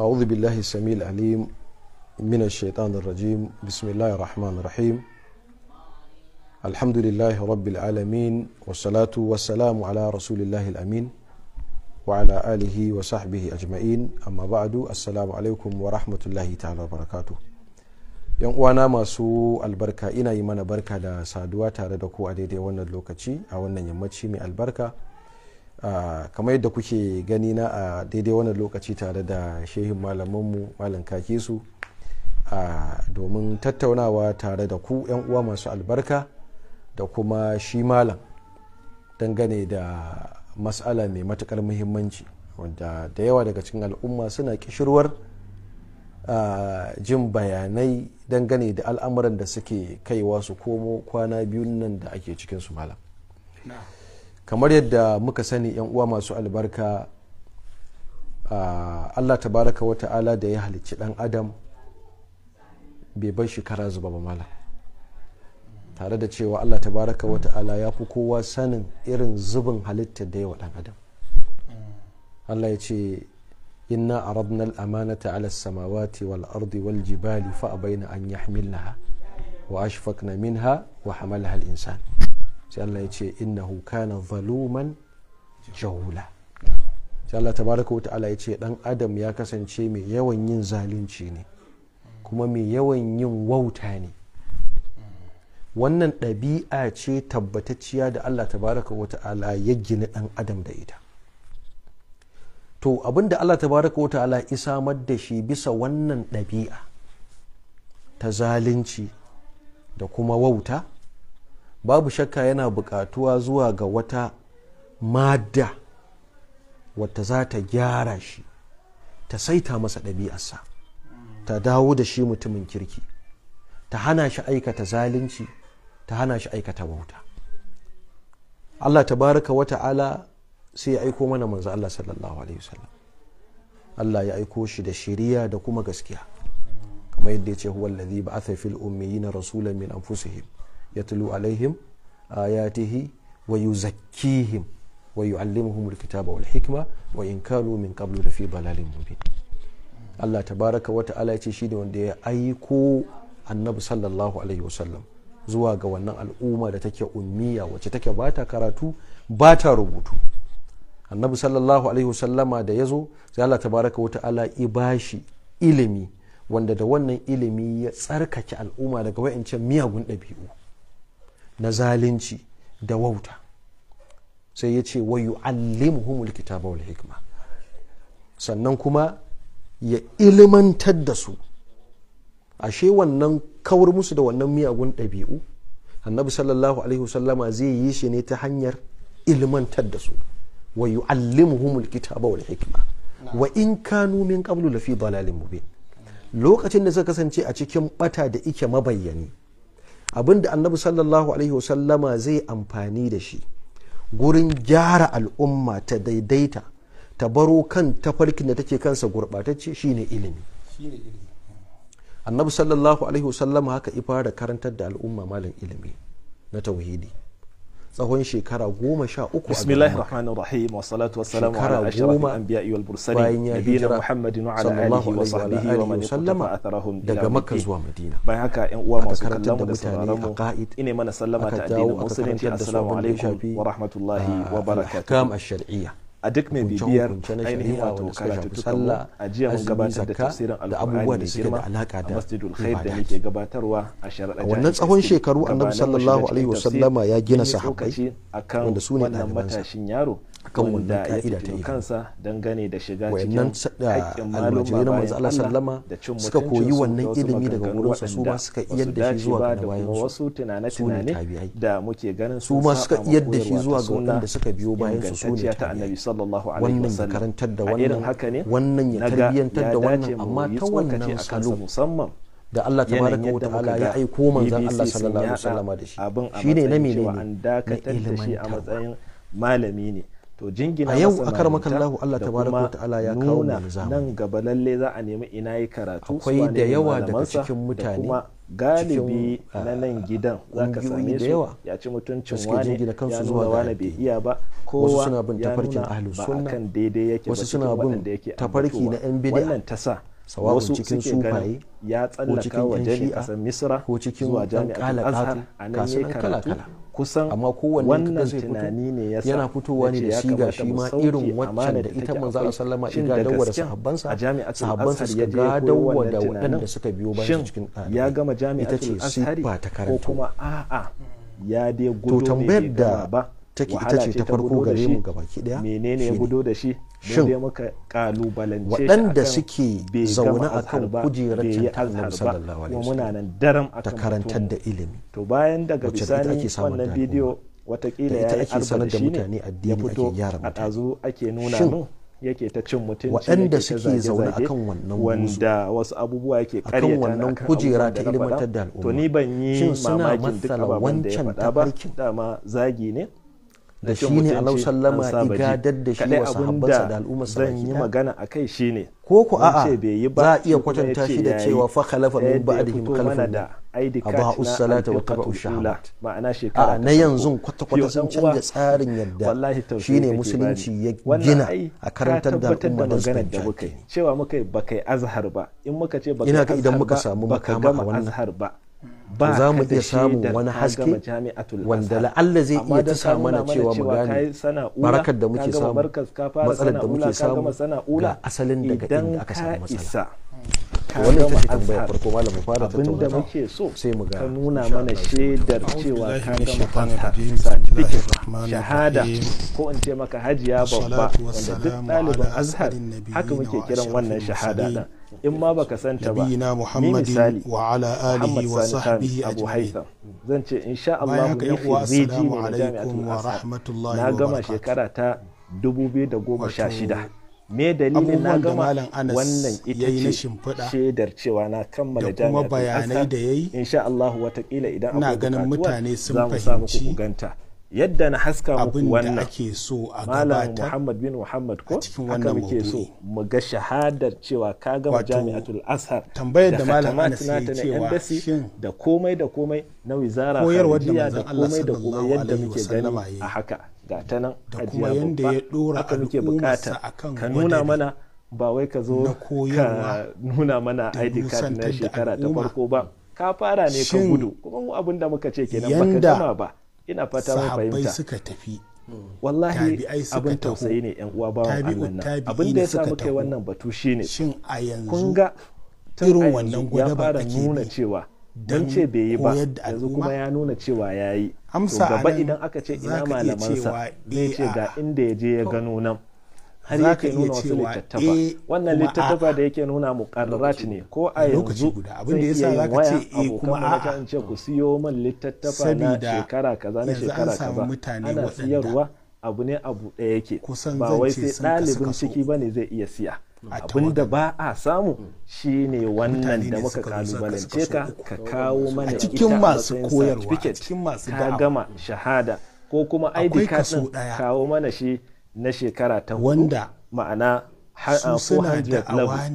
أعوذ بالله السميع العليم من الشيطان الرجيم بسم الله الرحمن الرحيم الحمد لله رب العالمين والصلاة والسلام على رسول الله الأمين وعلى آله وصحبه أجمعين أما بعد السلام عليكم ورحمة الله تعالى وبركاته yan uwana masu albarka ina yi mana barka da saduwa tare da ku a daidai wannan lokaci a wannan yammaci mai albarka Ah, kamar yadda kuke gani na a daidai wani lokaci tare da shehin malamanmu malam su ah, domin tattaunawa tare da ku 'yan uwa masu albarka da kuma shi malam dangane da matsala mai matukar muhimmanci wanda da yawa daga cikin al'umma suna kishirwar ah, jin bayanai dangane da al'amuran da suke kaiwa su komo kwana biyun nan da ake cikin su malam kamar yadda muka sani yan uwa masu albarka allah tabaraka wa ta'ala da ya halicci dan adam bai bar shekara zuba ba mala tare da cewa allah tabaraka wa ta'ala ya fi kowa sanin irin zubin halittar da yawa dan adam allah ya ce inna a rabnal amanata ala samawati wal ardi wal jibali fa abaina an yahmilnaha wa ashfaqna minha wa hamalaha al-insan sai Allah ya ce inna kana zaluman jahula sai Allah tabaraka wa ta'ala ya ce dan adam ya kasance mai yawan yin zalunci ne kuma mai yawan yin wauta ne wannan ɗabi'a ce tabbatacciya da Allah tabaraka wa ta'ala ya gina dan adam da ita to abinda Allah tabaraka wa ta'ala ya samar da shi bisa wannan ɗabi'a ta zalunci da kuma wauta babu shakka yana buƙatuwa zuwa ga wata madda wata za ta gyara shi ta saita masa ɗabi'arsa ta dawo da shi mutumin kirki ta hana shi aikata zalunci ta hana shi aikata bauta Allah ta tabaraka wa ta'ala sai ya aiko mana manzo Allah sallallahu alaihi wasallam Allah ya aiko shi da shiriya da kuma gaskiya kamar yadda ya ce huwa allazi ba'atha fil ummiyina rasulan min anfusihim Ya tulu alaihim ayatihi wa yuzakkihim wa yu'allimuhum kitaba wal hikma wa in kanu min qablu lafi dalalin mubin Allah tabaraka wata ta'ala yace ne wanda ya aiko annabi sallallahu alaihi wasallam zuwa ga wannan al'umma da take ummiya wacce take bata karatu bata rubutu annabi sallallahu alaihi wasallama da ya zo sai Allah tabaraka wata ala ibashi ilimi wanda da wannan ilimi ya tsarkake al'umma daga wayancan miyagun ɗabi'u na zalunci da wauta sai ya ce wa yu'allimuhumul kitaba wal hikma sannan kuma ya ilimantar da su ashe wannan kawar musu da wannan miyagun ɗabi'u annabi sallallahu alaihi wasallama zai yi shi ne ta hanyar ilimantar da su wa yu'allimuhumul kitaba wal hikma wa in kanu min qablu lafi dalalin mubin lokacin da suka kasance a cikin bata da ike mabayyani abin da annabi sallallahu alaihi wasallama zai amfani da shi gurin gyara al'umma ta daidaita ta baro kan tafarkin da take kansa gurɓatacce shine ilimi annabi sallallahu alaihi wasallama haka ifara karantar da al'umma malam ilimi na tauhidi tsawon shekara goma sha uku bismillahir rahmanir rahim wa salatu wa salamu ala ashrafil anbiya'i wal mursalin nabiyina muhammadin wa ala alihi wa sahbihi wa man sallama atharahum daga makka zuwa madina bayan haka yan uwa masu kallon mu da sauraron mu ine mana sallama ta addinin musulunci assalamu alaikum wa rahmatullahi ah, wa barakatuh kam ash-shar'iyya a duk mai bibiyar ainihin wato karatuttukanmu a jiya mun gabatar da tafsirin alkur'ani da girma a masjidul khair da muke gabatarwa a sharaɗa wannan tsawon shekaru annabi sallallahu alaihi wasallama ya gina sahabbai wanda su ne matashin yaro kan wanda ya fito kansa dangane da shiga cikin haƙƙin maluma bayan Allah sallama suka koyi wannan ilimi daga wurin su su ma suka iyar da shi zuwa ga bayan wasu tunane tunane da muke ganin su ma suka iyar da shi zuwa ga wanda suka biyo bayan su sune ta annabi sallallahu alaihi wasallam wannan karantar da wannan wannan ya tarbiyantar da wannan amma ta wannan salo musamman da Allah tabaraka wa ta'ala ya aiko manzon Allah sallallahu alaihi wasallam da shi shine na menene na ilimin malami ne to jingina a yau akar makallahu Allah tabaraka wa ta'ala ya kawo mu nan gaba lalle za a nemi ina yi karatu akwai da yawa daga cikin mutane kuma galibi ah, na nan gidan za ka same su ya ci mutuncin wani ya nuna wani bai iya ba kowa suna bin tafarkin ahlus sunna daidai yake wasu suna bin tafarki na yan bid'a wannan ta sa wasu cikin sufaye ya tsallaka wa jami'a misra ko cikin jami'a azhar a nan yayi karatu kusan amma kowanne tunani ne yasa yana fitowa ne da shiga shi ma irin waccan da ita manzo Allah sallama ya da sahabbansa a jami'atul sahabbansa ga gadawar da waɗanda suka biyo bayan cikin ya gama jami'atul azhari ko kuma a'a ya dai gudu ne to tambayar da take ita ce ta farko gare mu gabaki daya menene ya gudu da shi shin waɗanda suke zaune a kan kujerar cantar sallallahu alaihi wasallam ta karantar da ilimi to bayan daga bisani wannan bidiyo watakila ya yi arba da shi ne ya fito a ɗazu ake nuna mu yake ta cin mutunci waɗanda suke zaune a kan wannan wanda wasu abubuwa yake karyata akan wannan kujera ta ilimantar da al'umma to ni ban yi mamakin duk ababen da ya faɗa ba dama zagi ne da shi ne Allah sallama ya gadar da shi wa sahabbansa da al'ummar sa zan yi magana shi ne ko ku a'a za a iya kwatanta shi da cewa fa khalafa min ba'dihim khalfun aba ussalata wa qaba ushahat ma'ana shekara a na yanzu kwata kwata sun canza tsarin yadda shi ne musulunci ya gina a karantar da al'umma da suka cewa muka bakai azhar ba in muka ce baka idan muka samu makama a wannan azhar ba ba za mu iya samun wani haske wanda la'alla zai iya ta mana cewa mu gane barakar da muke samu matsalar da muke samu ga asalin daga inda aka samu matsala wannan ta ce tambayar farko malam mu fara tattauna abinda muke so sai mu ga ka nuna mana shaidar cewa ka gama fata certificate shahada ko in ce maka hajiya babba wanda duk ɗaliban azhar haka muke kiran wannan shahada in ma baka santa ba ni misali wa ala alihi wa sahbihi abu haitha zan ce in sha Allah mu yi firiji ne na jami'atun azhar na gama shekara ta 2016 me dalilin na gama wannan ita ce shaidar cewa na kammala jami'atul in sha Allah watakila idan abubuwa ganin mutane sun fahimci yadda na haska muku wannan ake so a malam muhammad bin muhammad ko wannan muke so mu ga shahadar cewa ka ga jami'atul azhar tambayar da malam anas ya cewa da komai da komai na wizara hadiya da komai da komai yadda muke gani a haka ga ta nan ya dora haka muke bukata ka nuna mana ba wai ka zo ka nuna mana id card na shekara ta farko ba ka fara ne ka gudu kuma mu abinda muka ce kenan baka gama ba ina fata mun fahimta suka tafi wallahi abin tausayi ne yan uwa bawan Allah nan abin da yasa muka yi wannan batu shine shin a yanzu kun ga irin wannan gwada ba da nuna cewa dan ce bai yi ba yanzu kuma ya nuna cewa yayi yi amsa gaba idan aka ce ina malamansa zai ce eh, ga inda ya je ya gano nan har yake nuna wasu littattafa eh, wannan littattafa da yake nuna mukarrat ne ko a yanzu guda iya yin waya eh, abokan ce in ce ku siyo man littattafa na shekara kaza na shekara kaza ana siyarwa abu ne abu ɗaya yake ba wai sai ɗalibin ciki bane zai iya siya abin da ba a samu mm. shine wannan da muka kalubalance ka ka kawo mana ita masu koyarwa ka gama shahada ko kuma ID card kawo mana shi na shekara ta wanda ma'ana an uh, suna da awa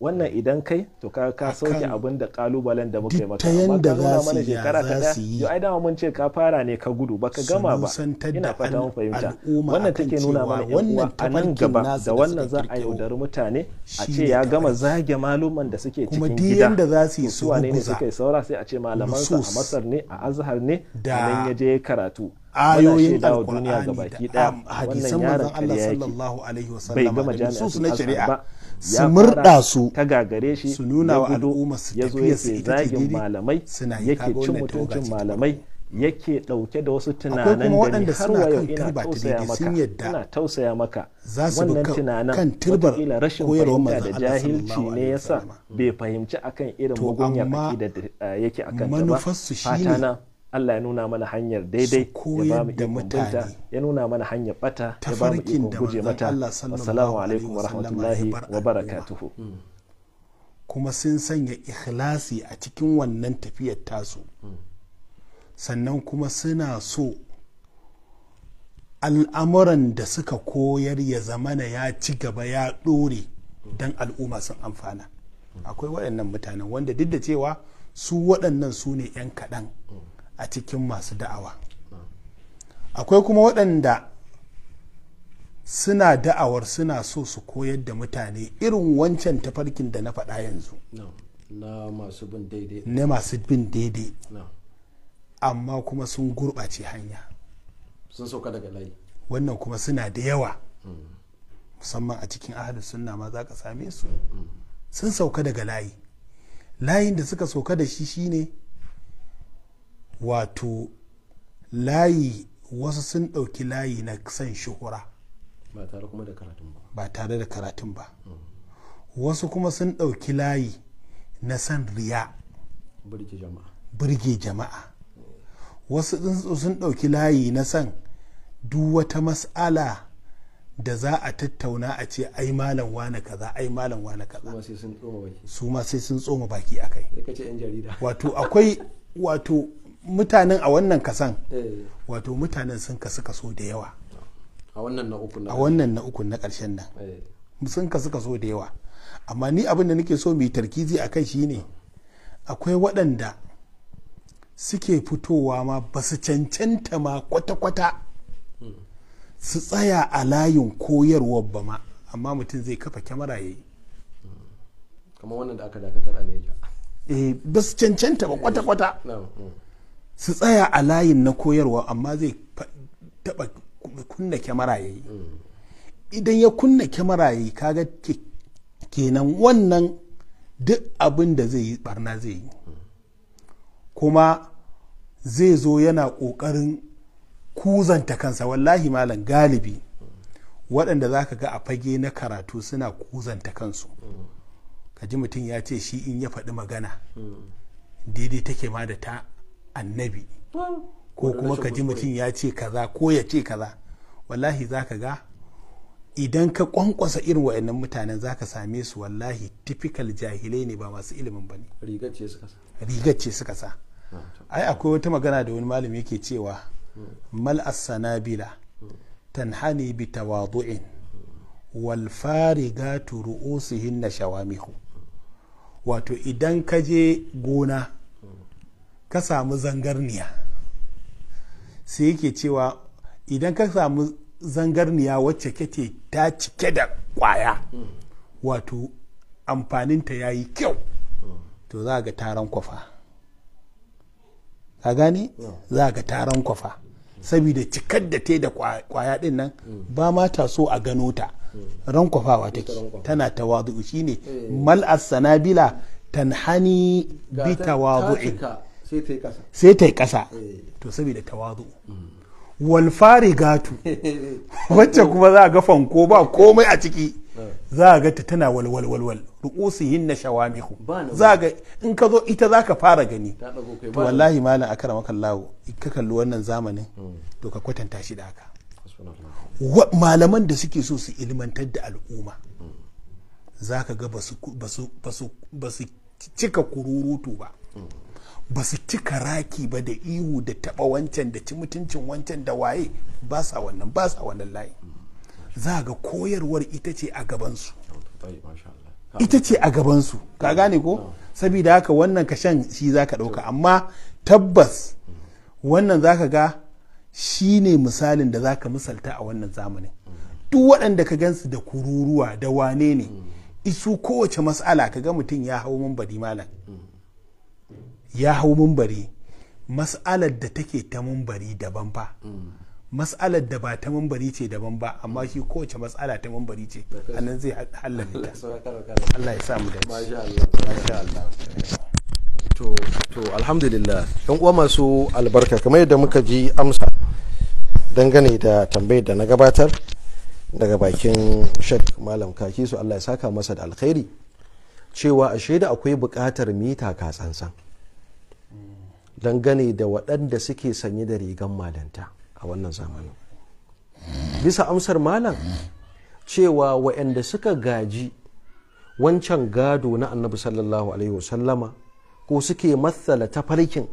wannan idan kai to ka ka sauke abin da kalubalen da muka yi maka amma ka nuna mana shekara ta daya yo ai dama mun ce ka fara ne ka gudu baka gama ba ina fata mun fahimta wannan take nuna mana wannan uwa a nan gaba da wannan za a yaudari mutane a ce ya gama zage maluman da suke cikin gida kuma za su yi su ne suka yi saura sai a ce malamansa a Masar ne a Azhar ne a nan ya je karatu ayoyin alkur'ani da hadisan manzon Allah sallallahu alaihi wasallam da su na shari'a su murda su ta gagare shi su nuna wa al'umma su tafiya su ita ke daidai suna yi yake cin mutuncin malamai yake dauke da wasu tunanan da ni har wa ina tausaya maka ina tausaya maka wannan tunanan kan turbar rashin fahimta da jahilci ne yasa bai fahimci akan irin mugunyar da eh, yake akan ta ba fata na Allah ya nuna mana hanyar daidai ya ba mu ikon bunta ya nuna mana hanyar bata ya ba mu ikon guje mata assalamu alaikum warahmatullahi rahmatullahi wa mm. kuma sun sanya ikhlasi a cikin wannan tafiyar tasu mm. sannan kuma suna so al'amuran da suka koyar ya zamana ya ci gaba ya ɗore don al'umma sun amfana mm. akwai waɗannan mutanen wanda duk da cewa su waɗannan su ne 'yan kaɗan a cikin masu da'awa akwai kuma waɗanda suna da'awar suna so su koyar da mutane irin wancan tafarkin da na faɗa yanzu na masu bin daidai amma kuma sun gurɓace hanya sun sauka daga layi wannan kuma suna da yawa mm. musamman a cikin ahalus sunna ma za ka same su mm. sun sauka daga layi layin da suka sauka da shi shine wato layi wasu sun ɗauki layi na san shuhura ba tare da karatun ba mm. wasu kuma sun ɗauki layi na san riya birge jama'a wasu sun ɗauki layi na san duk wata mas'ala da za a tattauna a ce ai malam wane kaza ai malam wane kaza su ma sai sun tsoma baki akai wato akwai wato mutanen a wannan kasan eh. wato mutanen sun kasu kaso da yawa a wannan na uku na ƙarshen nan eh. sun kasu kaso da yawa amma ni abin da nake so mai tarkizi a kai shine akwai waɗanda suke fitowa ma ba su cancanta ma kwata-kwata su tsaya a layin koyarwar ba ma amma mutum zai kafa kyamara ya yi hmm. kamar wannan da aka dakatar a neja eh ba su cancanta ba eh. kwata-kwata su tsaya a layin na koyarwa amma zai taba kunna kyamara ya yi idan ya kunna kyamara ya yi kaga kenan wannan duk abin da zai yi barna zai yi kuma zai zo yana ƙoƙarin kuzanta kansa wallahi malam galibi waɗanda za ka ga a fage na karatu suna kuzanta kansu ka ji mutum ya ce shi in ya faɗi magana daidai take ma da ta annabi hmm. ko kuma ka ji mutum ya ce kaza ko ya ce kaza wallahi za ka ga idan ka kwankwasa irin wa'annan mutanen za ka same su wallahi typical jahilai ne ba masu ilimin ba ne rigar ce suka sa ah, ai akwai wata magana da wani malam yake cewa hmm. mal as-sanabila tanhani bi tawadu'in wal farigatu na shawamihu wato idan ka je gona ka samu zangarniya sai yake cewa idan ka samu zangarniya wacce kake ta cike da kwaya wato amfaninta ya yi kyau to za ga taron kwafa ka gane za ga taron kwafa saboda cikar da ta da kwaya din nan ba ma ta so a gano ta ran ta take tana shi shine mal'as sanabila tanhani bi ta tawadu'in sai ta yi ƙasa eh. to saboda tawazu walfari gatu wacce kuma za a ga fanko ba komai a ciki eh. za a ga ta tana walwal walwal yin na shawamihu za ga in ka zo ita za ka fara gani to wallahi malam kara maka lawo ka kalli wannan zamanin hmm. to ka kwatanta shi da haka malaman da suke so su ilmantar da al'umma hmm. za ka ga ba su cika kururutu ba hmm. ba su cika raki ba da ihu da taba wancan da ci mutuncin wancan da waye ba sa wannan ba sa wannan layi za ga koyarwar ita ce a gabansu ita ce a gabansu ka gane ko saboda haka wannan ka shan shi za ka ɗauka amma tabbas wannan za ka ga shi ne misalin da za ka misalta a wannan zamanin duk waɗanda ka gansu da kururuwa da wane ne isu kowace mas'ala ka ga mutum ya hau badi malam ya hau mumbari mas'alar da take ta mumbari daban ba mas'alar da ba ta mumbari ce daban ba amma shi kowace mas'ala ta mumbari ce nan zai hallale ta Allah ya sa mu to to alhamdulillah yan uwa masu albarka kamar yadda muka ji amsa dangane da tambayar da na gabatar daga bakin shek malam kaki su Allah ya saka masa da alkhairi cewa ashe da akwai bukatar mita ka tsantsan dangane da waɗanda suke sanye da rigan malanta a wannan zamanin bisa amsar malam cewa waɗanda suka gaji wancan gado na annabi sallallahu alaihi wasallama ko suke matsala tafarkin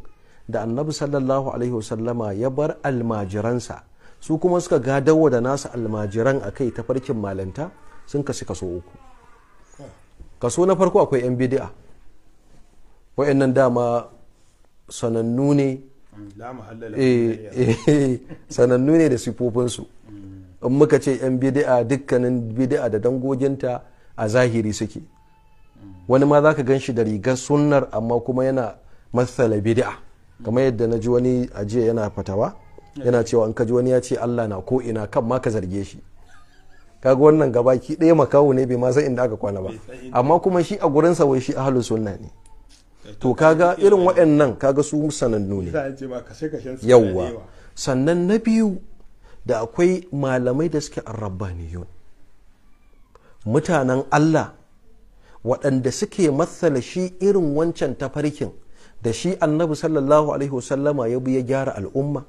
da annabi sallallahu alaihi wasallama ya bar almajiransa su kuma suka gadawa da nasu almajiran a kai tafarkin malanta sun kasu kaso uku kaso na farko akwai 'yan bidi'a wayannan dama sanannu ne eh, eh, sanannu ne da sifofinsu mm. in muka ce 'yan bidi'a dukkanin bidi'a da dangoginta a zahiri suke mm. wani ma za ka gan shi da rigar sunnar amma kuma yana matsala bidi'a kamar yadda na ji wani ajiya yana fatawa yana cewa in ka ji wani ya ce allah na ko ina kan ma ka zarge shi kaga wannan gaba gabaki ɗaya makawu ne bai ma san inda aka kwana ba amma kuma shi a gurinsa wai shi ahlus sunna ne to kaga irin waɗannan kaga su sanannu ne yawwa sannan na biyu da akwai malamai da suke arrabbaniyun mutanen Allah waɗanda suke matsala shi irin wancan tafarkin da shi annabi sallallahu alaihi wasallama ya bi ya gyara al'umma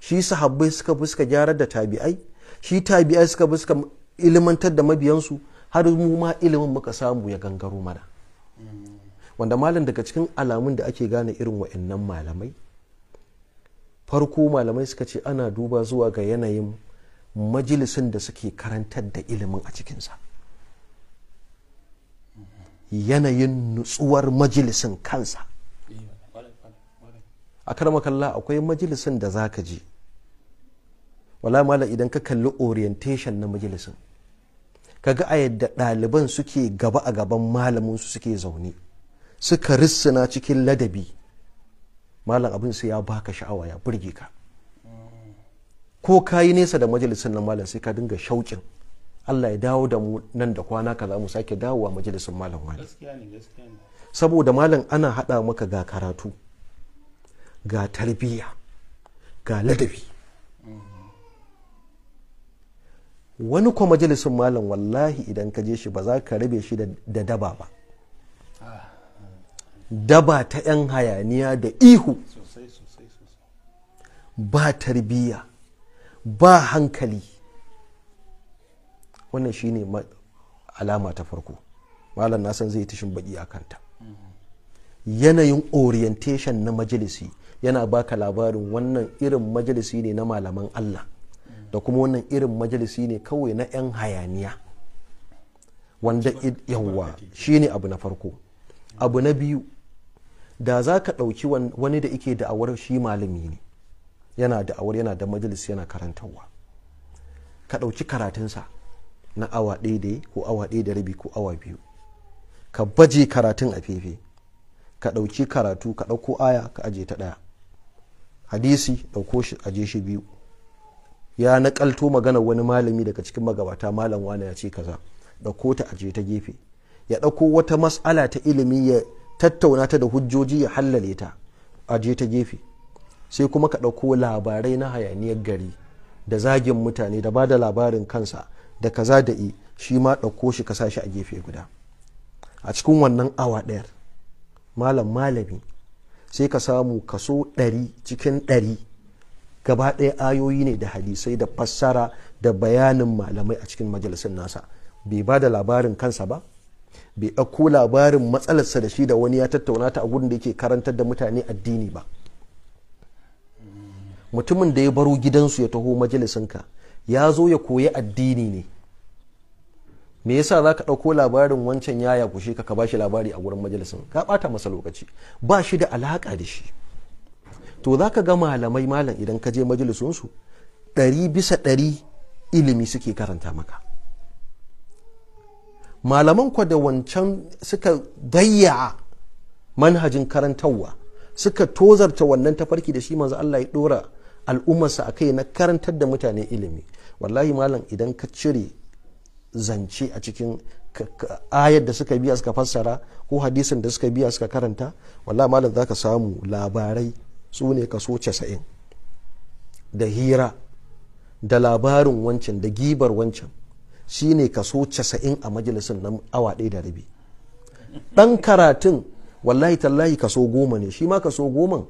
shi sahabbai suka bi suka gyara da tabi'ai shi tabi'ai suka bi ilimantar da mabiyansu har mu ma ilimin muka samu ya gangaro mana wanda malam daga cikin alamun da ake gane irin wa'annan malamai farko malamai suka ce ana duba zuwa ga yanayin majalisun da suke karantar da ilimin a cikinsa yanayin nutsuwar majilisin kansa a karmakalla akwai majalisun da za ka je wala mala idan ka kalli orientation na majalisin kaga a yadda ɗaliban suke gaba a gaban malamin su suke zaune suka rissuna cikin ladabi malam abin sai ya baka sha'awa ya burge ka ko ka yi nesa da majalisin nan malam sai ka dinga shauƙin Allah ya dawo da mu nan da kwana ka za mu sake dawowa majalisin malam wani saboda malam ana haɗa maka ga karatu ga tarbiyya ga ladabi wani kwa majalisin malam wallahi idan ka je shi ba za ka rabe shi da daba ba daba ta 'yan hayaniya da ihu ba tarbiyya ba hankali wannan shi ne alama ta farko malam na san zai tashin baki a kanta mm-hmm. yanayin orientation na majalisi yana baka labarin wannan irin majalisi ne na malaman Allah mm-hmm. da kuma wannan irin majalisi ne kawai na 'yan hayaniya wanda yawwa ne abu na farko abu na biyu da za ka ɗauki wani da ike da'awar shi malami ne yana da'awar yana da majalis yana karantarwa ka ɗauki karatunsa na awa ɗaya da ko awa ɗaya da rabi ko awa biyu ka baje karatun a fefe ka ɗauki karatu ka ɗauko aya ka aje ta ɗaya hadisi ɗauko shi aje shi biyu ya naƙalto magana wani malami daga cikin magabata malam wani ya ce kaza ɗauko ta aje ta gefe ya ɗauko wata mas'ala ta ilimi ya tattauna ta da hujjoji ya hallale ta a je ta gefe sai kuma ka ɗauko labarai na hayaniyar gari da zagin mutane da ba da labarin kansa da kaza da i shi ma ɗauko shi ka sa shi a gefe guda a cikin wannan awa ɗayar malam malami sai ka samu kaso ɗari cikin ɗari gaba ɗaya ayoyi ne da hadisai da fassara da bayanin malamai a cikin majalisar nasa bai ba da labarin kansa ba bai ɗauko labarin matsalarsa da shi da wani ya tattauna ta a gudun da yake karantar da mutane addini ba mutumin da ya baro gidansu ya taho majalisinka ya zo ya koyi addini ne me yasa za ka ɗauko labarin wancan ya yakushe ka ka bashi labari a gurin majalisin ka ɓata masa lokaci ba shi da alaƙa da shi to za ka ga malamai malam idan ka je majalisunsu ɗari bisa ɗari ilimi suke karanta maka malaman kwa da wancan suka gayya manhajin karantarwa suka tozarta wannan tafarki da shi manzo Allah ya dora al'ummarsa a kai na karantar da mutane ilimi wallahi malam idan ka cire zance a cikin ayar da suka biya suka fassara ko hadisin da suka biya suka karanta wallahi malam za ka samu labarai su ne kaso casa'in da hira da labarin wancan da gibar wancan shine kaso casa'in a majalisin nan awa ɗaya da rabi ɗan karatun wallahi tallahi kaso goma ne shi ma kaso goman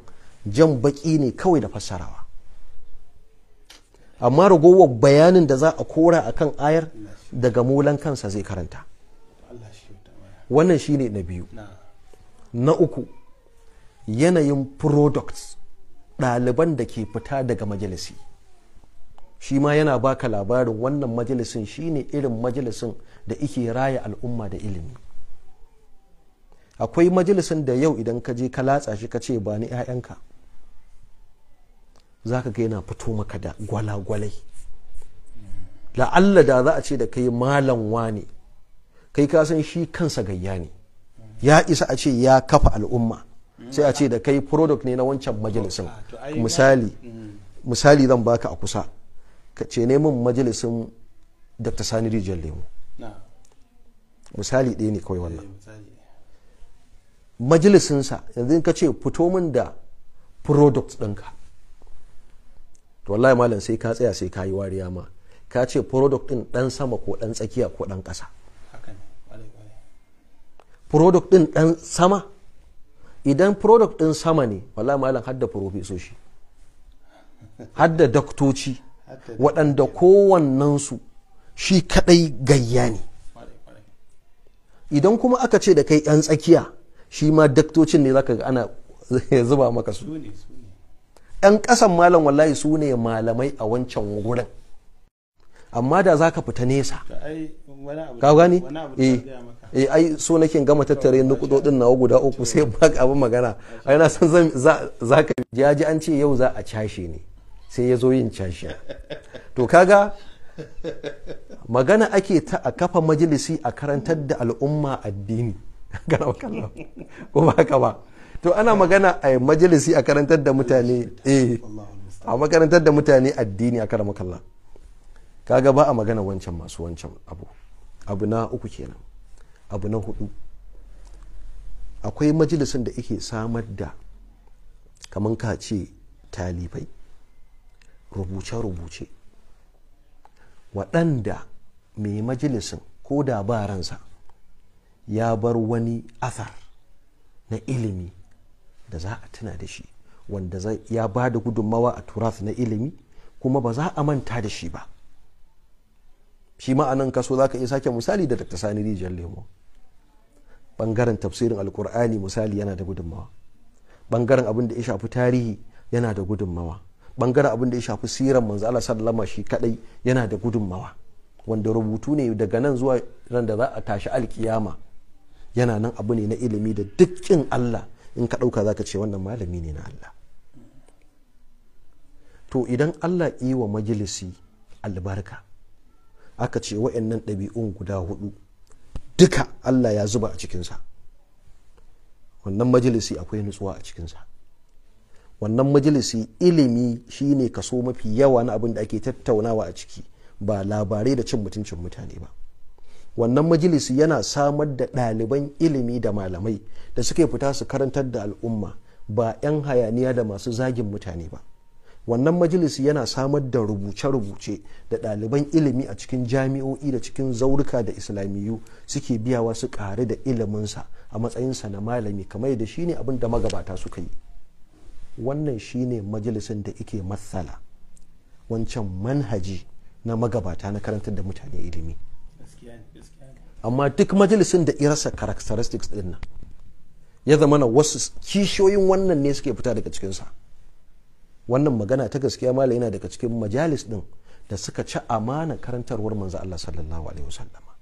jan baƙi ne kawai da fassarawa amma ragowar bayanin da za a kora a kan ayar daga molan kansa zai karanta wannan shi ne na biyu na uku yanayin products ɗaliban da ke fita daga majalisi shi ma yana baka labarin wannan majalisin shine irin majalisin da ike raya al'umma da ilimi akwai majalisin da yau idan ka je ka latsa shi ka ce ba ni 'ya'yanka za ka ga fito maka da gwalagwalai la'alla da za a ce da kai malam wane kai kasan shi kansa gayya ne ya isa a ce ya kafa al'umma sai a ce da kai product ne na wancan majalisin ah, misali mm. misali zan baka a kusa Ka ce neman majalisin dr sani rijiyar lemu misali ɗaya ne kawai wannan eh, majalisinsa yanzu ka ce fito min da product ɗinka to wallahi malam sai ka tsaya sai ka yi wariya ma ka ce product ɗin ɗan sama ko ɗan tsakiya ko ɗan ƙasa product ɗin ɗan sama idan product ɗin sama ne wallahi malam hadda profesoshi hadda daktoci waɗanda kowannensu shi kaɗai gayya ne idan kuma aka ce da kai 'yan tsakiya shi ma daktocin ne zaka ga ana zuba maka su 'yan ƙasan malam wallahi su ne malamai a wancan wurin. amma da za ka fita nesa ka gani eh. eh ai so nake gama tattare nukudodin nawa guda uku sai ba abin magana ai na san za ka ji an ce yau za a cashe ne sai ya zo yin canshi to kaga magana ake ta a kafa majalisi a karantar da al'umma addini ko ba haka ba to ana magana a majalisi a karantar da mutane eh, a makarantar da mutane addini a karama kalla kaga ba a magana wancan masu wancan abu abu na uku kenan abu na hudu akwai majalisin da ike samar da kamar ka ce talibai rubuce-rubuce waɗanda mai majalisin ko da ba ransa ya bar wani athar na ilimi da za a tuna da shi wanda ya ba da gudunmawa a turas na ilimi kuma ba za a manta da shi ba shi ma'anan kaso za ka iya sake misali da dr sani rijiyar lemo bangaren tafsirin alkur'ani misali yana da gudunmawa bangaren abin da ya shafi tarihi yana da gudunmawa bangaren abin da ya shafi siran manzo Allah sallama shi kadai yana da gudunmawa wanda rubutu ne daga nan zuwa ran da za a tashi alkiyama yana nan abu ne na ilimi da dukkin Allah in ka ɗauka zaka ce wannan malami ne na Allah to idan Allah yi wa majalisi albarka aka ce wa'annan ɗabi'un guda hudu duka Allah ya zuba a cikinsa wannan majalisi akwai nutsuwa a cikinsa wannan majalisi ilimi shine kaso mafi yawa na abin da ake tattaunawa a ciki ba labarai da cin mutuncin mutane ba wannan majalisi yana samar da ɗaliban ilimi da malamai da suke fita su karantar da al'umma ba 'yan hayaniya da masu zagin mutane ba wannan majalisi yana samar da rubuce-rubuce da ɗaliban ilimi a cikin jami'o'i da cikin zaurika da islamiyu suke biyawa su ƙare da iliminsa a matsayinsa na malami kamar da shine abin da magabata suka yi wannan shine majalisin da ike matsala wancan manhaji na magabata na karantar da mutane ilimi amma duk majalisin da irasa characteristics din nan ya zama na wasu kishiyoyin wannan ne suke fita daga cikinsa wannan magana ta gaskiya malam yana daga cikin majalis din da suka ci amana karantarwar manzo Allah sallallahu alaihi wasallama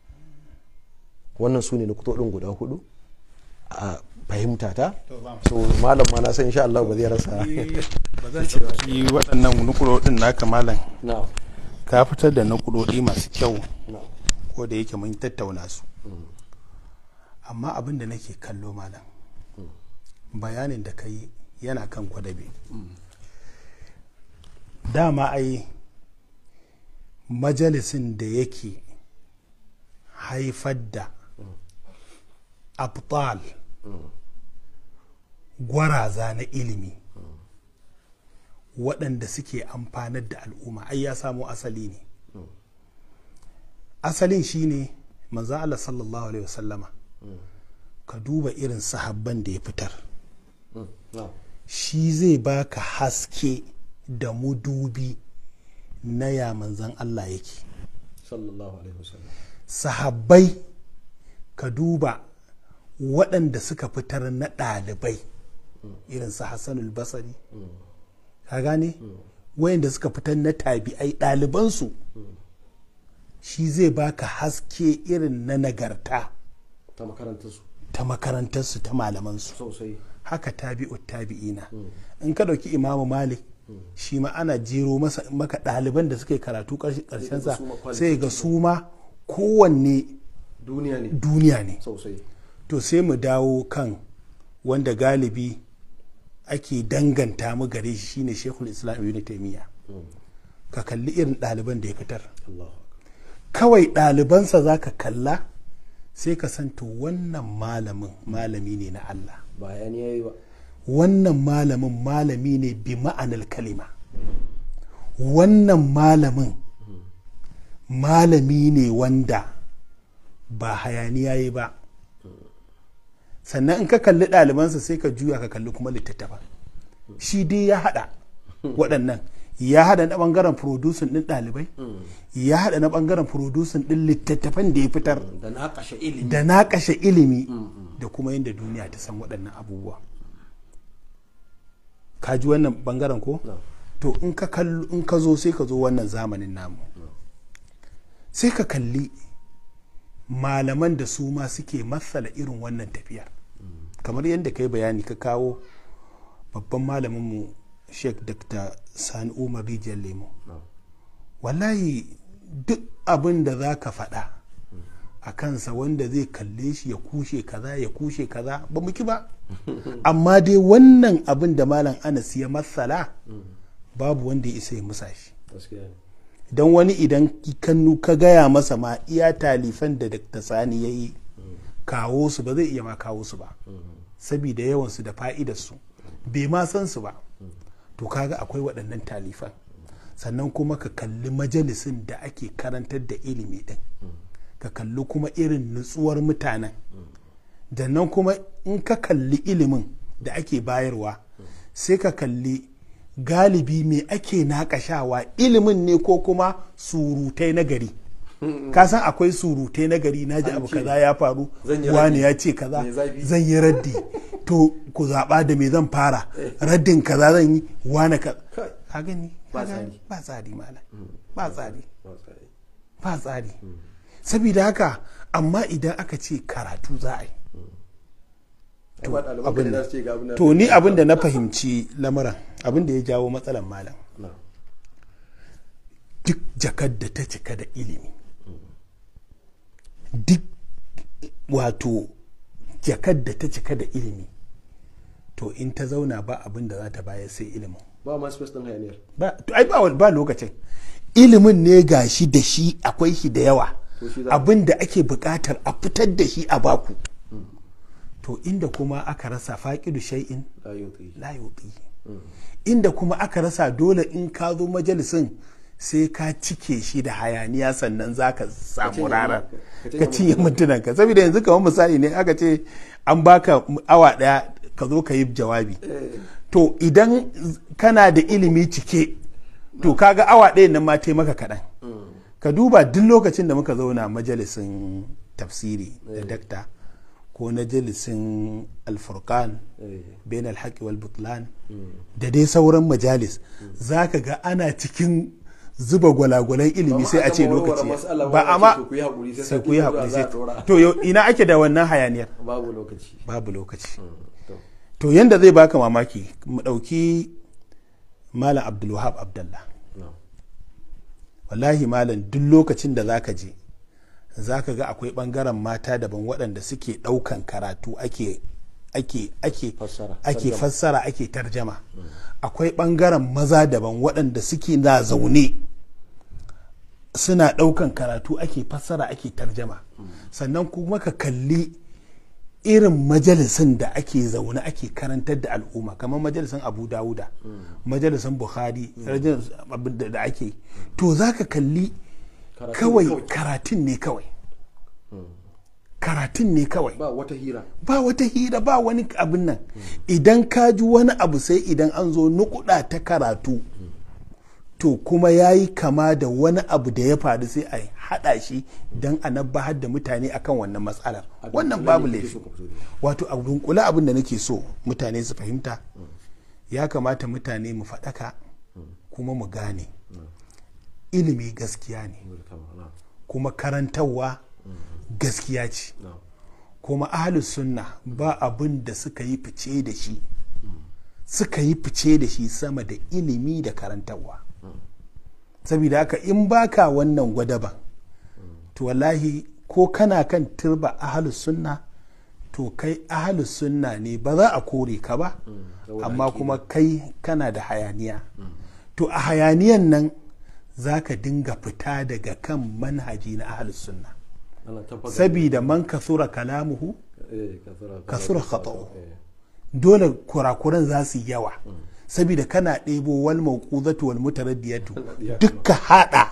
wannan su ne nukutoɗin guda hudu a fahimta ta so malam ma na san insha Allah ba zai rasa ba waɗannan nukuro waɗannan nukurodin naka malam ka fitar da nukurodi masu kyau ko da yake mun tattauna su mm. amma abin da nake kallo malam mm. bayanin da kai yana kan kwadabe mm. dama ai majalisin da yake haifar da abtal gwaraza na ilimi waɗanda suke amfanar da al'umma ai ya samo asali ne asalin shine manzo Allah sallallahu alaihi wasallama ka duba irin sahabban da ya fitar shi zai baka haske da mudubi na ya manzan Allah yake sahabbai ka duba waɗanda suka fitar na ɗalibai irin su Hassan basari ka gane wayanda suka fitar na tabi'ai ɗalibansu shi zai baka haske irin na nagarta ta makarantarsu ta malamansu haka tabi'u tabi'ina in ka ɗauki imamu malik shi ma ana jero maka ɗaliban da suka yi karatu ƙarshensa sai ga su ma kowanne duniya ne to sai mu dawo kan wanda galibi ake danganta mu gare shi shine shekul islam ibn ka kalli irin ɗaliban da ya fitar kawai ɗalibansa za ka kalla sai ka santo wannan malamin malami ne na Allah wannan malamin malami ne bi ma'anar kalima wannan malamin malami ne wanda ba hayaniya yi ba sannan in ka kalli ɗalibansa sai ka juya ka kalli kuma littattafa shi dai ya hada waɗannan ya hada na ɓangaren producing ɗin ɗalibai ya hada na ɓangaren producing ɗin littattafan da ya fitar da na kashe ilimi da kuma yadda duniya ta san waɗannan abubuwa ka ji wannan ɓangaren ko to in ka zo sai ka zo wannan zamanin namu sai ka kalli malaman da su ma suke matsala irin wannan tafiyar kamar yadda ka yi bayani ka kawo babban malaminmu sheik dr sani umar rijiyar lemo wallahi duk abin da za ka faɗa a kansa wanda zai kalle shi ya kushe kaza ya kushe kaza ba muki ba amma dai wannan abin da malam anas ya matsala babu wanda ya isa ya musa shi don wani idan kannu ka gaya masa ma iya talifan da Dr. Sani ya yi kawo su ba zai iya ma kawo su ba saboda yawansu da fa'idarsu bai ma san su ba to kaga akwai waɗannan talifan sannan kuma ka kalli majalisin da ake karantar da ilimi ɗin ka kalli kuma irin nutsuwar mutanen da nan kuma in ka kalli ilimin da ake bayarwa sai ka kalli galibi me ake naƙashawa ilimin ne ko kuma surutai na gari ka san akwai surutai na gari na ji abu kaza ya faru wani ya ce kaza zan yi raddi to ku zaɓa da me zan fara eh. raddin kaza zan yi wani ka ka gani ba tsari malam mm. ba tsari ba tsari mm. saboda haka amma idan aka ce karatu za a yi mm. to ni abin da na fahimci lamuran abin da ya jawo matsalan malam duk jakar da ta cika da ilimi duk wato jakar da ta cika da ilimi to in ta zauna ba abin da za ta bayar sai ilimin ba masu space hanyar ba ba lokacin ilimin ne gashi da shi akwai shi da yawa abin da ake bukatar a fitar da shi a baku hmm. to inda kuma aka rasa faƙidu shay'in la yuti hmm. inda kuma aka rasa dole in ka zo majalisin sai ka cike shi da hayaniya sannan za ka samu rara ka cinye mintunanka saboda yanzu kamar misali ne aka ce an baka awa daya ka zo ka yi jawabi eh. to idan kana da ilimi cike to kaga awa daya nan ma maka kaɗan mm. ka duba duk lokacin da muka zauna majalisin tafsiri da eh. dakta ko na jalisin alfurkan eh. bain alhaki wal butlan hmm. da dai sauran majalis hmm. ka ga ana cikin zuba gwalagwalan ilimi sai a ce lokaci ba amma sai ku yi haƙuri sai to ina ake da wannan hayaniyar babu lokaci babu lokaci hmm, to yanda zai baka mamaki mu dauki malam abdulwahab abdallah wallahi malam duk lokacin da zaka je za ka ga akwai ɓangaren mata daban waɗanda suke ɗaukan karatu ake ake ake ake fassara ake tarjama akwai ɓangaren maza daban waɗanda suke na zaune suna ɗaukan karatu ake fassara ake tarjama sannan kuma ka kalli irin majalisin da ake zaune ake karantar da al'umma kamar majalisin abu dawuda mm. majalisin buhari mm. da ake to za ka kalli kawai karatun ne kawai karatun ne kawai ba wata hira ba wata hira ba wani abin nan idan ka ji wani abu sai idan an zo nukuda ta karatu to kuma ya yi kama da wani abu da ya faru sai a haɗa shi don a nabahar da mutane akan wannan matsalar wannan babu laifi wato a kula abin da nake so mutane su fahimta ya kamata mutane mu faɗaka kuma mu gane ilimi gaskiya ne kuma karantarwa gaskiya ce kuma ahalus sunna ba abin da suka yi fice da shi suka yi fice da shi sama da ilimi da karantarwa saboda haka in baka wannan gwadaban to wallahi ko kana kan turba ahalus sunna to kai ahalus sunna ne ba za a kore ka ba mm, amma kuma kai kana da hayaniya to a hayaniyan nan za ka dinga fita daga kan manhaji na ahalus sunna sabida man kasura kalamuhu eh, kasura eh. khata'u dole kurakuran za su yawa hmm. sabida kana ɗebo wal mawqudatu wal mutaraddiyatu dukka haɗa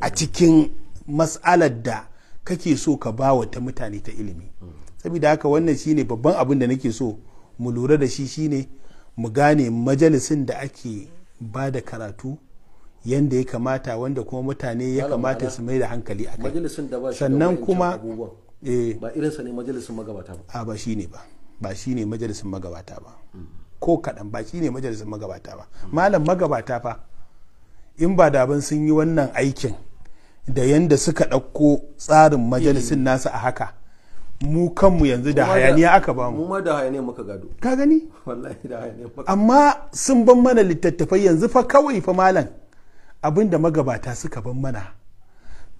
a cikin mas'alar da kake so ka bawa ta mutane ta ilimi hmm. sabida haka wannan shine babban abin da nake so mu lura da shi shine mu gane majalisin da ake ba da karatu yanda ya kamata wanda kuma mutane ya kamata su mai da hankali a kai sannan kuma eh, ba irinsa ne majalisun magabata ba a ba shi ne ba ba shi ne majalisun magabata ba hmm. ko kaɗan ba shi ne majalisun magabata ba malam magabata fa in ba da ban sun yi wannan aikin da yanda suka ɗauko tsarin majalisun eh. nasu a haka mu kanmu yanzu da hayaniya aka ba mu ma da hayaniya muka gado ka gani wallahi da hayaniya amma sun ban mana littattafai yanzu fa kawai fa malam abin da magabata suka ban mana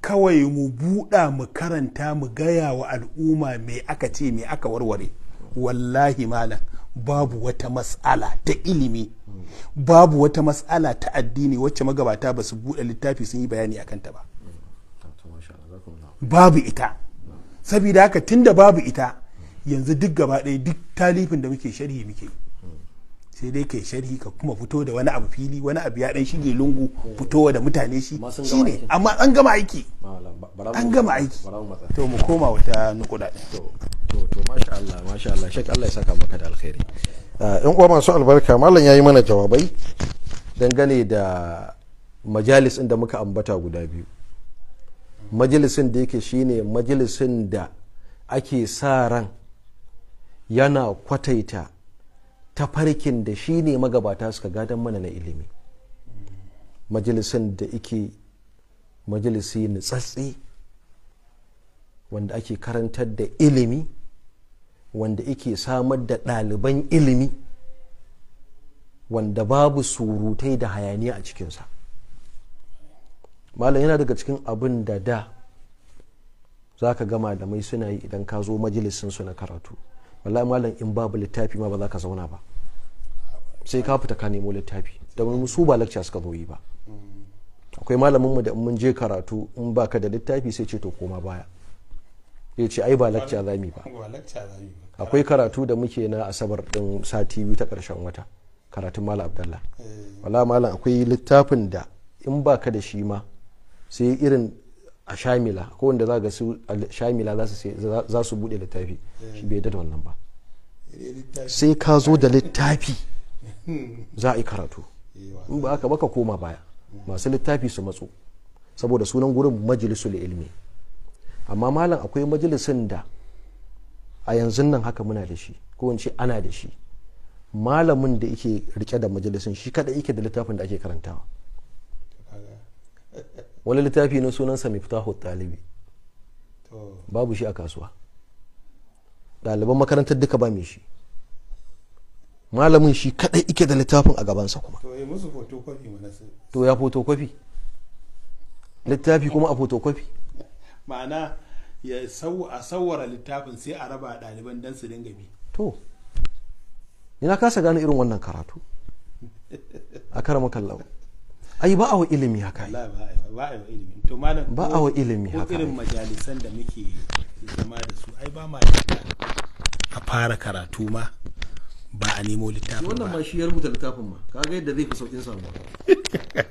kawai mu buɗa mu karanta mu gaya wa al'umma me aka ce me aka warware wallahi malam babu wata mas'ala ta ilimi babu wata mas'ala ta addini wacce magabata ba su buɗe littafi sun yi bayani akan ta ba babu ita saboda haka tunda babu ita yanzu duk gaba ɗaya duk talifin da muke sharhi muke yi sai dai kai sharhi ka kuma fito da wani abu fili wani abu ya dan shige lungu fito da mutane shi shine amma an gama aiki an gama aiki to mu koma wata nukuda to to masha Allah masha Allah shek Allah ya saka maka da alkhairi ah, yan uwa masu albarka mallan yayi mana jawabai dangane da majalis da muka ambata guda biyu majalisin da yake shine majalisin da ake sa ran yana kwataita tafarkin da shi ne magabata suka gadon mana na ilimi majalisin da ike majalisi nutsatsi wanda ake karantar da ilimi wanda ike samar da ɗaliban ilimi wanda babu surutai da hayaniya a cikinsa malam yana daga cikin abin da da za ka gama da mai suna yi idan ka zo majalisinsu na karatu wallahi malam in babu littafi ma ba za ka zauna ba sai ka fita ka nemo littafi da mu su ba lakca suka zo yi ba akwai malamin mu da in mun je karatu in baka da littafi sai ce to koma baya ya ce ai ba lakca za ba akwai karatu da muke na asabar din sati biyu ta karshen wata karatun malam abdallah eh. wala malam akwai littafin da in baka da shi ma sai irin a shamila ko wanda za ga su shamila za su bude littafi shi bai da wannan ba sai ka zo da littafi za a yi karatu in ba aka baka koma baya masu littafi su matso saboda sunan gurin majalisul ilmi amma malam akwai majalisun da a yanzu nan haka muna da shi ko ana da shi malamin da yake rike da majalisun shi kada yake da littafin da ake karantawa wani littafi na sunansa miftahu talibi babu shi a kasuwa ɗaliban makarantar duka ba mai shi malamin shi kadai ike da littafin a gabansa kuma to ya fotokofi littafi kuma a fotokofi ma'ana ya a sauwara littafin sai a raba ɗaliban don su dinga bi to ina kasa gane irin wannan karatu a karamakan lawa ai ba a wa ilimi haka ba a wa ilimi to ba a wa ilimi haka irin majalisan da muke zama da su ai ba ma a fara karatu ma ba a nemo littafin ba. wannan ma shi ya rubuta littafin ma kaga yadda zai fi saukin samu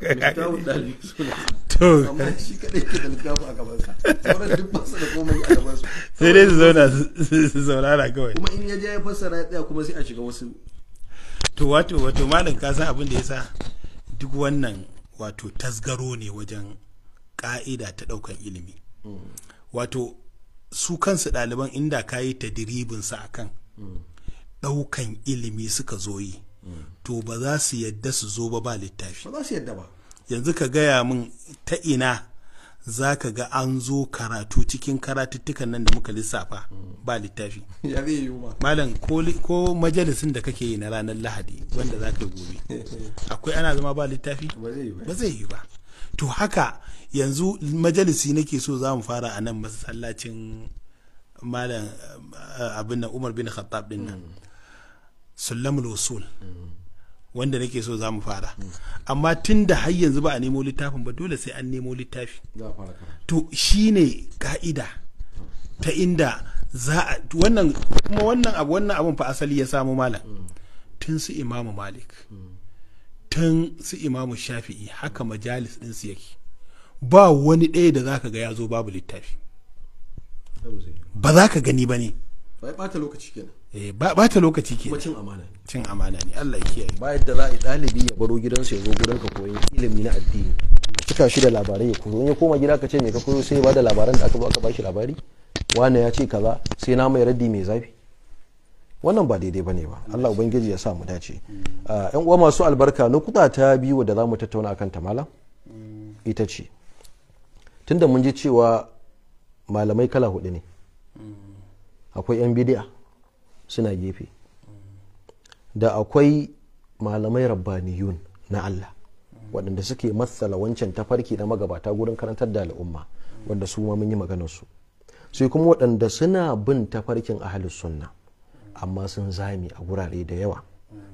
littafin dalibi suna to amma shi kadai ke da littafin a gaban sa sauran duk ba su da komai a gaban su sai dai su zauna su saurara kawai kuma in ya je ya fassara ya tsaya kuma sai a shiga wasu to wato wato malam ka san abin da yasa duk wannan wato tasgaro ne wajen ka'ida ta ɗaukan ilimi wato su kansu ɗaliban inda ka yi ta diribinsa a kan ɗaukan ilimi suka zo yi to ba za su yadda su zo ba ba littafi yanzu ka gaya min ta ina za ka ga an zo karatu cikin karatuttukan nan da muka lissafa ba littafi malam ko majalisin da kake yi na ranar lahadi wanda za ka gobe akwai ana zama ba littafi ba zai yi ba to haka yanzu majalisi nake so za mu fara a nan masallacin malam eh, abin nan umar bin khattab din nan mm. sullamul wasul mm. wanda nake so za mu fara amma tun da har yanzu ba a nemo littafin ba dole sai an nemo littafi to shine ka'ida ta inda za a wannan kuma wannan abu wannan abun fa asali ya samu malam tun su imamu malik tun su imamu shafi'i haka majalis din su yake ba wani ɗaya da zaka ga ya zo babu littafi ba za ka gani ba ne ba ya ɓata lokaci kenan Eh, ba ta lokaci ke cin amana cin amana ne Allah ya kiyaye ba yadda za a ɗalibi ya baro gidansa ya zo gurin ka koyi ilimi na addini cika shi da labarai ya koyo ya koma gida ka ce me ka koyo sai ba da labaran da aka ba aka ba shi labari wani ya ce kaza sai na mai raddi mai zafi wannan ba daidai bane ba Allah ubangiji ya sa mu dace yan ah, uwa masu albarka kuɗa ta biyu da za mu tattauna akan ta malam mm. ita ce tunda mun ji cewa malamai kala hudu ne mm. akwai yan bidiya suna gefe da akwai malamai rabbaniyun na Allah waɗanda suke matsala wancan tafarki na magabata gurin karantar da al'umma wanda su ma mun yi su sai kuma waɗanda suna bin tafarkin ahalus sunna amma sun zami a gurare da yawa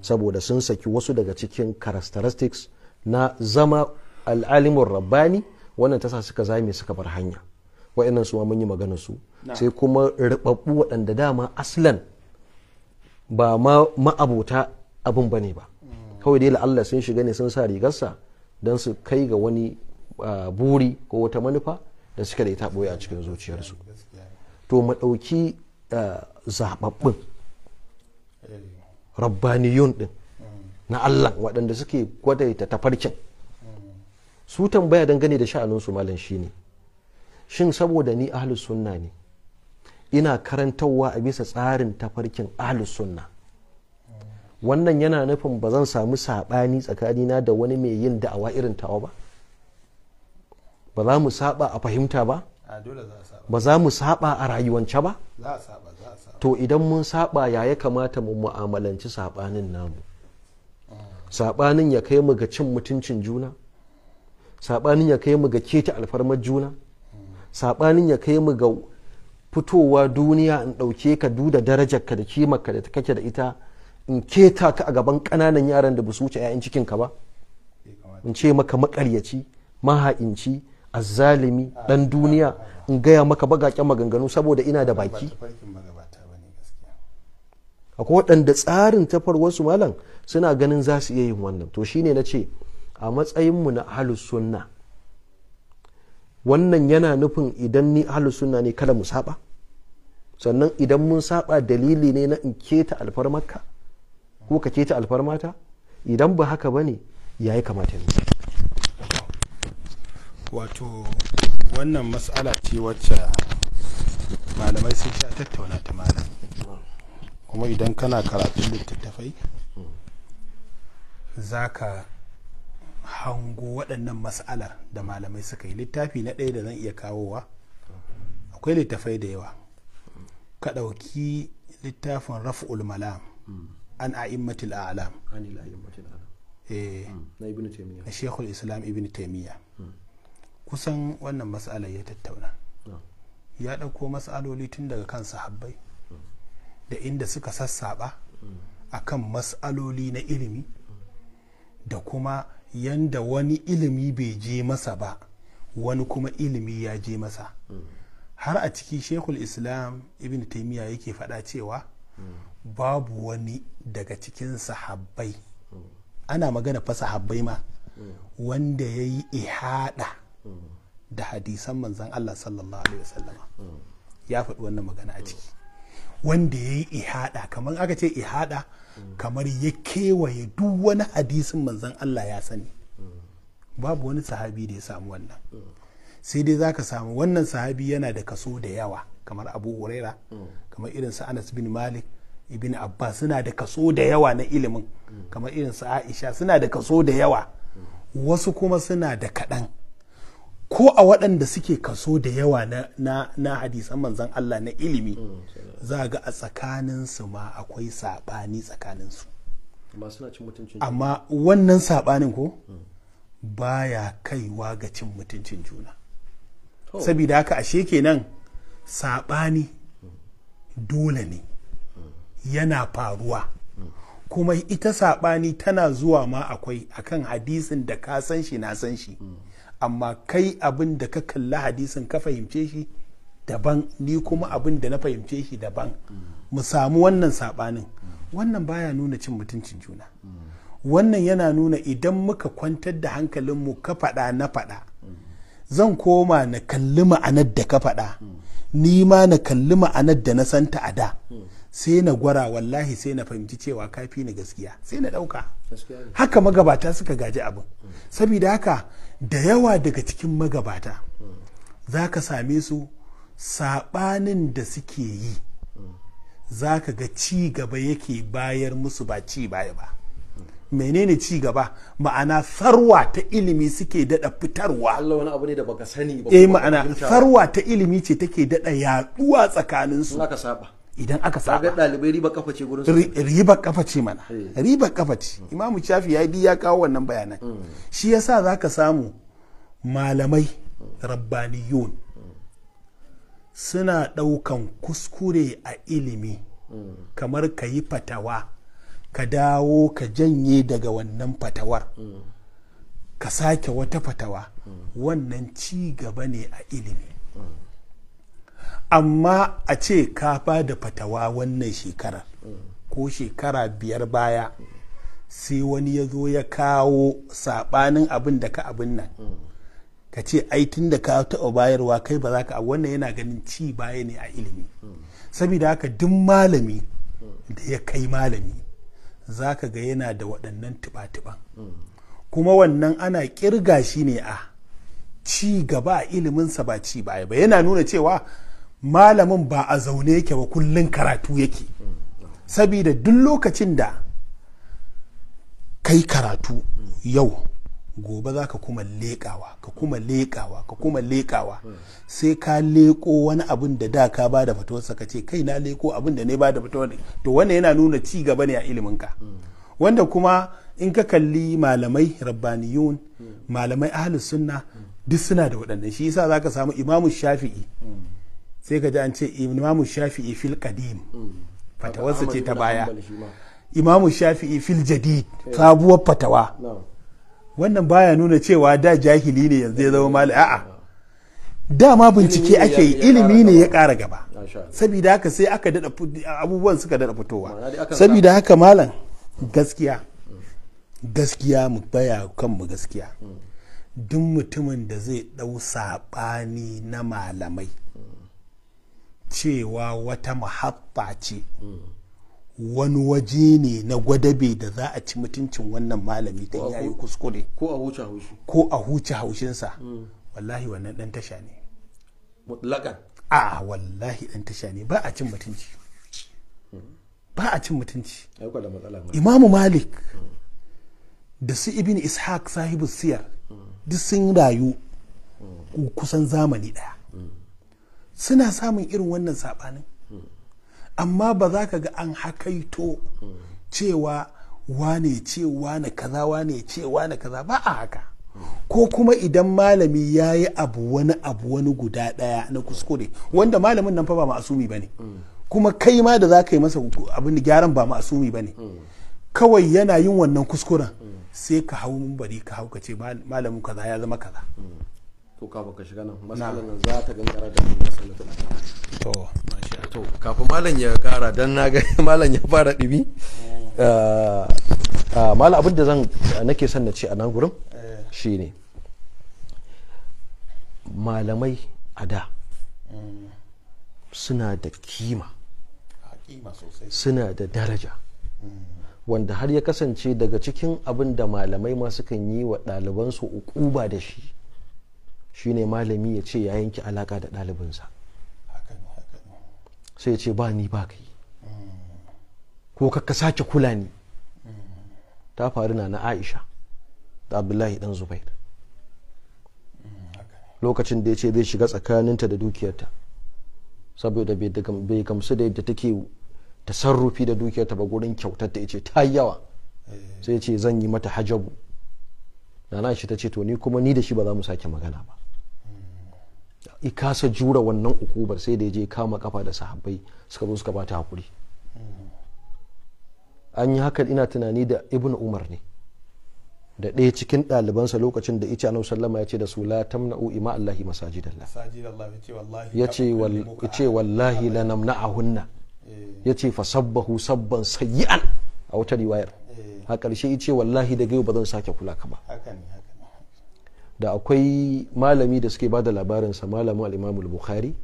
saboda sun saki wasu daga cikin characteristics na zama al'alimin rabbani wannan tasa suka zame suka bar hanya wa'annan su mun yi magana su sai kuma ribabbu waɗanda dama aslan ba ma ma'abota abin ba ne ba kawai dai la'alla sun shiga ne sun sa rigarsa don su kai ga wani buri ko wata manufa da suka da ita ɓoye a cikin zuciyarsu to mu ɗauki zaɓaɓɓun rabbaniyun ɗin na allah waɗanda suke gwadaita tafarkin su tambaya dangane da su malam shine shin saboda ni ahlus sunna ne ina karantarwa a bisa tsarin tafarkin sunna wannan yana nufin ba zan samu saɓani tsakanina da wani mai yin da'awa irin tawa ba ba za mu saba a fahimta ba ba za mu saba a rayuwance ba to idan mun saɓa ya ya kamata mu mu'amalanci saɓanin namu saɓanin ya kai mu ga cin mutuncin juna saɓanin ya kai mu ga keta alfarmar juna saɓanin ya kai mu ga fitowa duniya in ɗauke ka duda ka da ka da kake da ita in keta ka a gaban ƙananan yaran da ba su wuce 'ya'yan cikin ka ba in ce maka makaryaci maha'inci azzalimi dan duniya in gaya maka bagaƙen maganganu saboda ina da baki akwai waɗanda tsarin tafarwarsu malam suna ganin za su iya yin wannan to shine na ce a matsayinmu na halus sunna wannan yana nufin idan ni ahlus suna ne kada mu saba sannan idan mun saba dalili ne na in keta alfarmarka ko ka keta alfarmata idan ba haka bane yayi kamata ne wato wannan mas'ala ce wacce malamai sun sha tattauna ta malam kuma idan kana karatun littattafai za ka hango waɗannan mas'alar da malamai suka yi littafi na ɗaya da zan iya kawowa akwai littafai da yawa ka ɗauki littafin raf'ul ulmalam an a'immatul a'lam eh. hmm. na shekul islam ibn taimiyya hmm. kusan wannan mas'alar ya tattauna hmm. ya ɗauko matsaloli tun daga kan sahabbai da inda suka sassaɓa a kan matsaloli na ilimi da kuma yanda wani ilimi bai je masa ba wani kuma ilimi ya je masa har a ciki shekul islam ibn taimiyya yake faɗa cewa babu wani daga cikin sahabbai ana magana fa sahabbai ma wanda ya yi ihada da hadisan manzan Allah sallallahu alaihi wasallama ya faɗi wannan magana a ciki wanda ya yi ihada kamar aka ce ihada kamar ya kewaye duk wani hadisin manzon Allah ya sani babu wani sahabi da ya samu wannan sai dai zaka samu wannan sahabi yana da kaso da yawa kamar abu huraira kamar irin su anas bin malik ibn abbas suna da kaso da yawa na ilimin kamar irin su aisha suna da kaso da yawa wasu kuma suna da kaɗan ko a waɗanda suke kaso da yawa na, hadisan manzan Allah na ilimi mm, za ga a tsakaninsu ma akwai saɓani tsakaninsu amma wannan saɓanin ko mm. ya kaiwa ga cin mutuncin juna Sabida haka ashe kenan saɓani mm. dole ne yana faruwa kuma ita saɓani tana zuwa ma akwai akan hadisin da ka san shi na san shi mm. amma kai abin da ka kalla hadisin ka fahimce shi daban ni kuma abin da na fahimce shi daban mu samu wannan sabanin wannan baya nuna cin mutuncin juna wannan yana nuna idan muka kwantar da hankalinmu ka faɗa na faɗa zan koma na kalli ma'anar da ka faɗa ni ma na kalli ma'anar da na santa a da sai na gwara wallahi sai na fahimci cewa kafi ni gaskiya sai na ɗauka haka magabata suka gaji abin saboda haka da yawa daga cikin magabata za ka same su saɓanin da suke yi za ka ga ci gaba yake bayar musu ba ci baya ba menene ci gaba ma'ana sarwa ta ilimi suke dada fitarwa Allah wani abu ne da baka sani ba eh, ma'ana sarwa ta ilimi ce take daɗa yaɗuwa tsakaninsu. idan aka saba ga dalibai riba kafa ce gurin riba kafa ce mana eh. riba kafa ce mm. imamu shafi ya bi ya kawo wannan bayanan mm. shi yasa zaka samu malamai rabbaniyun suna daukan kuskure a ilimi mm. kamar ka yi fatawa ka dawo ka janye daga wannan fatawar ka sake wata fatawa wannan ci gaba ne a ilimi amma a ce ka ba da fatawa wannan shekarar ko shekara biyar baya sai wani ya zo ya kawo saɓanin abin da ka abin nan ka ce ai da ka taɓa bayarwa kai ba za ka wannan yana ganin ci baya ne a ilimi saboda haka duk malami da ya kai malami za ka ga yana da waɗannan tuba-tuban kuma wannan ana kirga shi ne a ci gaba a iliminsa ba ci baya ba yana nuna cewa malamin ba a zaune yake ba kullun karatu yake sabida duk lokacin da kai karatu yau gobe za ka kuma leƙawa ka kuma leƙawa ka kuma leƙawa sai ka leƙo wani abin da da ka bada fitowarsa ka ce kai na leƙo abin da ne bada fitowar to wannan yana nuna ci gaba ne a ilimin ka wanda kuma in ka kalli malamai rabbaniyun malamai ahlus sunna duk suna da waɗannan shi yasa zaka samu imamu shafi'i sai ka ji an ce imamu shafi'i fil qadim fatawarsa ce ta baya imamu shafi'i fil jadid sabuwar fatawa wannan baya nuna cewa da jahili ne yanzu ya zama mali a'a dama bincike ake yi ilimi ne ya kara gaba saboda haka sai aka dada abubuwan suka dada fitowa saboda haka malam gaskiya gaskiya mu baya kanmu gaskiya mm. duk mutumin da zai dau saɓani na malamai cewa wata mahabba ce wani waje ne na gwadabe da za a ci mutuncin wannan malami don ya yi kuskure ko a huce haushinsa wallahi wannan dan tasha ne mutlakan a wallahi dan tasha ne ba a cin mutunci ba a cin mutunci imamu malik da su ibn ishaq sahibu siyar duk sun rayu kusan zamani daya suna samun irin wannan saɓanin amma ba za ka ga an hakaito cewa wane ce wane kaza wane ce wane kaza ba a haka ko kuma idan malami ya yi abu wani abu wani guda daya na kuskure wanda malamin nan fa ba ma'asumi ba ne kuma kai ma da za ka yi masa abin da gyaran ba ma'asumi ba ne kawai yana yin wannan kuskuren sai ka hau bari ka hau ka ce malamin kaza ya zama kaza ko kafin ka shiga nan matsalar nan za ta gangara da matsalar to masha to kafin malam ya kara dan na ga malam ya fara dibi eh. eh, ah, malam abin da zan ah, nake son na ce a nan gurin eh. shine malamai a da hmm. suna da kima suna da daraja hmm. wanda har ya kasance daga cikin abin da malamai ma sukan yi wa ɗalibansu ukuba da shi shine malami ya ce ya yanki alaka da ɗalibinsa sai ya ce ba ni ba kai ko ka sake kula ni ta faru na na aisha da abdullahi dan zubair lokacin da ya ce zai shiga tsakaninta da dukiyarta saboda bai gamsu da yadda take tasarrufi da dukiyarta ba gurin kyautar ta ya ce ta yawa eh. sai ce zan yi mata hajabu na shi ta ce to ni kuma ni da shi ba za mu sake magana ba i kasa jura wannan ukubar sai da ya je kama kafa da sahabbai suka zo suka bata hakuri an yi hakan ina tunani da ibn umar ne da ɗaya cikin ɗalibansa lokacin da ice anau sallama ya ce da su la tamna'u ima allahi masajidallah ya ce wallahi la namna'ahunna eh. ya ce fa sabbahu sabban sayyi'an a wata riwayar eh. a ƙarshe ice wallahi da gaiwa ba zan sake kula ka ba da akwai malami da suke bada labarinsa malamin al'imamul bukhari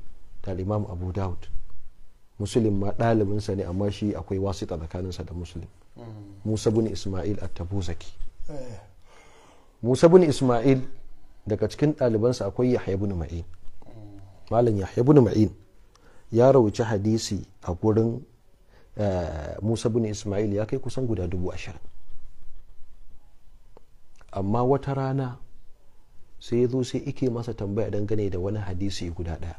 da al'imam abu daud musulun ma ɗalibinsa ne amma shi akwai wasita tsakaninsa da musulun mm. musa bin ismail at-tabuzaki eh. musa bin ismail daga cikin ɗalibansa akwai yahya bin ma'in mm. malam yahya bin ma'in ya rawuci hadisi a gurin eh, musa bin ismail ya kai kusan guda dubu ashirin amma wata rana sai ya zo sai ike masa tambaya dangane da wani hadisi guda ɗaya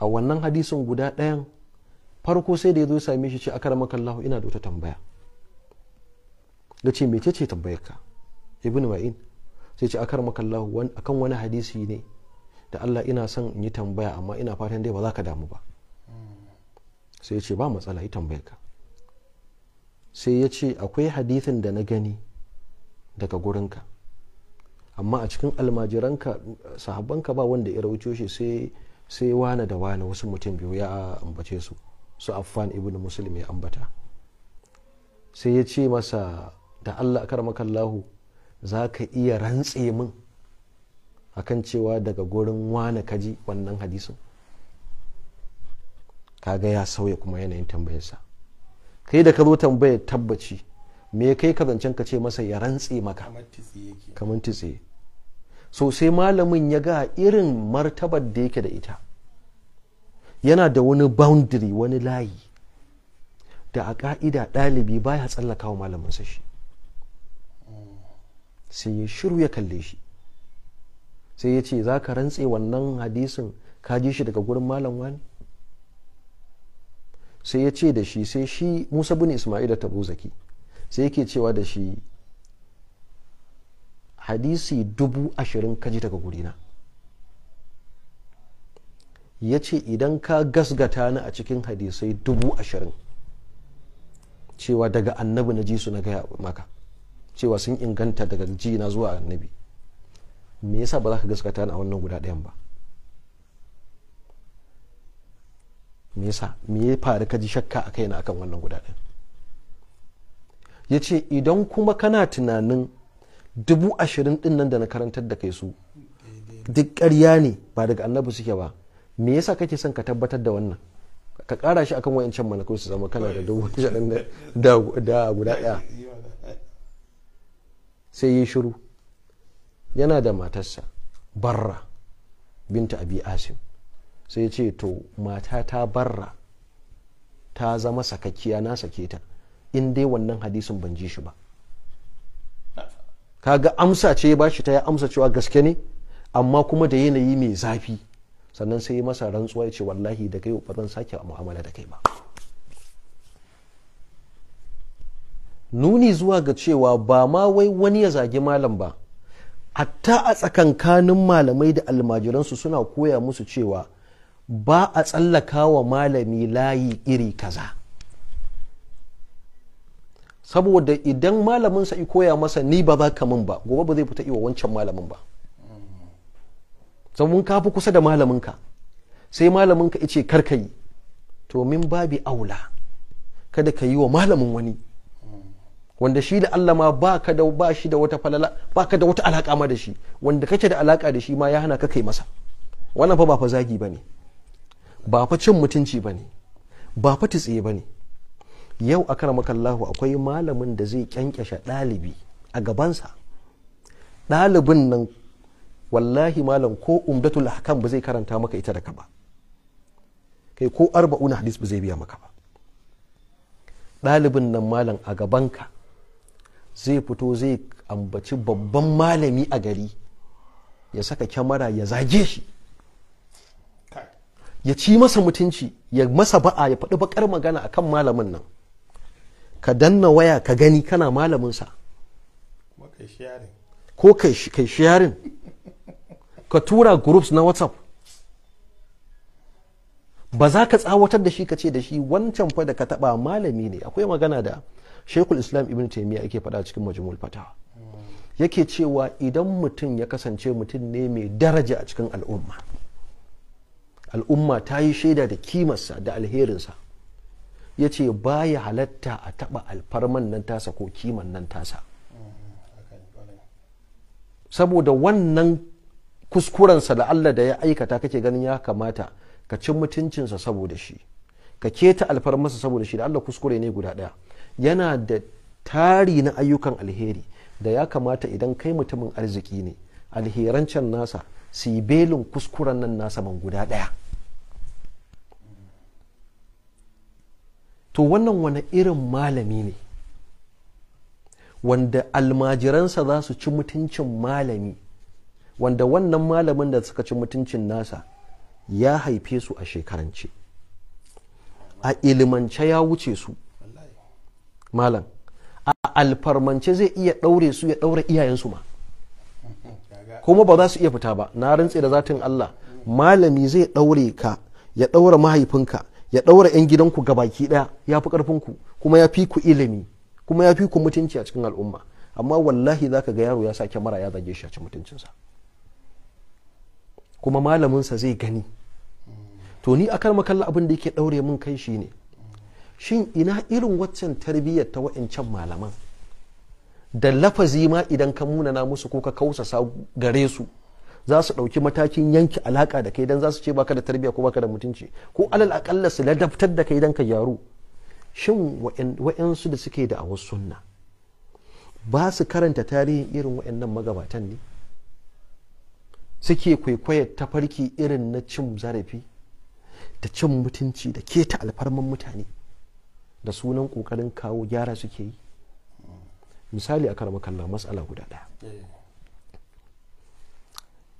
a wannan hadisin guda ɗayan farko sai da ya zo ya same shi ce a karama kallahu ina da wata tambaya da ce mece ce tambayar ka ibn ma'in sai ce a karama kallahu akan wani hadisi ne da allah ina son in yi tambaya amma ina fatan dai ba za ka damu ba sai ya ce ba matsala yi tambayar ka sai ya ce akwai hadisin da na gani daga gurinka amma a cikin almajiranka sahabbanka ba wanda ya rauce shi sai wane da wane wasu mutum biyu ya ambace su su affan ibn muslim ya ambata sai ya ce masa da allah karmakallahu za ka iya rantse min akan cewa daga gurin wane kaji wannan hadisin kaga ya sauya kuma yanayin tambayarsa kai da ka zo tambayar tabbaci me kai ka zancen ka ce masa ya rantse maka kamar titse so sai malamin ya ga irin martabar da yake da ita yana da wani boundary wani layi da a ka'ida ɗalibi ya tsallaka wa sa shi sai ya shiru ya kalle shi sai ya ce za ka rantse wannan hadisin ka ji shi daga gurin malam wani sai ya ce da shi sai shi musa bin ismail da tabu zaki sai yake cewa da shi hadisi dubu ashirin kaji daga gurina ya ce idan ka gasgata ni a cikin hadisai dubu ashirin cewa daga annabi na ji su na gaya maka cewa sun inganta daga ji na zuwa annabi me yasa ba za ka gaskata ni a wannan guda ɗayan ba me yasa me ya faru ka ji shakka a kaina akan wannan guda ɗayan ya ce idan kuma kana tunanin dubu ashirin din nan da na karantar da kai su duk ƙarya ne ba daga annabi suke ba me yasa kake son ka tabbatar da wannan ka kara shi akan wayancan malakai su zama kana da dubu ashirin da guda ɗaya sai yi shiru yana da matarsa barra binta abi asim sai ya ce to mata ta barra ta zama sakakkiya na sake ta in dai wannan hadisin ban ji shi ba kaga amsa ce ya bashi ta ya amsa cewa gaske ne amma kuma da yanayi mai zafi sannan sai ya masa rantsuwa ya ce wallahi da kai ba zan sake mu'amala da kai ba nuni zuwa ga cewa ba ma wai wani ya zagi malam ba hatta a tsakankanin malamai da almajiransu suna koya musu cewa ba a tsallaka wa malami layi iri kaza saboda idan malaminsa sa koya masa ni ba za ka min ba gobe ba zai fita iwa wancan malamin ba zamun ka fi kusa da malaminka sai malaminka ice kar ka yi to min babi aula kada ka yi wa malamin wani wanda shi da Allah ma ba da ba shi da wata falala ba da wata alaka ma da shi wanda kake da alaka da shi ma ya hana ka kai masa wannan fa ba fa zagi bane ba fa cin mutunci bane ba fa tsiye bane yau a karamakallahu akwai malamin da zai kyankyashe ɗalibi a gabansa ɗalibin nan wallahi malam ko umdatul hakan ba zai karanta maka ita da ka ba kai ko arba'una hadis ba zai biya maka ba ɗalibin nan malam a gabanka zai fito zai ambaci babban malami a gari ya saka kyamara ya zage shi ya ci masa mutunci ya masa ba'a ya faɗi bakar magana akan malamin nan ka danna waya ka gani kana malaminsa ko kai sharing ka tura groups na whatsapp ba za ka tsawatar da shi ka ce da shi wancan fa da ka taba malami ne akwai magana da shekul islam ibn taimiyya ake faɗa cikin majmul fatawa hmm. yake cewa idan mutum ya kasance mutum ne mai daraja a cikin al'umma al'umma ta yi shaida da kimarsa da alherinsa ya ce ya halatta a taba alfarman nan tasa ko kiman nan tasa saboda wannan kuskurensa da Allah da ya aikata kake ganin ya kamata ka cin mutuncinsa saboda shi ka keta alfarmarsa saboda shi da Allah kuskure ne guda ɗaya yana da tari na ayyukan alheri da ya kamata idan kai mutumin arziki ne alherancan nasa su yi belin kuskuren nan nasa man guda ɗaya to wannan wani irin malami ne wanda almajiransa za su ci mutuncin malami wanda wannan malamin da suka ci mutuncin nasa ya haife su a shekarance a ilimance ya wuce su malam a alfarmance zai iya ɗaure su ya ɗaure iyayensu ma kuma ba za su iya fita ba na rantse da zatin Allah malami zai ɗaure ka ya ɗaura mahaifinka ya ɗaura 'yan gidanku ga baki ɗaya ya fi ƙarfinku kuma ya fi ku ilimi kuma ya fi ku mutunci a cikin al'umma amma wallahi za ka ga yaro ya sa kyamara ya zage shi a cikin mutuncinsa kuma malaminsa zai gani to ni a karma makalla abin da yake ɗaure min kai shi ne shin ina irin waccan tarbiyyar ta wa'ancan malaman da lafazi ma idan ka munana musu ko ka kausa gare su za su ɗauki matakin yanke alaƙa da kai dan za su ce baka da tarbiyya ko baka da mutunci ko alal aƙalla su ladabtar da kai dan ka gyaru shin wa'yansu da suke da awar sunna ba su karanta tarihin irin wa'yannan magabatan ne suke kwaikwayar tafarki irin na cin zarafi da cin mutunci da keta alfarman mutane da sunan ƙoƙarin kawo gyara suke yi misali a karamakalla matsala guda ɗaya eh.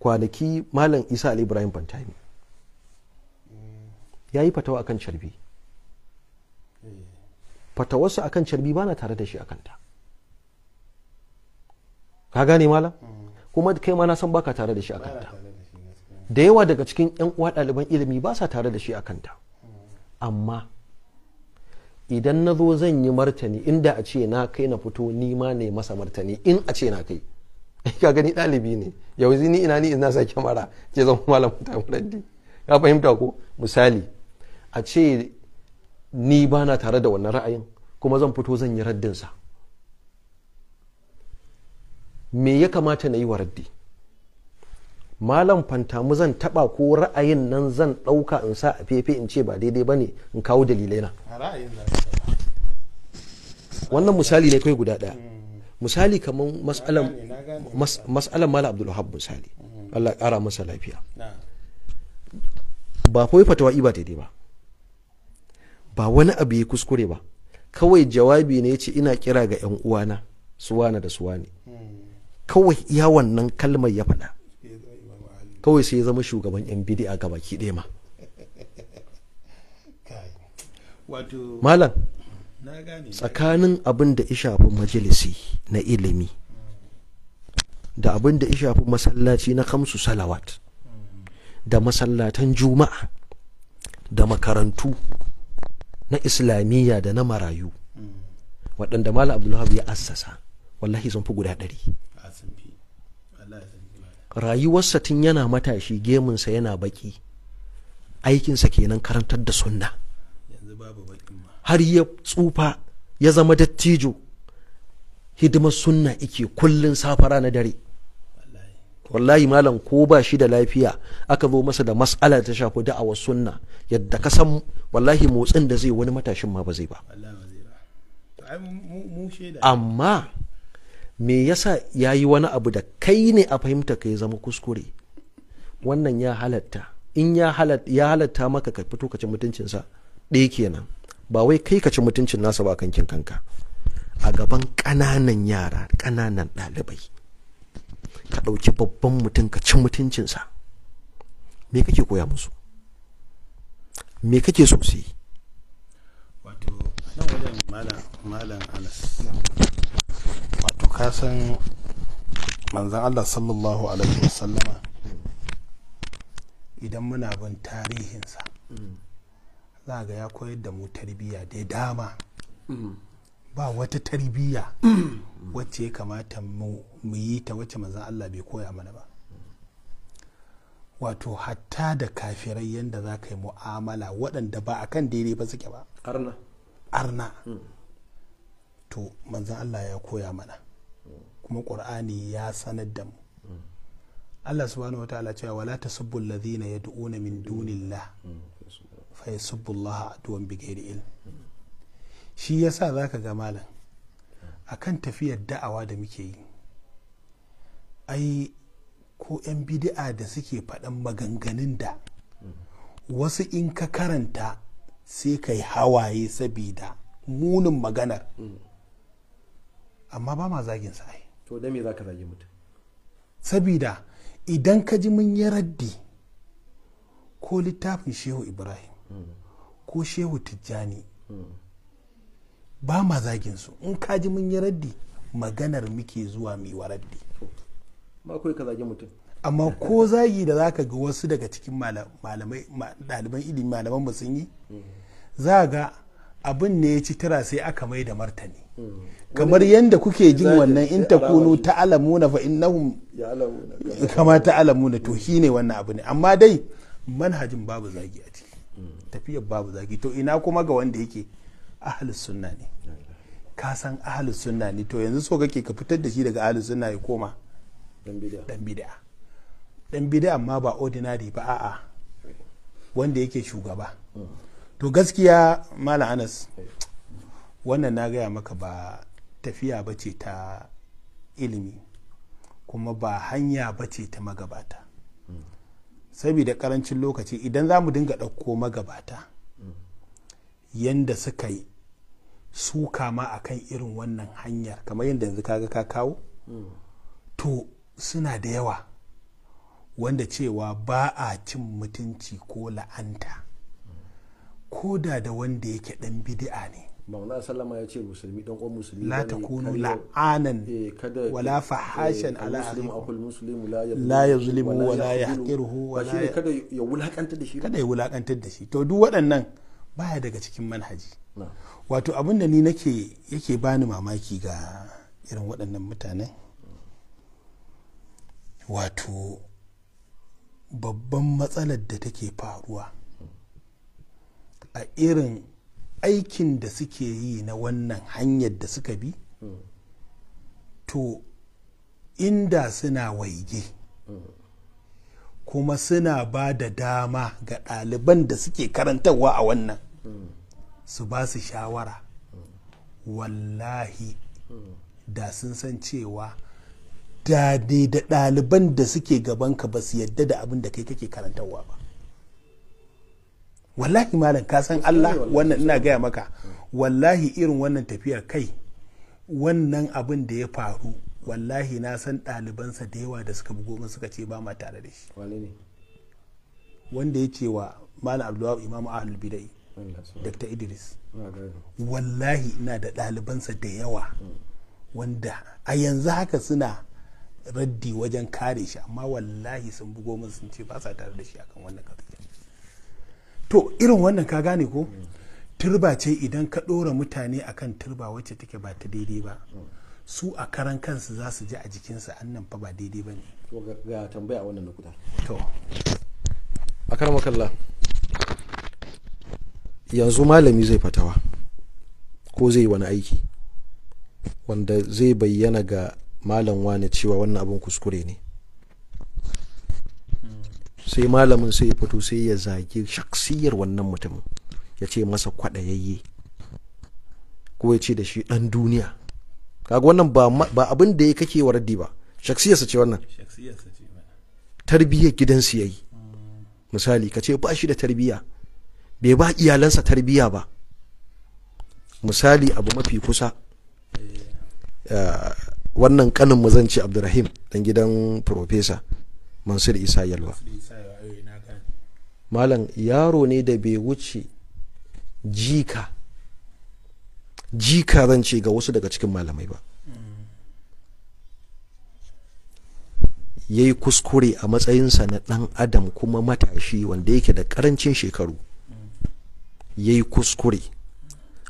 kwanaki malam isa ali ibrahim bantami ya yi fatawa akan carbi fatawarsa akan carbi ba na tare da shi akanta ka gane malam kuma kai ma na san baka tare da shi akanta da yawa daga cikin yan uwa ɗaliban ilimi ba sa tare da shi akanta amma idan na zo zan yi martani inda a ce na kai na fito ni ma ne masa martani in a ce na kai ka gani ɗalibi ne yanzu ni ina ni ina sa kyamara ke zama ta tamuraddi ka fahimta ko misali a ce ni ba na tare da wannan ra'ayin kuma zan fito zan yi raddin sa me ya kamata na yi wa raddi malam mu zan taba ko ra'ayin nan zan ɗauka in sa a fefe in ce ba daidai ba ne in kawo dalilai na wannan misali ne kai guda ɗaya misali kamar matsalar mala abdul wahab misali mm-hmm. Allah ƙara masa lafiya ba kawai fatawa ba daidai ba ba wani abu ya kuskure ba kawai jawabi ne ya ce ina kira ga 'yan uwana suwana da suwane mm. kawai iya wannan kalmar ya faɗa kawai sai ya zama shugaban 'yan a gabaki ɗaya ma malam tsakanin abin da ishafin majalisi na ilimi da abin da ishafin masallaci na kamsu salawat da masallatan juma'a da makarantu na islamiyya da na marayu waɗanda mala abdullahi ya assasa wallahi sun fi guda ɗari rayuwarsa tun yana matashi gemunsa yana baki aikinsa kenan karantar da sunna har ya tsufa ya zama dattijo hidimar sunna ike kullun safara na dare wallahi malam ko ba shi da lafiya aka zo masa da mas'ala ta shafi da'awa sunna yadda ka san wallahi motsin da zai wani matashin ma ba zai ba amma me yasa ya yi wani abu da kai ne a fahimta ka ya zama kuskure wannan ya halatta in ya halatta maka ka fito ka ci mutuncinsa ɗaya kenan ba wai kai ka ci mutuncin nasa ba kankin kanka a gaban ƙananan yara ƙananan ɗalibai ka ɗauki babban mutum ka ci mutuncinsa me kake koya musu me kake so su yi wato nan wajen malam malam wato ka san manzon Allah sallallahu alaihi wasallama idan muna bin tarihinsa hmm. za ga ya koyar da mu tarbiyya da dama mm. ba wata tarbiyya wacce ya kamata mu yi ta wacce manzan Allah bai koya mana ba wato hatta da kafirai yadda za ka yi mu'amala waɗanda ba a kan daidai ba suke ba arna arna mm. to manzan Allah ya koya mana kuma ƙur'ani ya sanar da mu mm. Allah subhanahu wa ta'ala cewa wala tasubbu alladhina yad'una min dunillah yasubbullaha aduwan bighairi ilm shi yasa zaka ga malam akan tafiyar da'awa da muke yi ai ko 'yan bidi'a da suke faɗan maganganun da wasu in ka karanta sai ka yi hawaye sabida munin maganar amma ba ma zagin sa ai to da me za ka zagi mutum sabida idan ka ji mun yi raddi ko littafin shehu ibrahim ko shehu tijjani ba ma zagin su in ka ji mun yi raddi maganar muke zuwa mai wa raddi amma ko zagi da zaka ga wasu daga cikin malamai ɗaliban ilimi malaman mu sun yi za ga abin ne ya ci tara sai aka mai da martani kamar yadda kuke jin wannan in ta kunu ta alamuna fa innahum kama ta alamuna to shine wannan abu ne amma dai manhajin babu zagi a ciki Tafiya babu zagi to ina kuma ga wanda yake ahalus sunna ne ka san ahalus sunna ne to yanzu so kake ka fitar da shi daga ahalus sunna ya koma dan bid'a dan bid'a amma ba ordinary ba a'a wanda yake shugaba to gaskiya malam anas wannan na gaya maka ba tafiya bace ta ilimi kuma ba hanya bace ta magabata saboda karancin lokaci idan za mu dinga ɗauko magabata yadda suka yi su kama a kan irin wannan hanyar kamar yadda yanzu kaga ka kawo to suna da yawa wanda cewa ba a cin mutunci ko la'anta ko da da wanda yake ɗan bidi'a ne ma'ana sallama ya ce musulmi don kwan musulmi la kuno la'anan eh, wala fahashan eh, ala muslim akul muslim la yazlimu wa la wa la kada ya wulakantar da shi kada ya wulakantar da shi to duk waɗannan baya daga cikin manhaji wato abin da ni nake yake bani mamaki ga irin waɗannan mutanen wato babban matsalar da take faruwa a irin aikin da suke yi na wannan hanyar da suka bi to inda suna waige kuma suna ba da dama ga ɗaliban da suke karantarwa a wannan su ba su shawara wallahi da sun san cewa da da ɗaliban da suke gabanka ba su yadda da abin da kai kake karantarwa ba wallahi malam ka san Allah wannan ina gaya maka wallahi irin wannan tafiyar kai wannan abin da ya faru wallahi na san ɗalibansa da yawa da suka bugo min suka ce ba ma tare da shi wanda ya ce wa malam abdullahi imamu ahlul bidai dr idris wallahi ina da ɗalibansa da yawa hmm. wanda a yanzu haka suna raddi wajen kare shi amma wallahi sun bugo min sun ce ba sa tare da shi akan wannan kafin to irin wannan ka gane ko turba ce idan ka ɗora mutane akan turba wacce take ba ta daidai ba su a karan kansu za su ji a jikinsu annan fa ba daidai ba ne to ga tambaya wannan lokuta to a karan makalla yanzu malami zai fatawa ko zai wani aiki wanda zai bayyana ga malam wane cewa wannan abin kuskure ne sai malamin sai ya fito sai ya zagi shaksiyar wannan mutumin ya ce masa kwaɗayayye ko ya ce da shi ɗan duniya kaga wannan ba abin da ya kake wa raddi ba shaksiyarsa ce wannan tarbiyyar gidansu ya yi misali ka ce ba shi da tarbiyya bai ba iyalansa tarbiyya ba misali abu mafi kusa eh. Eh, wannan kanin zan ce abdurrahim dan gidan profesa mansur isa yalwa eh, malam yaro ne da bai wuce jika jika zan ce ga wasu daga cikin malamai ba mm. ya yi kuskure a matsayinsa na ɗan adam kuma matashi wanda yake da ƙarancin shekaru mm. ya yi kuskure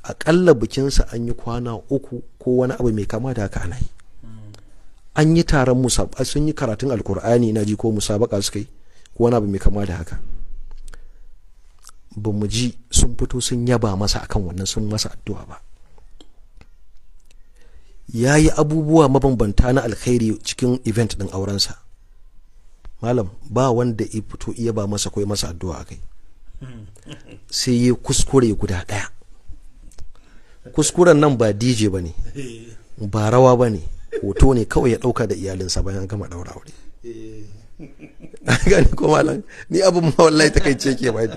aƙalla bikinsa an yi kwana uku ko wani abu mai kama da haka ana yi an yi taron musabaka sun yi karatun alkur'ani na ji ko musabaka suka yi ko wani abu mai kama da haka ba mu ji sun fito sun yaba masa akan wannan sun masa addu'a ba ya yi abubuwa mabambanta na alkhairi cikin event ɗin aurensa malam ba wanda ya fito iya ba masa ko masa addu'a akai sai ya kuskure guda ɗaya kuskuren nan ba dj ba ne ba rawa ba ne hoto ne kawai ya ɗauka da iyalinsa bayan gama ɗaura aure gani ko malam ni abin ma wallahi takaice ke bai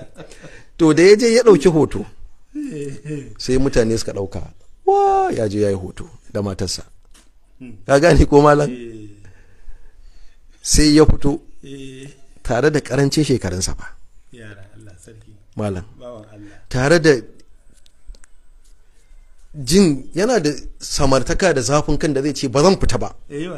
to da ya je ya ɗauki hoto sai mutane suka ɗauka wa ya je ya yi hoto da matarsa ka gane ko malam sai ya fito tare da karancin shekarunsa ba malam tare da jin yana da samartaka da zafin kan da zai ce ba zan fita ba eh,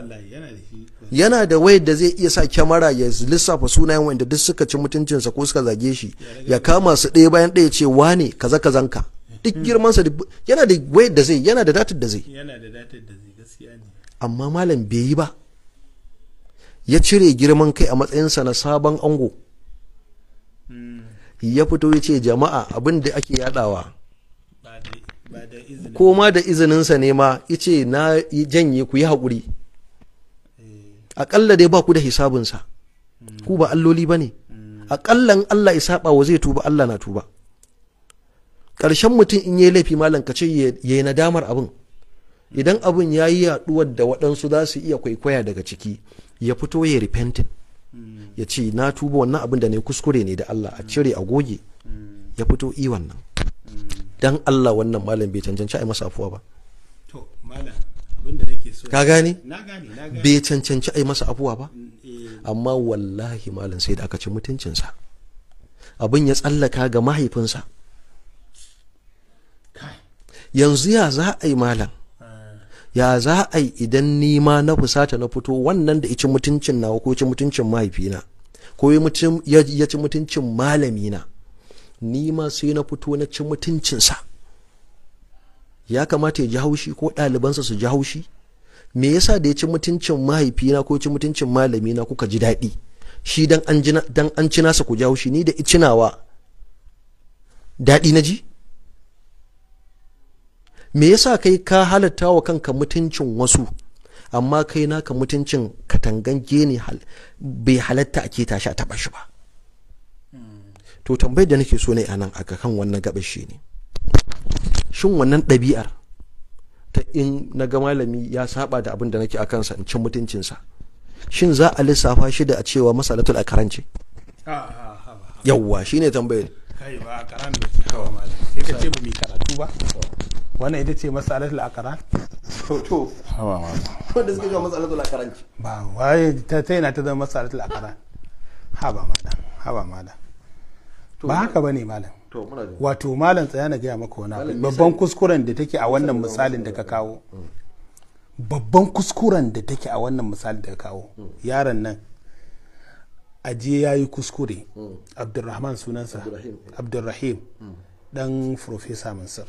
yana da wayar da zai iya sa kyamara ya lissafa sunayen wanda duk suka ci mutuncinsa ko suka zage shi ya kama su ɗaya bayan ɗaya ce wane kaza kazanka duk girmansa yana da wayar da zai yana da datar da zai amma malam bai yi ba ya cire girman kai a matsayinsa na sabon ango hmm. ya fito ya ce jama'a abin da ake yadawa ko ma da izininsa ne ma ya na janye ku yi haƙuri aƙalla dai ba ku da hisabinsa ku ba alloli ba ne aƙallan Allah isaɓa wa zai tuba Allah na tuba ƙarshen mutum in yi laifi malam ka ce ya yi nadamar abin idan abin ya yi yaɗuwar da waɗansu za su iya kwaikwaya daga ciki ya fito ya repentin ya ce na tuba wannan abin da ne kuskure ne da Allah a cire a goge ya fito iwan nan dan Allah wannan malam bai cancanci a masa afuwa ba to malam abinda nake so ka gane na gane na gane bai cancanci a masa afuwa ba mm, eh. amma wallahi malam sai da aka ci mutuncinsa abin ya tsallaka ga mahaifinsa yanzu ya za a yi malam ah. ya za a yi idan ma na fusata na fito wannan da ici mutuncin nawa ko ci mutuncin mahaifina ko ya ci mutuncin malamina ni ma sai na fito na ci mutuncinsa ya kamata ya ji haushi ko ɗalibansa su ji haushi me yasa da ya ci mutuncin mahaifina ko ci mutuncin malamina kuka ji daɗi shi dan an ci nasa ku ji haushi ni da icinawa daɗi na ji me yasa kai ka halatta wa kanka mutuncin wasu amma kai naka mutuncin katangan gene bai halatta a ke shi a taɓa shi ba to tambayar da nake so ne anan aka kan wannan gabar shi ne shin wannan ɗabi'ar ta in na ga malami ya saba da abin da nake a kansa in cin mutuncinsa shin za a lissafa shi da a cewa masalatul akaran ce ah, ah, ah, yawwa ne tambayar kai ba akaran da ke kawo malam sai ka ce ba mai karatu ba wannan ita ce masalatul akaran to hawa ma to da suke cewa masalatul akaran ba waye ta taina ta zama masalatul karan haba malam haba malam ba haka ba ne malam wato malam tsaya na gaya maka wani mm. babban kuskuren da take a wannan misalin da ka kawo babban kuskuren da take a wannan misalin da ka kawo yaron nan aje ya yi kuskure mm. abdulrahman sunansa abdulrahim mm. dan profesa mansur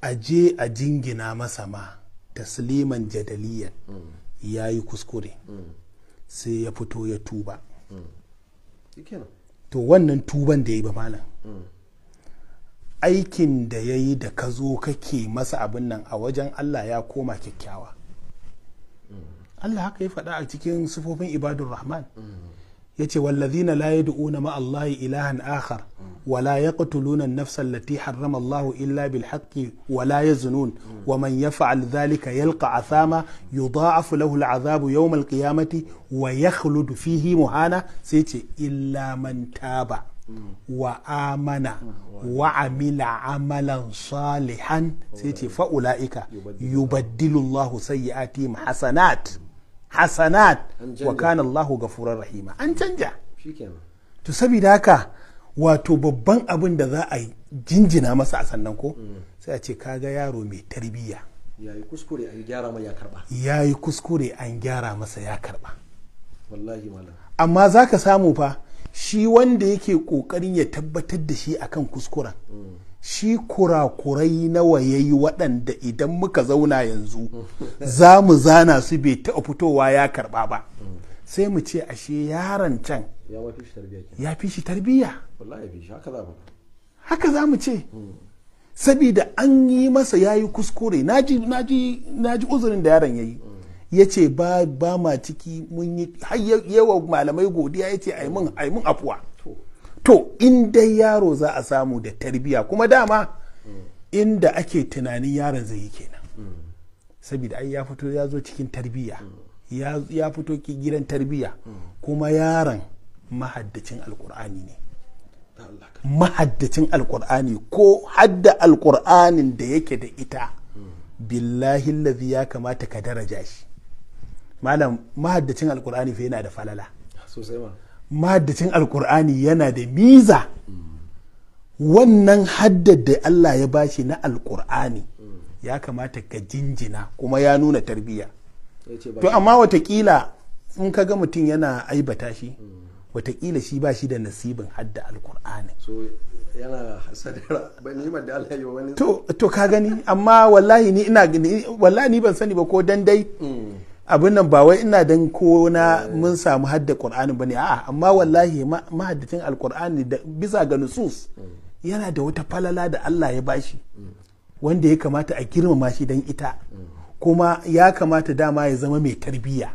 aje a jingina masa ma tasliman jadaliyan ya yi kuskure sai ya fito ya tuba to wannan tuban da ya yi ba malam aikin da ya yi da ka zo kake masa abin nan a wajen Allah ya koma kyakkyawa Allah haka ya faɗa a cikin sufofin ibadun rahman yace wallazina la yad'una ma Allahi ilahan akhar wa la yaqtuluna an-nafsa allati harrama illa bil haqqi wa la yaznun wa man yaf'al dhalika yalqa athama yudha'afu lahu al-'adhabu yawm al-qiyamati wa yakhludu fihi muhana sai yace illa man taba wa amana wa amila amalan salihan sai yace fa ulaika yubaddilu Allahu sayyi'atihim hasanat hasanat wa kana Allahu gafurar rahima an canja to saboda haka wato babban abin da za a jinjina masa a sannan ko mm. sai a ce kaga yaro mai tarbiyya ya yi kuskure an gyara masa ya karba amma za ka samu fa shi wanda yake kokarin ya tabbatar da shi akan kuskuren mm. shi kurakurai nawa ya yi waɗanda idan muka zauna yanzu za mu zana su bai taɓa fitowa ya karɓa ba sai mu ce ashe yaron can ya fi shi tarbiyya haka za mu ce hmm. sabida an yi masa ya yi kuskure na ji uzurin da yaron ya yi hmm. ya ce ba ma ciki mun yi har yawa malamai godiya ya ce aimin afuwa to in dai yaro za a samu da tarbiya kuma dama inda ake tunanin yaron zai yi kenan saboda ai ya fito ya zo cikin tarbiya ya fito ki gidan tarbiya kuma yaron mahaddacin alkur'ani ne mahaddacin alkur'ani ko hadda alkur'anin da yake da ita billahi lazi ya kamata ka daraja shi malam mahaddacin alkur'ani fa yana da falala mahaddacin alkur'ani yana da miza wannan haddar da Allah ya bashi na alkur'ani ya kamata ka jinjina kuma ya nuna tarbiyya to amma watakila in ka ga mutum yana aibata shi watakila shi ba shi da nasibin hadda alkur'ani yana ba da Allah ya wani to ka gani amma wallahi ni ina wallahi ni ban sani ba ko dan dai mm. abin nan ba wai ina dan ko na mun samu hadda qur'ani bane a'a amma wallahi mahaddacin alqur'ani da bisa ga nusus yana da wata falala da Allah ya bashi wanda ya kamata a girmama shi dan ita kuma ya kamata dama ya zama mai tarbiyya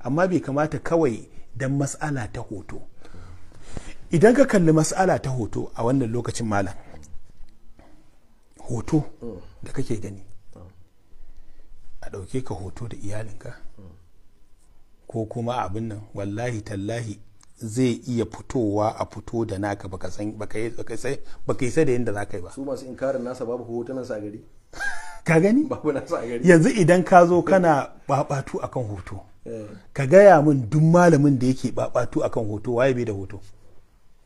amma bai kamata kawai dan mas'ala ta hoto idan ka kalli mas'ala ta hoto a wannan lokacin malam hoto da kake gani a ɗauke ka hoto da iyalinka ko kuma abin nan wallahi tallahi zai iya fitowa a fito da naka baka san baka yi sai da yadda za ka yi ba su masu inkarin nasa babu hotunan sa gari ka gani babu nasa gari yanzu idan ka zo kana babatu akan hoto eh. ka gaya min duk malamin da yake babatu akan hoto waye bai da hoto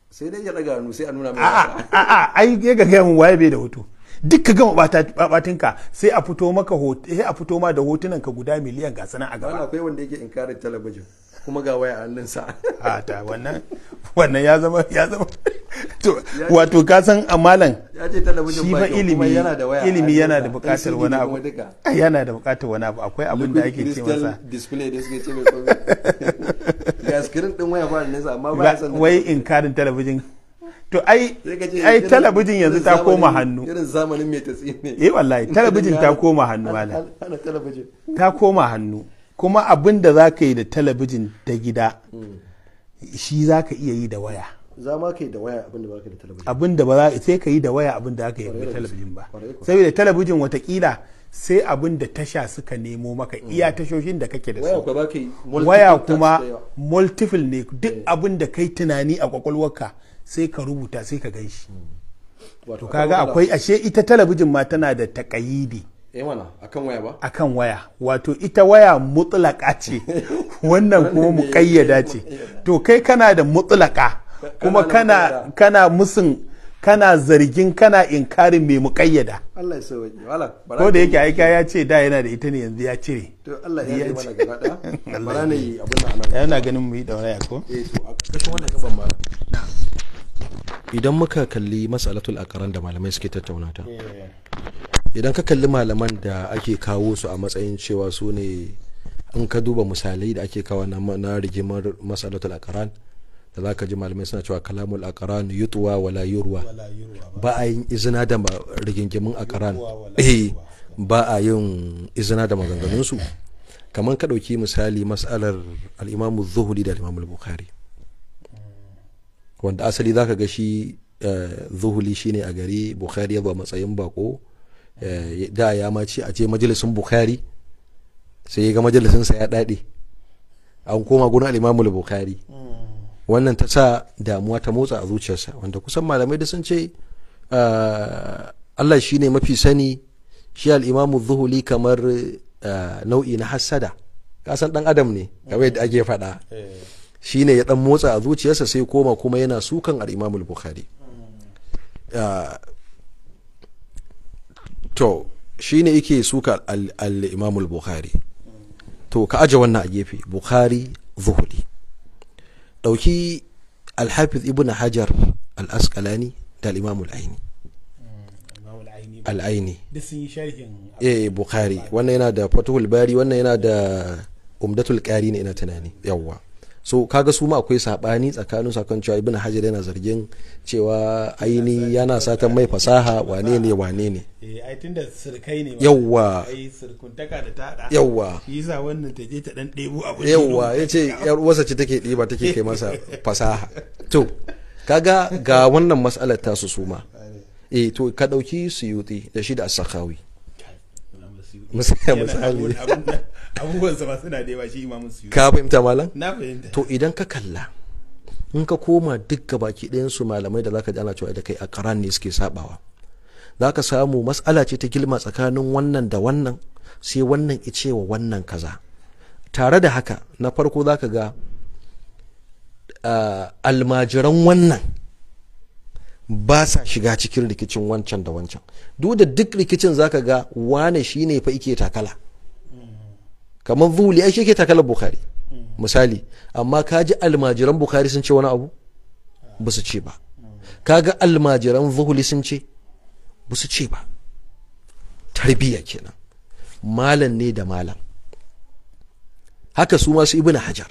sai dai ya daga hannu sai a nuna mai a'a a'a ai ga gaya min waye bai da hoto duk ka gama batinka sai a fito maka sai a fito ma da hotunan ka guda miliyan ga sana a gaba akwai wanda yake inkarin talabijin kuma ga waya a hannunsa a ta wannan wannan ya zama ya zama to wato ka san amalan talabijin ba ilimi ilimi yana da bukatar wani abu yana da bukatar wani abu akwai abin da ake ce masa display da suke ce mai screen din waya ba sa amma ba san wai inkarin talabijin to ai ai talabijin yanzu ta koma hannu irin zamanin mai tatsi ne eh wallahi talabijin ta koma hannu wala ta koma hannu kuma abin da za ka yi da talabijin da gida hmm. shi za ka iya yi da waya za ka yi da waya abin da ba ka yi da talabijin abin da ba sai ka yi da waya abin da ka yi da talabijin ba saboda talabijin watakila sai abin da tasha suka nemo maka hmm. iya tashoshin da kake da su waya kuma multiple ne duk hmm. abin da kai tunani a kwakwalwarka sai ka rubuta sai ka gan shi hmm. to kaga akwai ashe ita talabijin ma tana da takayidi eh akan waya ba akan waya wato ita waya mutlaka ce wannan kuma muƙayyada ce to kai kana da mutlaka kuma kana kana musun kana zargin kana inkarin mai muƙayyada Allah ya sauke wala ko da yake aika ya ce da yana da ita ne yanzu ya cire to Allah ya yi mana gaba da bara ne abin nan yana ganin mu yi da waya ko eh to a kashin wannan gaban ma na'am idan muka kalli masalatul akaran da malamai suke tattauna ta idan ka kalli malaman da ake kawo su a matsayin cewa su ne in ka duba misalai da ake kawo na rigimar masalatul akaran da za ka ji malamai suna cewa kalamul akaran yutuwa wala yurwa ba a yin izina da rigingimin akaran eh ba a yin izina da maganganunsu kamar ka ɗauki misali matsalar al'imamu zuhuri da al'imamu bukhari wanda asali za ka ga shi eh, zuhuli shine a gari bukhari ya ba matsayin bako eh, da ya mace a je majalisin bukhari sai ya ga majalisinsa ya daɗe an koma guna al'imamul bukhari wannan ta sa damuwa ta motsa a zuciyarsa wanda kusan malamai da sun ce eh, Allah shi ne mafi sani shi al'imamu zuhuli kamar nau'i na hassada kasan dan adam ne kamar yadda ake faɗa shine ya dan motsa a zuciyarsa sai koma kuma yana sukan al-Imam al-Bukhari ah, to shine yake suka al-Imam al-Bukhari to ka aje wannan a gefe Bukhari zuhudi dauki al-Hafiz Ibn Hajar al-Asqalani da al-Imam al-Aini al-Aini eh Bukhari wannan yana da Fathul Bari wannan yana da Umdatul Qari ne ina tunani yawa. so kaga su ma akwai sabani tsakanin sakon cewa ibn hajar yana zargin cewa aini yana satan mai fasaha wane ne wane ne yawwa yawwa yawwa ya ce yar take ɗiba take kai masa fasaha to kaga ga wannan matsalar tasu su ma eh to ka ɗauki suyuti da shi da asakawi misali abubuwan ka fahimta malam na fahimta to idan ka kalla in ka koma duk baki ɗayan su malamai da zaka ji ana cewa da kai a karan ne suke sabawa zaka samu mas'ala ce ta gilma tsakanin wannan da wannan sai wannan ice wa wannan kaza tare da haka na farko zaka ga ah, almajiran wannan ba sa shiga cikin rikicin wancan da wancan duk da duk rikicin zaka ga wane shine fa ike takala kamar vuli ai shi ke takalar bukari. misali amma ka ji almajiran bukari sun ce wani abu ba su ce ba ka ga almajiran zuhuli sun ce ba su ce ba tarbiyya kenan malam ne da malam haka su masu ibina hajar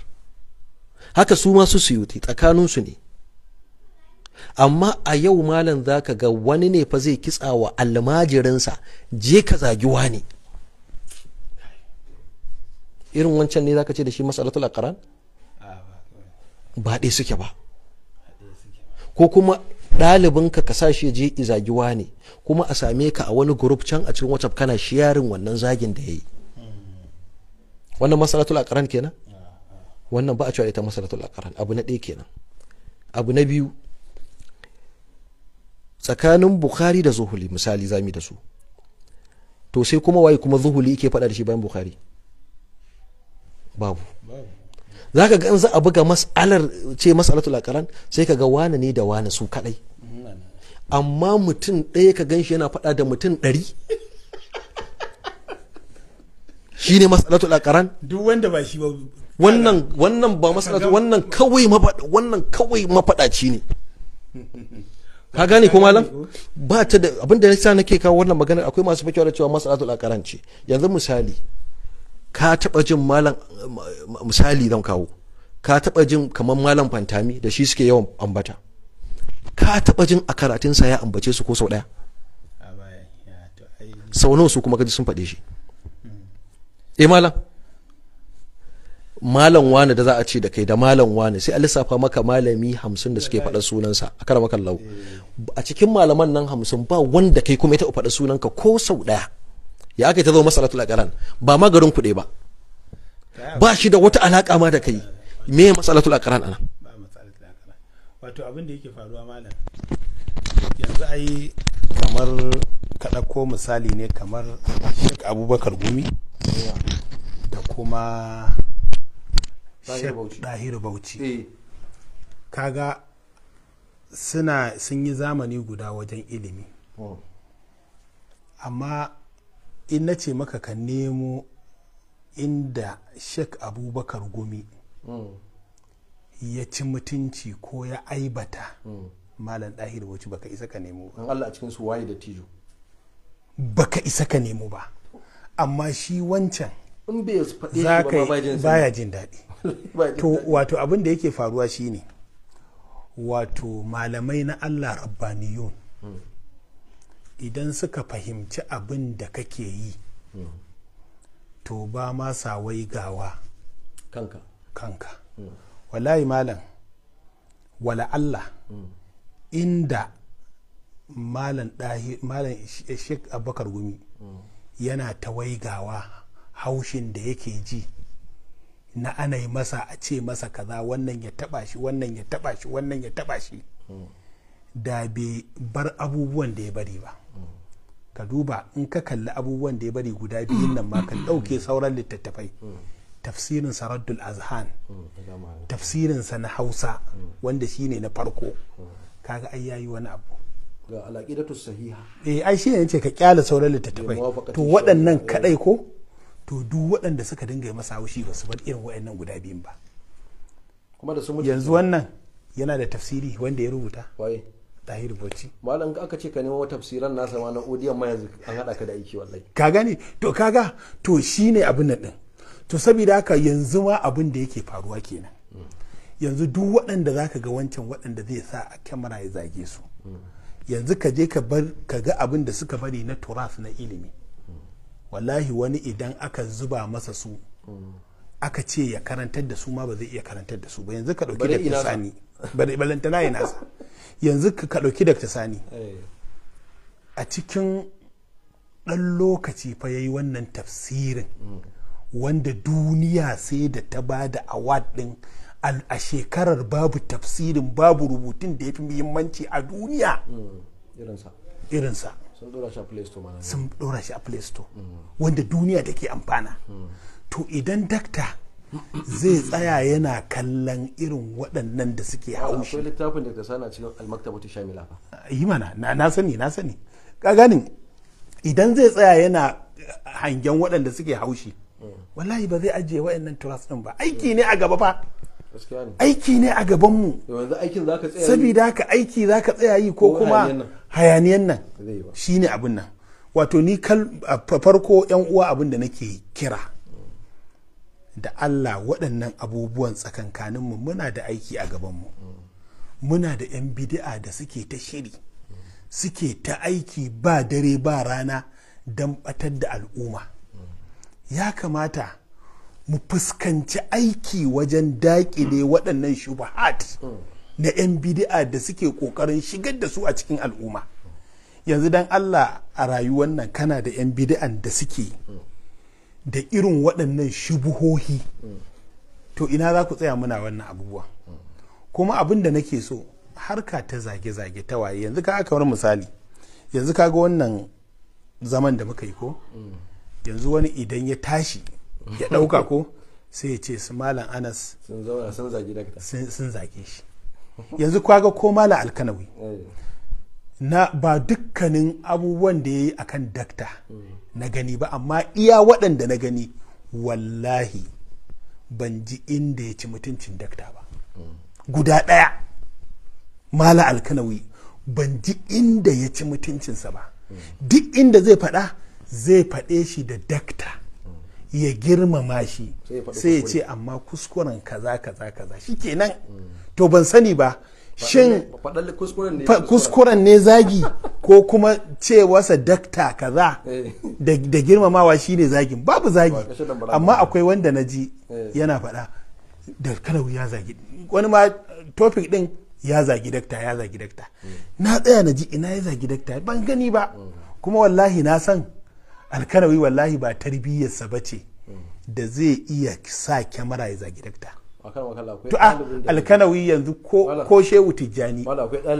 haka su masu suyuti tsakaninsu ne amma a yau malam za ka ga wani ne fa zai kitsa wa almajirinsa je ka zagi wani. irin wancan ne za ka ce da shi masalatul aqran ba ɗaya suke ba ko kuma ɗalibin ka ka shi je zagi wani kuma a same ka a wani gurup can a cikin whatsapp kana shiyarin wannan zagin da ya yi wannan masalatul aqran kenan wannan ba a cewa ita masalatul aqran abu na ɗaya kenan abu na biyu tsakanin bukhari da zuhuli misali zami da su to sai kuma waye kuma zuhuli yake fada da shi bayan bukhari babu za ka gan za a buga mas'alar ce mas'alatul aqran sai ka ga wane ne da wane su kadai amma mutum ɗaya ka ganshi yana fada da mutum ɗari shi ne mas'alatul aqran duk wanda ba shi ba wannan wannan ba mas'alatu wannan kawai mafaɗaci ne ka gane ko malam ba ta da da nake nake kawo wannan maganar akwai masu fakewa da cewa masalatul aqran ce yanzu misali ka taba jin malam misali zan kawo ka taba jin kamar malam fantami da shi suke yawan ambata ka taba jin a karatunsa ya ambace su ko sau daya sau nawa su kuma gaji sun faɗe shi eh malam malam wani da za a ce da kai da malam wani sai a lissafa maka malami hamsin da suke faɗa sunansa a kar lau. a cikin malaman nan hamsin ba wanda kai kuma ita faɗi faɗa sunanka ko sau ɗaya ya aka ta zo masalatul aqran ba ma garin kuɗe ba ba shi da wata alaƙa ma da kai me masalatul aqran ana wato abin da yake faruwa malam yanzu ai kamar kaɗa ko misali ne kamar shek abubakar gumi da kuma shek dahiru bauchi eh. kaga suna sun yi zamani guda wajen ilimi hmm. amma in na ce maka ka nemo inda sheik abubakar gumi hmm. ya ci mutunci ko ya aibata hmm. malam ɗahir wacce baka isa ka nemo ba Allah a cikin su waye da tijo baka isa ka nemo ba amma shi wancan in bai faɗe shi ba baya jin daɗi to wato abin da yake faruwa shine wato malamai na allah rabbaniyun hmm. idan suka fahimci abin da kake yi hmm. to ba ma sawai gawa kanka kanka hmm. wallahi malam wala allah inda malam Sheikh abubakar gumi yana ta waigawa haushin da yake ji na ana yi masa a ce masa kaza wannan ya taba shi wannan ya taba shi wannan ya taba shi da bai bar abubuwan da ya bari ba ka duba in ka kalli abubuwan da ya bari guda biyun nan ma ka ɗauke sauran littattafai tafsirin saraddul azhan tafsirinsa na hausa wanda shine na farko kaga ai yayi wani abu ga alaƙidatu sahiha eh ai shine ce ka kyale sauran littattafai to waɗannan kadai ko to duk waɗanda suka dinga yi masa haushi ba su bar irin wa'annan guda biyun ba kuma da su mutu yanzu wannan yana da tafsiri wanda ya rubuta waye tahir bocci malam ka aka ce ka nemo tafsiran nasa ma na odiyan ma yanzu an hada ka da aiki wallahi ka gane to kaga to shine abin nan din to saboda haka yanzu ma abin da yake faruwa kenan yanzu duk waɗanda za ka ga wancan waɗanda zai sa a kyamara ya zage su mm. yanzu ka je ka bar ka ga abin da suka bari na turas na ilimi wallahi wani idan aka zuba masa su aka ce ya karantar da su ma ba zai iya karantar da su ba yanzu ka dauki dakta sani na yana sa yanzu ka dauki dakta sani eh. a cikin ɗan lokaci fa yayi wannan tafsirin wanda duniya sai da ta ba da award din a shekarar babu tafsirin babu rubutun da ya fi muhimmanci a duniya mm, irinsa sun dora shi a play store mana sun dora shi a play store hmm. wanda duniya da ke amfana hmm. to idan dakta zai tsaya yana kallon irin waɗannan da suke haushi akwai littafin da ka sana cikin almaktabatu shamila fa ah, yi mana na sani na sani ka ganin idan zai tsaya yana eh, hangen waɗanda suke haushi hmm. wallahi ba zai ajiye waɗannan trust din ba aiki ne a gaba fa aiki ne a gabanmu saboda haka aiki za ka tsaya yi ko kuma hayaniyan nan shi ne abin nan wato ni farko yan uwa abin da nake kira da allah waɗannan abubuwan tsakankaninmu muna da aiki a gabanmu muna da 'yan bidi'a da suke ta shiri suke ta aiki ba dare ba rana don ɓatar da al'umma ya kamata mu fuskanci aiki wajen daƙile waɗannan shubahat na 'yan bidi'a da suke ƙoƙarin shigar da su a cikin al'umma yanzu dan Allah a rayuwar nan kana da 'yan bidi'an da suke da irin waɗannan shubuhohi to ina za ku tsaya muna wannan abubuwa kuma abin da nake so harka ta zage-zage ta waye yanzu ka kamar misali yanzu ka ga wannan zaman da muka yi ko yanzu wani idan ya tashi ya ɗauka ko sai ya ce su malam anas sun zage shi yanzu kwaga ko malam alkanawi eh. na ba dukkanin abubuwan da ya yi a kan dakta mm. na gani ba amma iya waɗanda na gani wallahi ban ji inda ya ci mutuncin dakta ba mm. guda ɗaya mala alkanawi ban ji inda ya ci mutuncinsa ba mm. duk inda zai faɗa zai faɗe shi da dakta ya girmama shi sai ya ce amma kuskuren kaza kaza kaza shi kenan to ban sani ba shin kuskuren ne zagi ko kuma ce wasa dakta kaza eh. da girmamawa shine zagin babu zagi amma akwai wanda na ji eh. yana faɗa da kalau ya zagi wani ma topic din ya zagi dakta ya zagi dakta hmm. na tsaya na ji ina ya zagi dakta ban gani ba hmm. kuma wallahi na san alkanawi wallahi ba tarbiyyarsa ba ce da zai iya sa kyamara ya zagi dakta to ah, a alkanawi yanzu ko shehu tijjani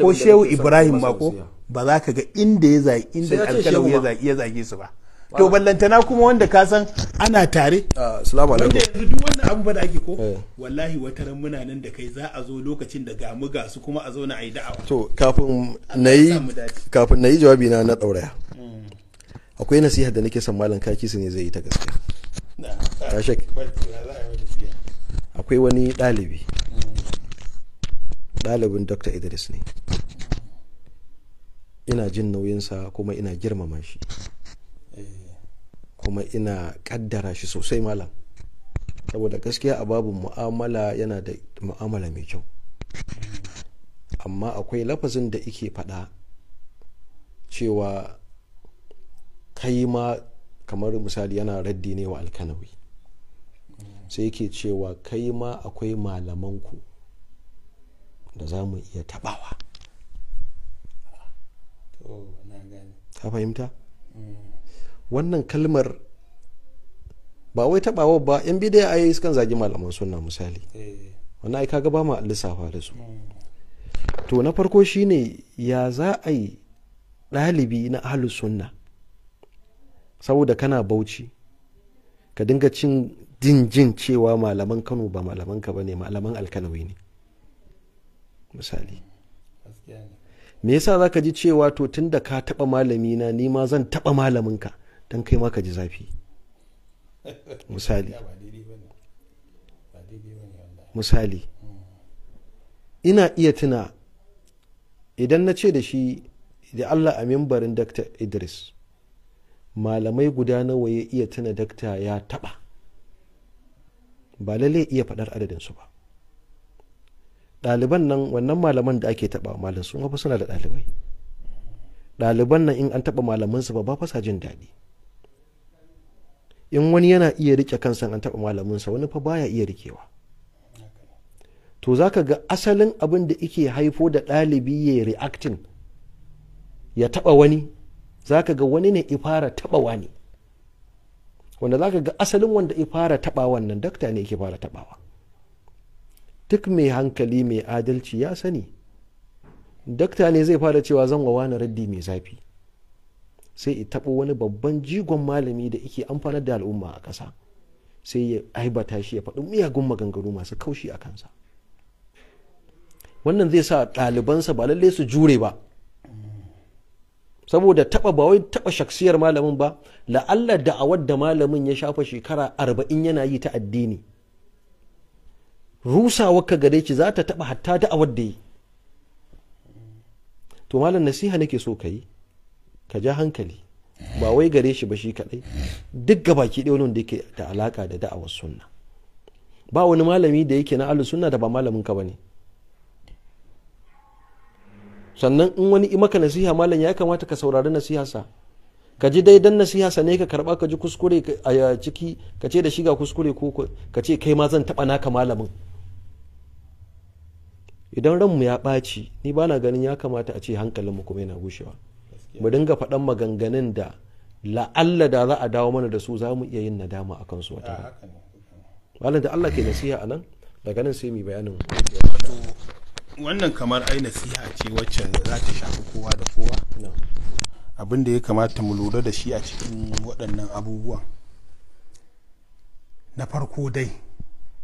ko shehu ibrahim mako ba za ka ga inda ya zagi inda alkanawi ya zagi su ba to ballantana kuma wanda ka san ana tare ah, wanda yanzu duk wannan abu da ake ko eh. wallahi wata ran muna nan da kai za a zo lokacin da gamu gasu kuma a zo na ayi da'awa to kafin nayi kafin nayi jawabi na na dauraya akwai nasiha da nake son malam kaki su ne zai yi ta gaske akwai wani ɗalibi ɗalibin dr idris ne ina jin nauyinsa kuma ina girmama shi kuma ina kaddara shi sosai malam saboda gaskiya a babu mu'amala yana da mu'amala mai kyau amma akwai lafazin da ike faɗa cewa kai ma kamar misali yana raddi ne wa alkanawi sai yake cewa kai ma akwai malamanku da za mu iya tabawa ka fahimta mm. wannan kalmar ba wai tabawa ba yan bidiyar ayi sukan zagi malaman suna misali eh. wannan ai kaga ba ma lissafa da su mm. to na farko shine ya za a yi ɗalibi na ahlus sunna saboda kana bauchi ka dinga cin jin jin cewa malaman kano ba malaman ka bane malaman alkanawi ne misali me yasa zaka ji cewa to tunda ka taba malami na ni ma zan taba malamin ka dan kai ma ka ji zafi misali misali mm. ina iya tuna idan na ce da shi da Allah a mimbarin Dr. Idris malamai guda nawa ya iya tuna dakta ya taba ba lalle iya faɗar adadinsu ba ɗaliban nan wannan malaman da ake taɓa malam sun hafi suna da ɗalibai ɗaliban nan in an taɓa malamansu ba ba fasa jin daɗi in wani yana iya rike kansa an taɓa malaminsa wani fa baya iya rikewa to za ka ga asalin abin da ike haifo da ɗalibi ya reacting ya taɓa wani Zaka ga wani ne ifara taɓawa ne wanda za ka ga asalin wanda ifara taɓawa wannan dakta ne yake fara taɓawa duk mai hankali mai adalci ya sani dakta ne zai fara cewa zan wa wani raddi mai zafi sai ya taɓo wani babban jigon malami da yake amfanar da al'umma a ƙasa sai ya aibata shi ya faɗi miyagun maganganu masu kaushi a kansa wannan zai sa ɗalibansa ba lallai su jure ba saboda taba ba wai taba shaksiyar malamin ba la'alla a wadda malamin ya shafa shekara arba'in yana yi ta addini rusa waka gare ki za ta taba hatta da'awar da yi to malam nasiha nake so ka yi ka ja hankali ba wai gare shi ba shi kadai duk gabaki ɗaya wani da yake da alaka da da'awar sunna ba wani malami da yake na alu sunna da ba malamin ka ba ne sannan in wani maka nasiha malam ya kamata ka saurari sa ka ji daidan sa ne ka karba ka ji kuskure a ciki ka ce da shiga kuskure ko ka ce kai ma zan taba naka malamin idan ranmu ya ɓaci ni ba na ganin ya kamata a ce hankalinmu kuma yana gushewa mu dinga faɗan maganganun da la'alla da za a dawo mana da su za mu iya yin nadama a kansu wata ba da Allah ke nasiha a nan daga nan sai mu bayanin wannan kamar ai nasiha ce wacce za ta shafi kowa da kowa abin da ya kamata mu lura da shi a cikin waɗannan abubuwan na farko dai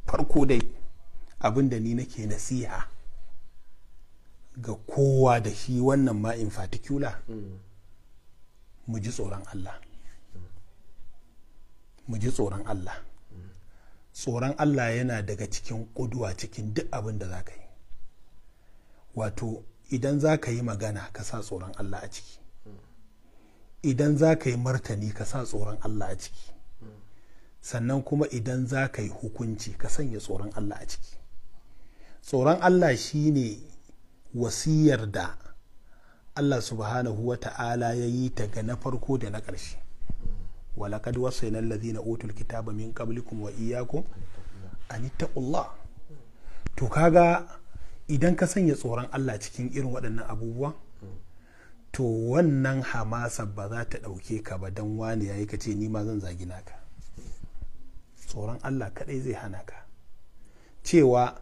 farko dai abin da ni nake nasiha ga kowa da shi wannan ma in fatikula mu ji tsoron Allah mu ji tsoron Allah tsoron Allah yana daga cikin ƙuduwa cikin duk abin da za ka yi wato idan za ka yi magana ka sa tsoron Allah a ciki idan za ka yi martani ka sa tsoron Allah a ciki sannan kuma idan za ka yi hukunci ka sanya tsoron Allah a ciki tsoron Allah shi ne wasiyar da Allah subhanahu wa ta'ala ya yi ta ga na farko da na ƙarshe walaƙad wasainal na otul kitaba min wa iyyakum an ittaqullah to kaga idan ka sanya tsoron Allah cikin irin waɗannan abubuwa to wannan hamasa ba za ta ɗauke ka ba don wani yayi ka ce nima zan zagi naka tsoron Allah kaɗai zai hana ka cewa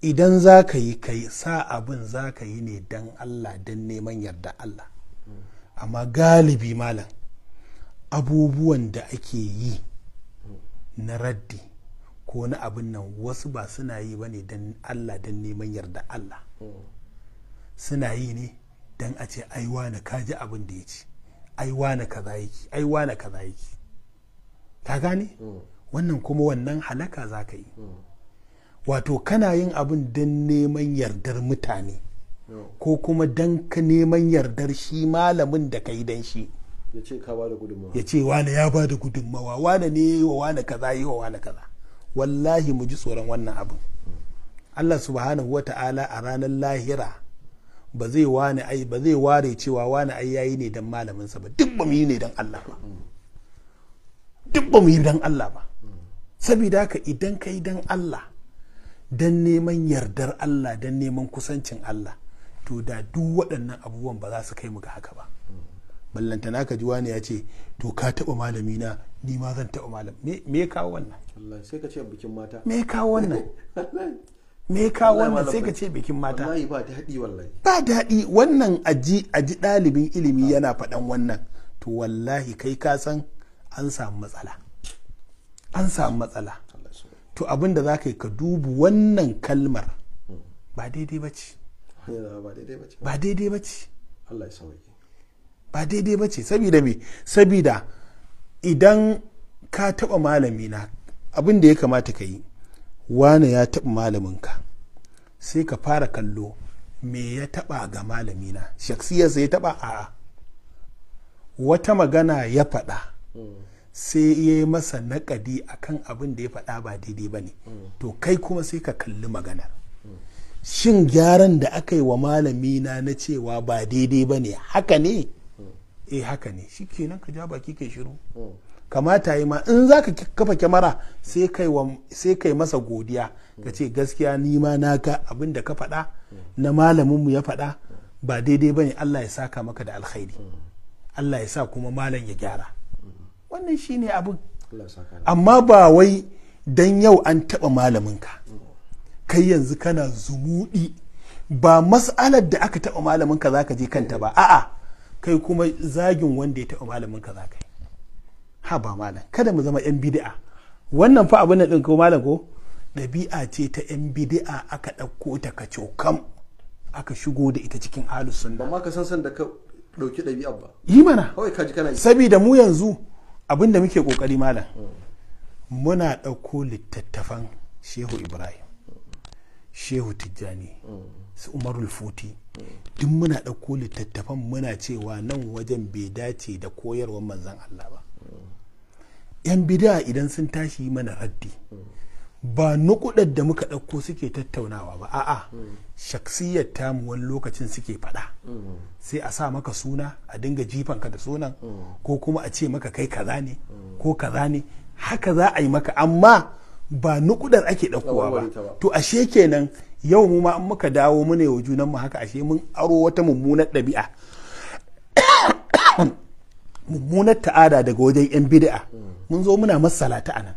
idan za ka yi kai sa abin za ka yi ne don Allah don neman yarda Allah amma galibi malam abubuwan da ake yi na raddi ko wani abin nan wasu ba suna yi ba ne don allah don neman yarda allah suna yi ne don a ce aiwa na kaji abin da ya ci aiwa na kaza yake aiwa na kaza yake ka gane wannan kuma wannan halaka za ka yi wato kana yin abin don neman yardar mutane ko kuma don ka neman yardar shi malamin da ka yi don shi ya ce wane ya ba da gudunmawa wane ne wa wane kaza yi wa wane kaza wallahi mu ji tsoron wannan abin Allah subhanahu wa ta'ala a ranar lahira ba zai ware ai ba zai ware cewa wani ai yayi ne dan malamin sa ba duk ba mu yi ne dan Allah ba duk ba mu yi dan Allah ba saboda haka idan kai dan Allah dan neman yardar Allah dan neman kusancin Allah to da duk waɗannan abubuwan ba za su kai mu ga haka ba ballantana ka ji wani ya ce to ka taɓa malami na ni ma zan taɓa malam me ya kawo wannan sai ka ce bikin mata me kawo wannan me ka wannan sai ka ce bikin mata ba daɗi wallahi ba daɗi wannan aji aji ɗalibin ilimi ah. yana faɗan wannan to wallahi kai ka san an samu matsala an samu matsala to abin da za ka yi ka dubu wannan kalmar ba daidai ba ce ba daidai ba ce ba daidai ba ce saboda me saboda idan ka taɓa malamina abin da ya kamata ka yi wane ya taɓa malaminka sai ka fara kallo me ya taɓa ga malamina shaksiyarsa ya taɓa a wata magana ya faɗa sai ya yi masa naƙadi kan abin da ya faɗa ba daidai ba ne to kai kuma sai ka kalli magana. shin gyaran da aka yi wa malamina na cewa ba daidai ba ne haka ne eh haka ne kenan ka ja baki ke shiru kamata yi ma in za ka kafa kyamara sai kai masa godiya ka ce gaskiya ni ma na ga abin da ka faɗa na malaminmu ya faɗa ba daidai ba ne Allah ya saka maka da alkhairi Allah ya sa kuma malam ya gyara wannan shi ne abin amma ba wai don yau an taɓa malaminka kai yanzu kana zumuɗi ba mas'alar da aka taɓa malaminka za ka je kanta ba a'a kai kuma zagin wanda ya taɓa malaminka za ka yi ha ba malam kada mu zama yan bid'a wannan fa abin din ko malam ko ɗabi'a ce ta yan bid'a aka ɗauko ta ka cokam aka shigo da ita cikin ahlus sunna ba ka san san da ka dauki dabi'a ba yi mana kai ka ji kana yi saboda mu yanzu abin da muke kokari malam muna ɗauko littattafan shehu ibrahim shehu tijjani su umarul futi duk muna ɗauko littattafan muna cewa nan wajen bai dace da koyarwar manzan allah ba 'yan bida idan sun tashi mana raddi ba nukudar da muka ɗauko suke tattaunawa ba a'a shaksiyar tamu wani lokacin suke faɗa sai a sa maka suna a dinga jifanka da sunan ko kuma a ce maka kai kaza ne ko kaza ne haka za a yi maka amma ba nukudar ake ɗaukowa ba to ashe kenan yau mu ma muka dawo mu ne wa junanmu haka ashe mun aro wata mummunar ɗabi'a mummunar ta'ada daga wajen 'yan bid'a mun zo muna masalata a nan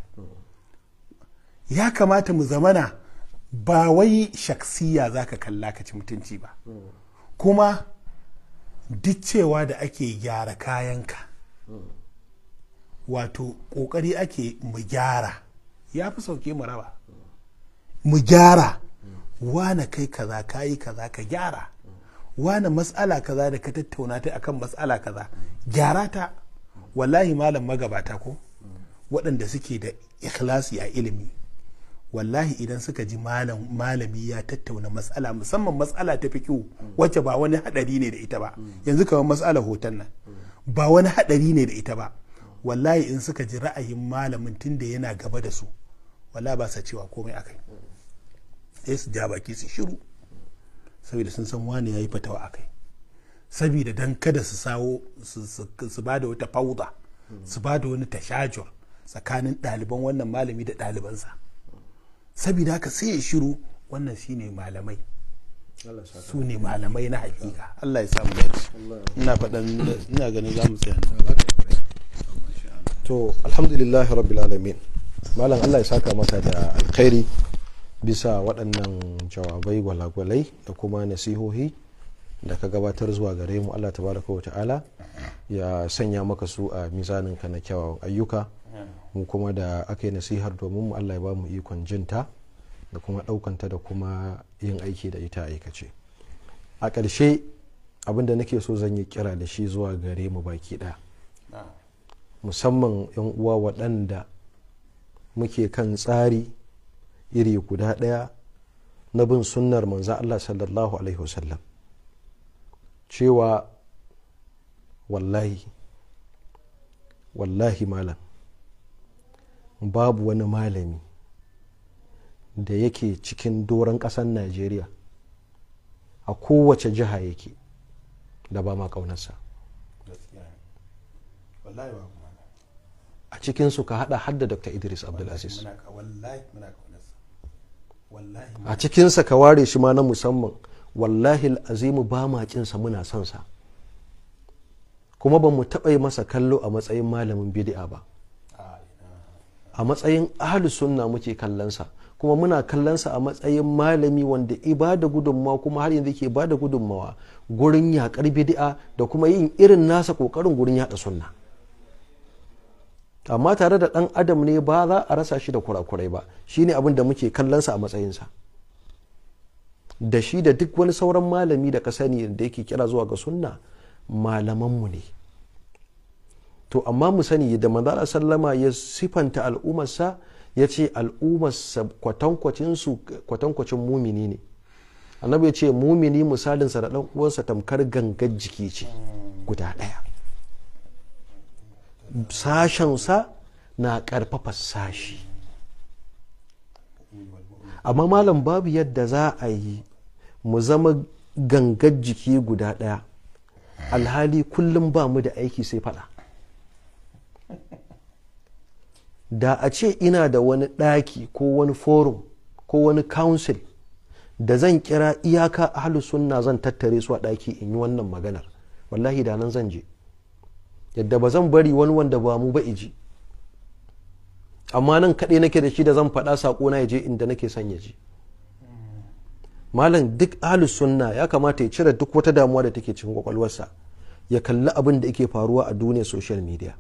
ya kamata mu zamana ba wai shaksiya za ka kalla ka ci mutunci ba kuma duk cewa da ake gyara kayanka wato ƙoƙari ake mu gyara ya fi sauke mu raba mu gyara wane kai kaza kayi kaza ka gyara wane matsala kaza da ka tattauna ta akan matsala kaza gyara ta wallahi malam magabata ko waɗanda suke da ikhlasi a ilimi wallahi idan suka ji malami ya tattauna matsala musamman matsala ta kyau wacce ba wani haɗari ne da ita ba yanzu kamar matsala hoton nan ba wani haɗari ne da ita ba wallahi in suka ji ra'ayin malamin tunda yana gaba da su wallahi ba sa cewa komai akai sai su ja baki su shiru saboda sun san wani ya yi fatawa akai saboda don kada su sawo su ba da wata fauda su ba da wani tashajur tsakanin ɗaliban wannan malami da ɗalibansa saboda haka sai ya shiru wannan shine malamai su ne malamai na hakika Allah ya samu dace ina faɗan ina ganin za mu tsaya to alhamdulillah rabbil alamin malam Allah ya saka masa da alkhairi bisa waɗannan jawabai gwalagwalai da kuma nasihohi da ka gabatar zuwa gare mu allah tabaraka wa ta'ala ya sanya maka su a mizanin ka na kyawawan ayyuka mu kuma da aka yi nasihar domin mu allah ya ba mu ikon jinta da kuma ɗaukanta da kuma yin aiki da ita aikace a ƙarshe abin da nake so zan yi kira da shi zuwa gare mu baki ɗaya musamman 'yan uwa waɗanda muke kan tsari iri guda ɗaya na bin sunnar manzo Allah sallallahu alaihi wasallam cewa wallahi wallahi malam babu wani malami da yake cikin doron ƙasar najeriya a kowace jiha yake da ba ma ƙaunarsa a cikinsu ka hada hadda dr idris abdulaziz a cikinsa ka ware shi ma na musamman wallahi azimu ba ma sa muna son sa kuma ba mu taɓa yi masa kallo a matsayin malamin bid'a ba a matsayin ahlus sunna muke kallonsa kuma muna kallonsa a matsayin malami wanda ibada gudunmawa kuma har yanzu ke bada gudunmawa gurin yakar bid'a da kuma yin irin nasa kokarin gurin yada sunna amma tare da ɗan adam ne ba za a rasa shi da kurakurai ba shine abin da muke kallonsa a matsayinsa da shi da duk wani sauran malami da ka sani da yake kira zuwa ga sunna malamanmu ne to amma mu sani da manzala sallama ya sifanta al'ummarsa ya ce al'ummarsa kwatankwacin mumini ne annabi ya ce mumini misalinsa da ɗan uwansa tamkar gangar jiki ce guda ɗaya sashensa na ƙarfafa sashi amma malam babu yadda za a yi mu zama gangar jiki guda ɗaya alhali kullum ba mu da aiki sai faɗa da a ce ina da wani ɗaki ko wani forum ko wani council da zan kira iyaka a halu sunna zan tattare su a ɗaki in yi wannan maganar wallahi da nan zan je yadda ba zan bari wani wanda ba mu ba iji amma nan kaɗai nake da shi da zan faɗa saƙona ya je inda nake son ya je malam duk ahlus sunna ya kamata ya cire duk wata damuwa da take cikin kwakwalwarsa ya kalli abin da yake faruwa a duniyar social media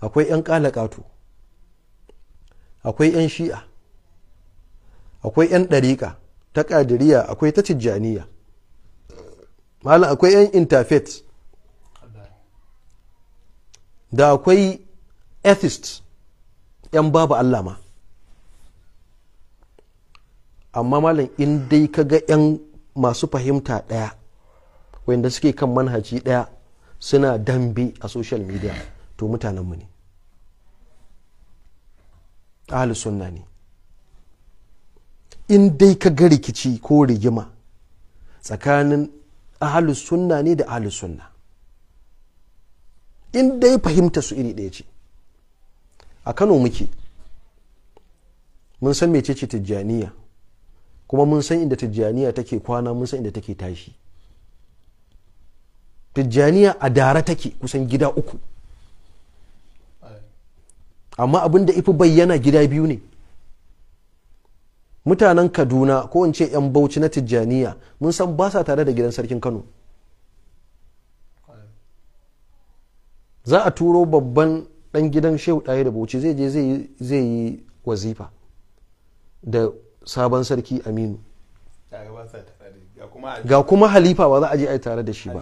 akwai 'yan kalakatu akwai 'yan shi'a akwai 'yan ɗariƙa ta ƙadiriya akwai ta tijjaniya malam akwai 'yan interfaith da akwai atheist 'yan babu allama amma malam in dai ka ga 'yan masu fahimta ɗaya wanda suke kan manhaji ɗaya suna dambe a social media to mutanenmu ne ahli sunna ne in dai ka ga rikici ko rigima tsakanin ahli sunna ne da ahli sunna in dai fahimta su iri ɗaya ce a kano muke mun san mecece tijjaniya kuma mun san inda tijjaniya take kwana mun san inda take tashi tijjaniya a dara take kusan gida uku amma abin da ifi bayyana gida biyu ne mutanen kaduna ko in 'yan bauchi na tijjaniya mun san ba sa tare da gidan sarkin kano za a turo babban dan gidan shehu ɗaya da bauchi zai je zai yi wazifa da sabon sarki aminu ga kuma halifa ba za a je a yi tare da shi ba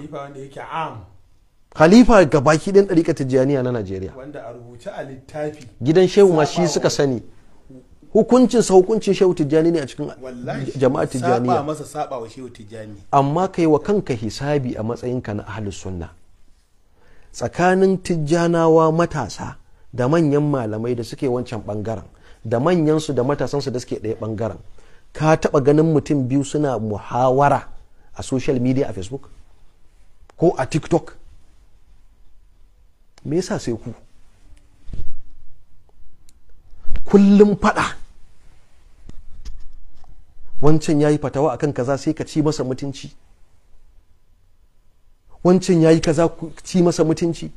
halifa ga baki ɗin ɗariƙa tijjaniya na najeriya wanda a rubuce a littafi gidan shehu ma shi suka sani hukuncin sa hukuncin shehu tijjani ne a cikin jama'a tijjaniya saba masa saba wa shehu tijjani amma kai wa kanka hisabi a matsayinka na ahlus sunna tsakanin tijjanawa matasa da manyan malamai da suke wancan bangaren da manyansu da matasansu da suke ɗaya ɓangaren ka taɓa ganin mutum biyu suna muhawara a social media a facebook ko a tiktok me yasa sai ku kullum faɗa wancan ya yi fatawa a kan kaza sai ka ci masa mutunci wancan ya yi kaza ci masa mutunci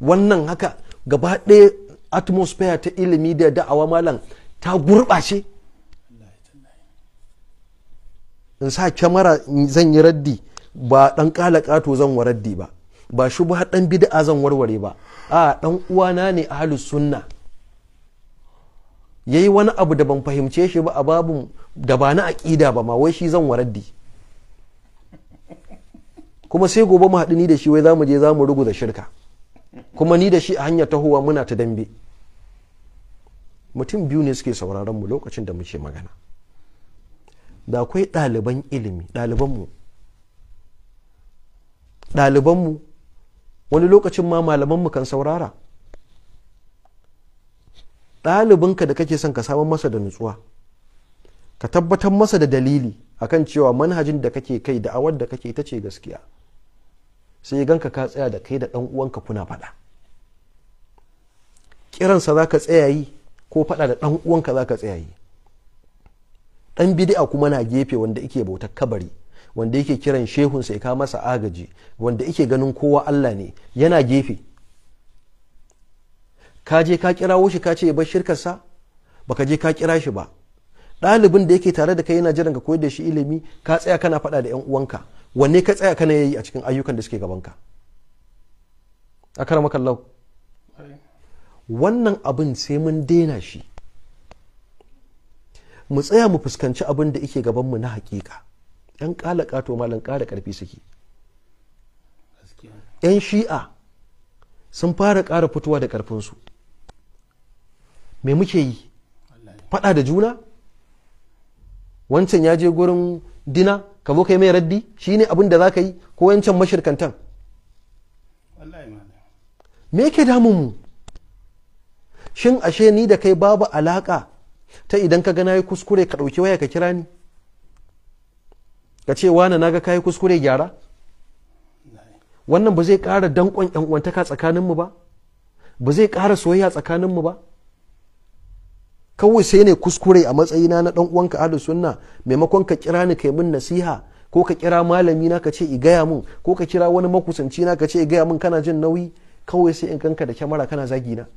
wannan haka gaba ɗaya atmosphere ta ilimi da da'awa malam ta gurɓace in sa kyamara zan yi raddi ba ɗan ƙala ƙato zan wa raddi ba ba shi ba ɗan bid'a zan warware ba a ɗan uwana ne ahlus sunna yayi wani abu da ban fahimce shi ba a babun da ba na aƙida ba ma wai shi zan wa raddi kuma sai gobe mu haɗu ni da shi wai zamu je zamu mu ruguza shirka kuma ni da shi a hanyar tahowa muna ta dambe mutum biyu ne suke sauraron mu lokacin da muke magana da akwai ɗaliban ilimi ɗalibanmu ɗalibanmu wani lokacin ma malamanmu kan saurara ɗalibinka da kake son ka samar masa da nutsuwa ka tabbatar masa da dalili akan cewa manhajin da kake kai da awar da kake ita ce gaskiya sai ganka ka tsaya da kai da ɗan uwanka kuna faɗa kiransa za ka tsaya yi ko faɗa da ɗan uwanka za ka tsaya yi ɗan bidi'a kuma na gefe wanda yake bautar kabari wanda yake kiran shehunsa ya kawo masa agaji wanda yake ganin kowa Allah ne yana gefe ka je ka kirawo shi ka ce bar shirkarsa ka je ka kira shi ba ɗalibin da yake tare da kai yana jiran ka koyar da shi ilimi ka tsaya kana faɗa da 'yan uwanka wanne ka tsaya kana yayi a cikin ayyukan da suke gabanka akaramakallahu wannan abin sai mun daina shi mu tsaya mu fuskanci abin da ike gabanmu na hakika yan kalaka kato malan kara karfi suke yan shi'a sun fara kara fitowa da karfinsu me muke yi fada da juna wancan ya je gurin dina ka zo kai mai raddi shi ne abin da za ka yi ko yancan mashirkantan me ke damun mu shin ashe ni da kai babu alaka ta idan ka ga nayi kuskure ka ɗauki waya ka kira ni ka ce wani na ga ka kuskure gyara wannan ba zai ƙara danƙon uwantaka tsakaninmu ba ba zai ƙara soyayya tsakaninmu ba kawai sai ne kuskure a matsayina na ɗan uwanka ahlus sunna maimakon ka kira ni kai min nasiha ko ka kira malami na ka ce i gaya min ko ka kira wani makusanci na ka ce i gaya min kana jin nauyi kawai sai in kanka da kyamara kana zagina. na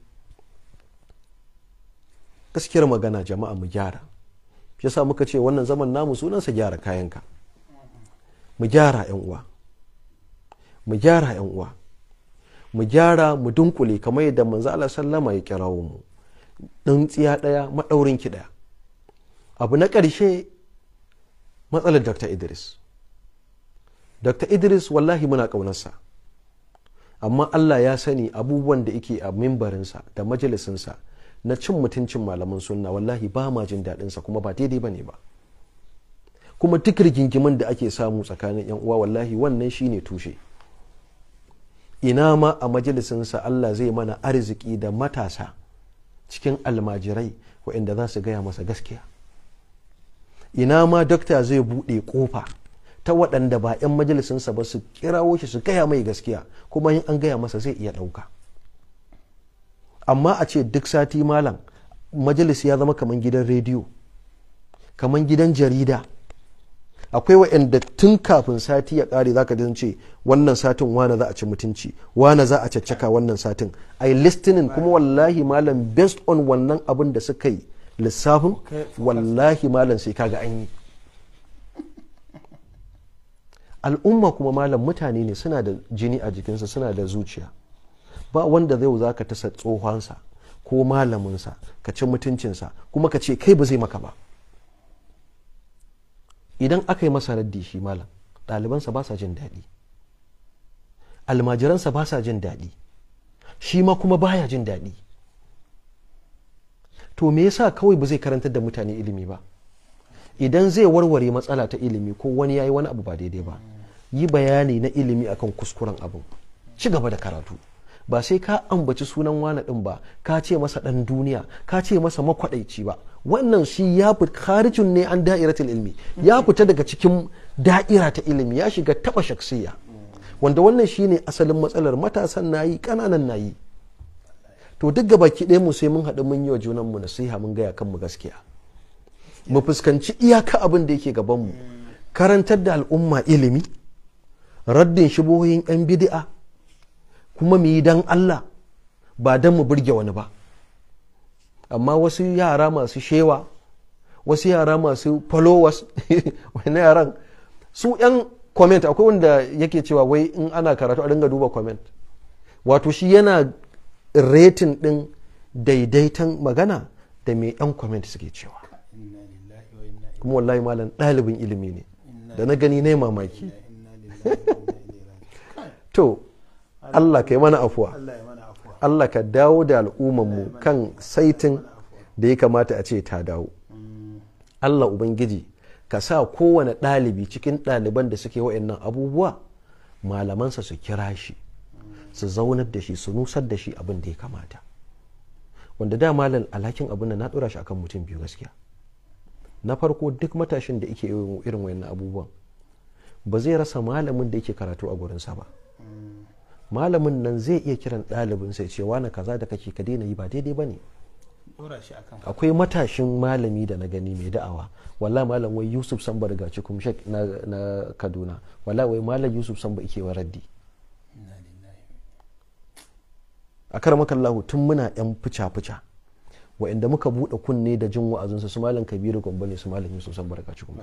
gaskiyar magana jama'a mu gyara shi sa muka ce wannan zaman namu sunansa gyara kayanka mu gyara yan uwa mu gyara yan uwa mu gyara mu dunkule kamar yadda manzo Allah sallama ya kirawo mu dan tsiya daya madaurin ki daya abu na karshe matsalar Dr. Idris Dr. Idris wallahi muna ƙaunarsa amma Allah ya sani abubuwan da yake a mimbarinsa da majalisinsa na cin mutuncin malaman sunna wallahi ba ma jin daɗin sa kuma ba daidai bane ba kuma duk rigingimin da ake samu tsakanin yan uwa wallahi wannan shi ne tushe ina ma a majalisin Allah zai mana arziki da matasa cikin almajirai waɗanda za su gaya masa gaskiya ina ma dokta zai buɗe ƙofa ta waɗanda ba 'yan majalisinsa ba su kirawo shi su gaya mai gaskiya kuma in an gaya masa zai iya ɗauka amma a ce duk sati malam majalis ya zama kamar gidan rediyo kamar gidan jarida akwai wa'anda tun kafin sati ya kare zaka ka ce wannan satin wane za a ci mutunci wane za a caccaka wannan satin a yi listening kuma wallahi malam based on wannan abin da suka yi lissafin wallahi malam sai kaga an yi al'umma kuma malam mutane ne suna da jini a jikinsa suna da zuciya ba wanda zai za ka tasa tsohonsa ko malaminsa ka ci mutuncinsa kuma ka ce kai ba zai maka ba idan aka yi masa raddi shi malam ɗalibansa ba sa jin daɗi almajiransa ba sa jin daɗi shi ma kuma baya jin daɗi to me yasa kawai ba zai karantar da mutane ilimi ba idan zai warware matsala ta ilimi ko wani ya yi wani abu ba daidai ba yi bayani na ilimi akan kuskuren abu ci gaba da karatu ba sai ka ambaci sunan wani ɗin ba ka ce masa ɗan duniya ka ce masa makwaɗaici ba wannan shi ya fi kharijun ne an da'iratul ilmi ya fita daga cikin da'ira ta ilimi ya shiga taba shaksiya wanda wannan shi ne asalin matsalar matasan nayi kananan nayi to duk gabaki ɗaya mu sai mun haɗu mun yi wa junan mu nasiha mun gaya kanmu gaskiya mu fuskanci iyaka abin da yake gaban mu hmm. karantar da al'umma ilimi raddin shibohin yan bid'a kuma mu yi don Allah ba don mu burge wani ba amma wasu yara masu shewa wasu yara masu followers wani yaran su 'yan comment akwai wanda yake cewa wai in ana karatu a dinga duba comment wato shi yana rating din daidaitan magana da mai 'yan comment suke cewa kuma wallahi malam ɗalibin ilimi ne da na gani ne mamaki to Allah ka yi mana afuwa Allah ka dawo da al'ummanmu kan saitin da ya kamata a ce ta dawo mm. Allah Ubangiji ka sa kowane ɗalibi cikin ɗaliban da suke wa'annan abubuwa malamansa su kira shi su zaunar da shi su nusar da shi abin da ya kamata wanda da malam alhakin abin da na ɗora shi akan mutum biyu gaskiya na farko duk matashin da yake irin wayannan abubuwan ba zai rasa malamin da yake karatu a gurinsa ba malamin nan zai iya kiran ɗalibin sai ce wani kaza da kake ka daina yi ba daidai ba ne akwai matashin malami da na gani mai da'awa wala malam wai yusuf samba daga cikin shek na kaduna wala wai malam yusuf samba ike wa raddi a lahu tun muna yan fica-fica wa'inda muka buɗe kunne da jin wa'azinsa su malam kabiru gomba ne su malam yusuf samba daga cikin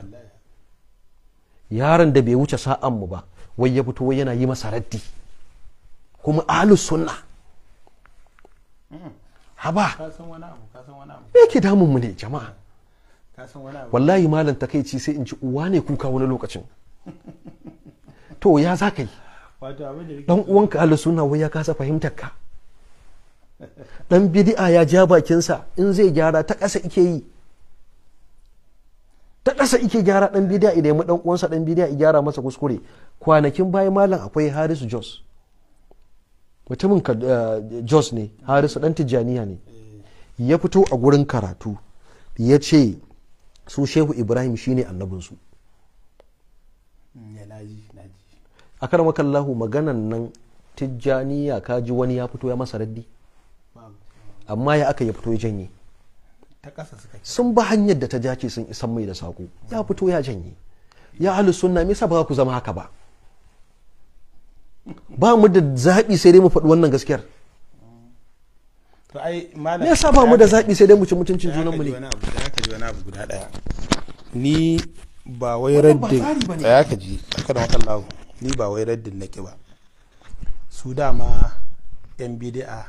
yaron da bai wuce sa'an mu ba wai ya fito wai yana yi masa raddi kuma ahlus sunna haba me yake damun mu ne jama'a wallahi malam takaici sai in ci uwa ne kuka wani lokacin to ya za ka yi dan uwanka ahlus sunna wai ya kasa fahimtar ka dan bid'a ya ja bakinsa in zai gyara ta ƙasa ike yi ta ƙasa ike gyara dan bidiya idan ya dan uwansa dan ya gyara masa kuskure kwanakin bayan malam akwai Harisu Jos mutumin eh, jos ne harisu dan tijjaniya ne ya fito a gurin karatu ya ce su shehu ibrahim shine annabinsu a kan kallahu maganan nan tijjaniya ka ji wani ya fito ya masa raddi amma ya aka ya fito ya janye sun ba hanyar da ta jace sun isan mai da sako ya fito ya janye ya halus sunna me ba ku zama haka ba ba mu da zaɓi sai dai mu faɗi wannan gaskiyar me sa ba mu da zaɓi sai dai mu ci mutuncin junanmu ne ni ba wai raddin ya ka ji akan wakallahu ni ba wai raddin nake ba su dama yan bidi'a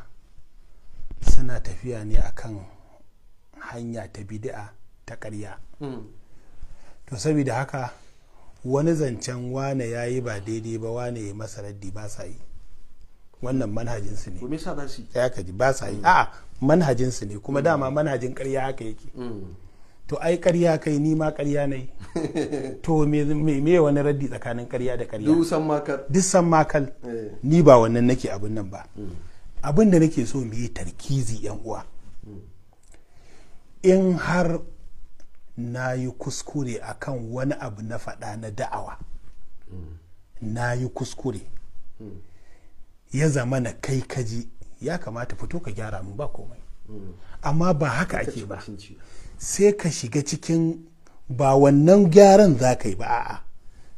suna tafiya ne akan hanya ta bidi'a ta ƙarya hmm. to saboda haka wani zancen wane ya yi ba daidai ba wane ya masa raddi ba sa yi wannan manhajin su ne ba ya kaji ba sa yi a'a manhajin su ne kuma dama mm. manhajin ƙarya haka yake mm. to ai ƙarya kai ni ma ƙarya ne to me me wani raddi tsakanin ƙarya da ƙarya dusan makal dusan makal eh. ni ba wannan nake abin nan ba mm. abin da nake so mu yi tarkizi yan uwa in har na yi kuskure a kan wani abu na faɗa na da'awa na yi kuskure ya zama na kai kaji ya kamata fito ka gyara mu ba komai amma ba haka ake ba sai ka shiga cikin ba wannan gyaran za ka yi ba a'a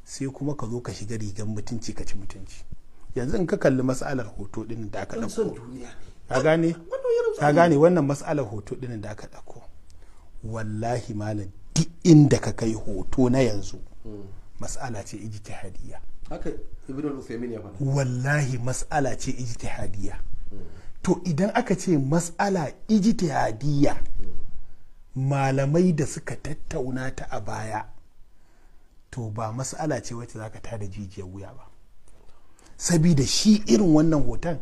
sai kuma ka zo ka shiga rigar mutunci ka ci mutunci yanzu in ka kalli matsalar hoto ɗin da aka ɗauko ka gane wannan matsalar hoto ɗin da aka ɗauko wallahi malam duk inda ka kai hoto na yanzu mas'ala ce ijtihadiyya haka ibnu al-usaymin ya faɗa wallahi mas'ala ce ijtihadiyya to idan aka ce mas'ala ijtihadiyya malamai da suka tattauna ta a baya to ba mas'ala ce wacce zaka tada jijiyar wuya ba sabida shi irin wannan hoton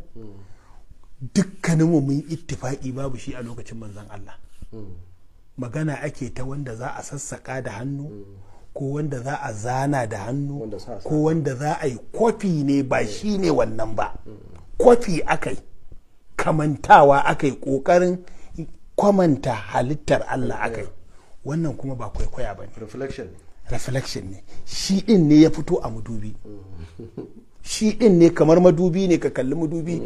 dukkaninmu mun ittifaki babu shi a lokacin manzon Allah hmm. magana ake ta wanda za a sassaka da hannu mm. ko wanda za a zana da hannu ko wanda za a yi kwafi ne ba mm. shi ne wannan ba mm. kwafi yi kamantawa akai kokarin kwamanta halittar Allah yi wannan kuma ba kwaikwaya ba ne reflection ne shi din ne ya fito a madubi shi din ne kamar madubi ne ka kalli madubi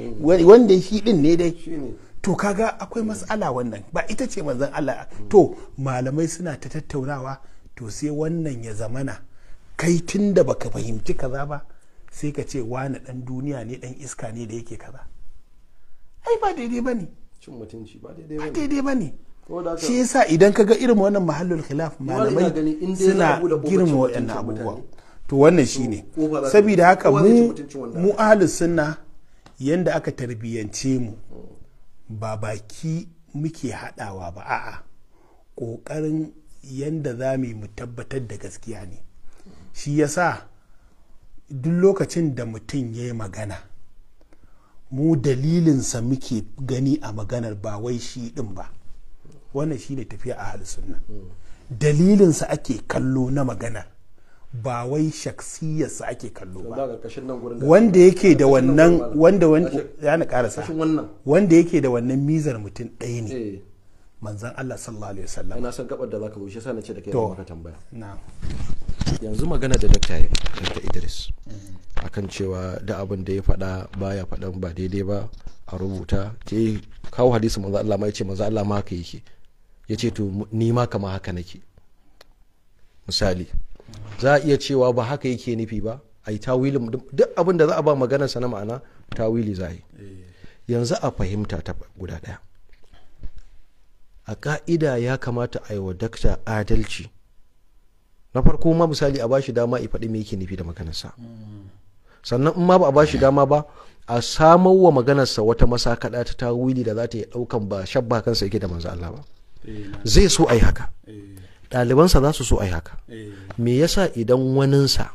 wanda shi din ne dai to kaga akwai matsala wannan ba ita ce manzon Allah to malamai suna ta tattaunawa to sai wannan ya zamana kai tun da baka fahimci kaza ba sai ka ce wani dan duniya ne dan iska ne da yake kaza ai ba daidai bane cin mutunci ba daidai bane shi yasa idan kaga irin wannan mahallul khilaf malamai suna girma waɗannan abubuwa to wannan shine saboda haka mu mu ahlus sunna yanda aka tarbiyance mu ba baki muke haɗawa ba a'a ƙoƙarin yadda za mu tabbatar da gaskiya ne shi ya sa duk lokacin da mutum ya yi magana mu dalilinsa muke gani a maganar ba wai shi ɗin ba wannan shi ne tafiya a sunna mm. dalilinsa ake kallo na maganar ba wai shaksiyarsa ake kallo ba wanda yake da wannan wanda ya na karasa wanda yake da wannan mizar mutum ɗaya ne eh. manzan Allah sallallahu alaihi wasallam ina son gabar da zaka bushe sana ce da kai maka tambaya yanzu magana da dakta dakta Idris mm. akan cewa da abin da ya faɗa baya faɗan ba daidai ba a rubuta ce kawo hadisi manzan Allah ma ce manzan Allah ma haka yake yace to ni ma kama haka nake misali za a iya cewa ba haka yake nufi ba a yi tawilin duk abin da za a ba maganarsa na ma'ana tawili za yi eh. yanzu a fahimta ta guda ɗaya a ka'ida ya kamata a yi wa dakta adalci na farko ma misali a ba shi dama ya faɗi me yake nufi da maganarsa mm. sannan in ma ba a ba shi dama ba a samar wa maganarsa wata masakaɗa ta tawili da za ta yi ɗaukan ba shabba kansa yake da manzo Allah ba eh. zai so a yi haka eh. ɗalibansa za su so a yi haka eh. me yasa idan waninsa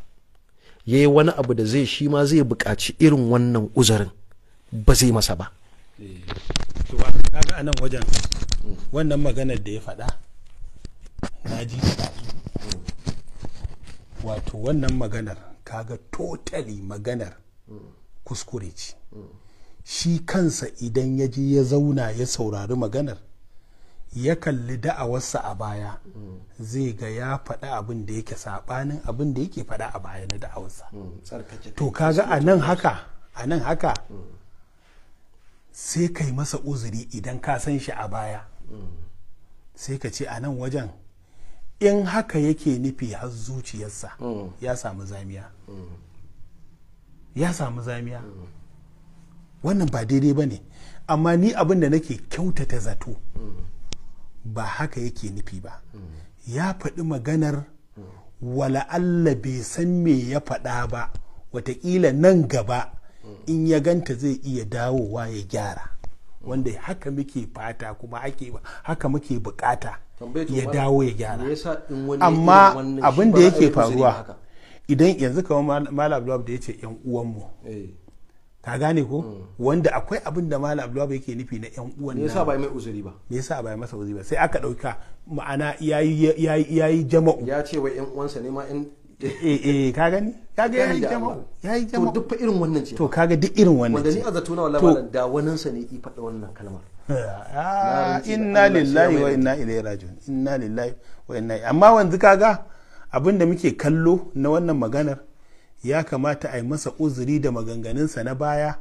ya yi wani abu da zai shi ma zai buƙaci irin wannan uzarin ba zai masa ba eh. maganar da ya faɗa na ji wato wannan maganar kaga totally maganar kuskure ce shi kansa idan ya je ya zauna ya saurari maganar ya kalli da'awarsa a baya zai ga ya faɗa abin da yake saɓanin abin da yake faɗa a baya na da'awarsa hmm, to kaga a nan hmm. haka a nan haka hmm. sai kai masa uzuri idan ka san shi a baya sai ka ce a nan wajen in haka yake nufi har zuciyarsa ya samu zamiya ya samu zamiya wannan ba daidai ba ne amma ni abin da nake kyautata zato ba haka yake nufi ba ya faɗi maganar wala Allah bai san me ya faɗa ba watakila nan gaba in ya ganta zai iya dawowa ya gyara wanda haka muke fata kuma haka muke bukata ya dawo ya gyara amma abin da yake faruwa idan yanzu kawai malam da ya ce 'yan uwanmu eh. ta gane ko mm. wanda akwai abin da malam abdullahi yake nufi na yan uwan me yasa ba mai uzuri ba me yasa ba masa uzuri ba sai aka dauka ma'ana yayi yayi jama'u ya ce wa yan uwansa ne ma in eh, eh eh ka gani ga yayi jama'u yayi jama'u to duk fa irin wannan ce to kaga duk irin wannan ce? wanda ni a zato na wallahi malam da wannan sa ne i fada wannan kalmar ah, inna lillahi wa inna ilaihi raji'un inna lillahi wa inna amma wanzu kaga abinda muke kallo na wannan maganar ya kamata a yi masa uzuri da maganganunsa na baya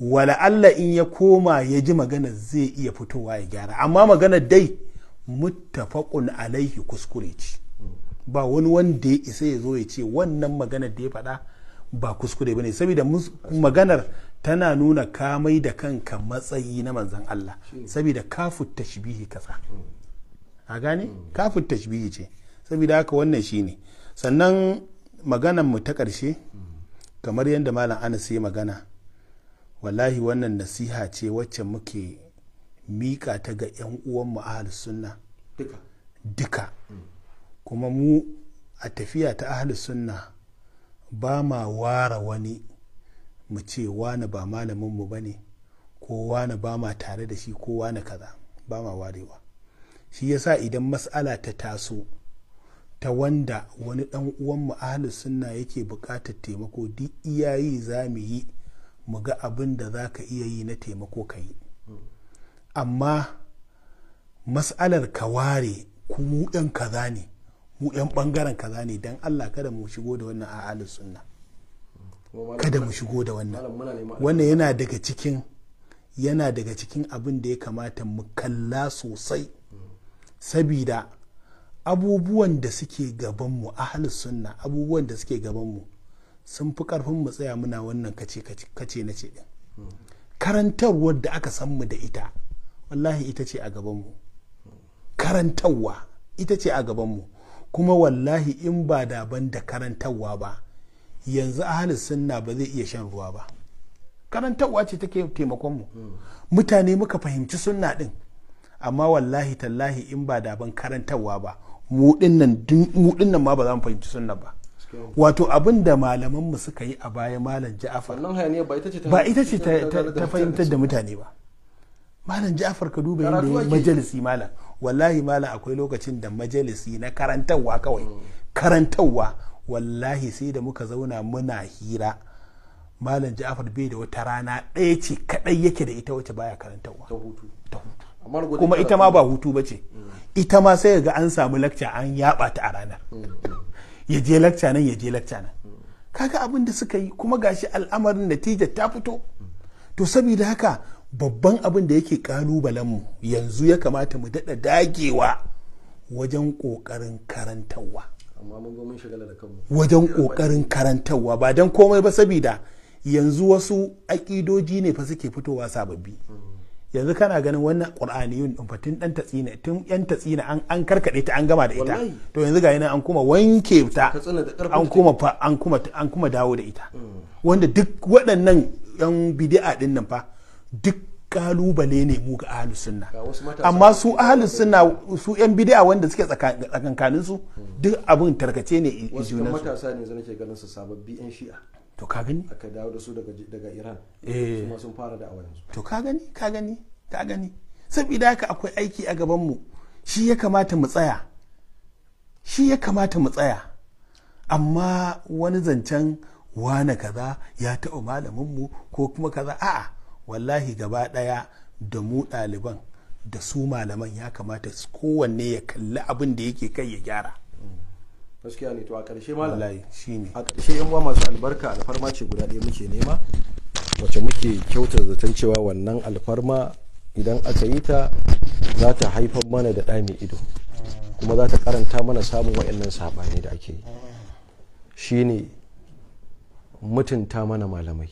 wala Allah in ya koma ya ji magana zai iya fitowa ya gyara amma magana dai muttafaqun alaihi kuskure ce ba wani wanda ya isa ya zo ya ce wannan magana da ya faɗa ba kuskure bane saboda maganar tana nuna kamai da kanka matsayi na manzan Allah saboda kafu tashbihi kasa a gane kafu tashbihi ce saboda haka wannan shine sannan maganan mu ta ƙarshe kamar yadda malam ana ya magana wallahi wannan nasiha ce wacce muke miƙa ta ga 'yan uwanmu ahalus sunna duka kuma mu a tafiya ta ahalus sunna ba ma ware wani mu ce wani ba malaminmu ba ne ko wani ba ma tare da shi ko wani kaza ba ma warewa shi yasa idan mas'ala ta taso ta wanda wani dan uwan ahli sunna yake bukatar taimako duk iyayi za mu yi mu ga abin da za ka iya yi na taimako ka yi amma mas'alar ka ware mu ɗan kaza ne mu ɗan bangaren kaza ne dan allah kada mu shigo da wannan ahli sunna kada mu shigo da wannan wannan yana daga cikin yana daga cikin abin da ya kamata mu kalla sosai sabida abubuwan da suke gabanmu halin sunna abubuwan da suke gabanmu sun fi karfin mu tsaya muna wannan kace na ce din karantarwar da aka san mu da ita wallahi ita ce a gabanmu karantarwa ita ce a gabanmu kuma wallahi in ba daban da karantarwa ba yanzu halin sunna ba zai iya shan ruwa ba karantarwa ce take taimakon mu mutane muka fahimci sunna din amma wallahi tallahi in ba daban karantarwa ba mu dinnan ma ba za mu fahimci sunna ba wato abin da malaman mu suka yi a baya malam ja'afar ba ita ce ta fahimtar da mutane ba malam ja'afar ka duba yadda ya majalisi malam wallahi malam akwai lokacin da majalisi na karantarwa kawai karantarwa wallahi sai da muka zauna muna hira malam ja'afar bai da wata rana ɗaya ce kaɗai yake da ita wacce baya karantarwa kuma ita ma ba hutu ba ce mm. ita ma sai ga an samu lakca an yaba ta a ranar ya je lakca nan ya je lakca nan kaga abin da suka yi kuma gashi al'amarin natija ta fito to saboda haka babban abin da yake mu yanzu ya kamata mu daɗa dagewa wajen ƙoƙarin karantarwa wajen ƙoƙarin karantarwa ba dan komai ba saboda yanzu wasu aƙidoji ne fa suke fitowa sababbi yanzu kana ganin wannan qur'ani din fatin dan tatsina tun yan tatsina an an karkade ta an gama da ita to yanzu ga yana an kuma wanke ta an kuma an kuma an kuma dawo da ita mm. wanda duk waɗannan yan bid'a din nan fa duk kalubale ne mu ga ahlus sunna amma su ahlus sunna su yan bid'a wanda suke tsakankanin su mm. duk abin tarkace ne wasu matasa ne zan ke ganin su sababbi yan shi'a to ka gani aka dawo da su daga iran eh. su sun fara da awayansu to ka gani ka gani ka gani saboda haka akwai aiki a gabanmu shi ya kamata mu tsaya shi ya kamata mu tsaya amma wani zancen wane kaza ya taɓa mu ko kuma kaza a'a wallahi gaba ɗaya da mu ɗaliban da su malaman ya kamata kowanne ya kalli abin da yake kai ya gyara gaskiya ne to a ƙarshe ma lalai shine a ƙarshe yan masu albarka alfarma ce guda ɗaya muke nema wacce muke kyauta zaton cewa wannan alfarma idan aka yi ta za ta haifar mana da ɗa mai ido kuma za ta karanta mana samun wa'annan saɓani da ake yi shine mutunta mana malamai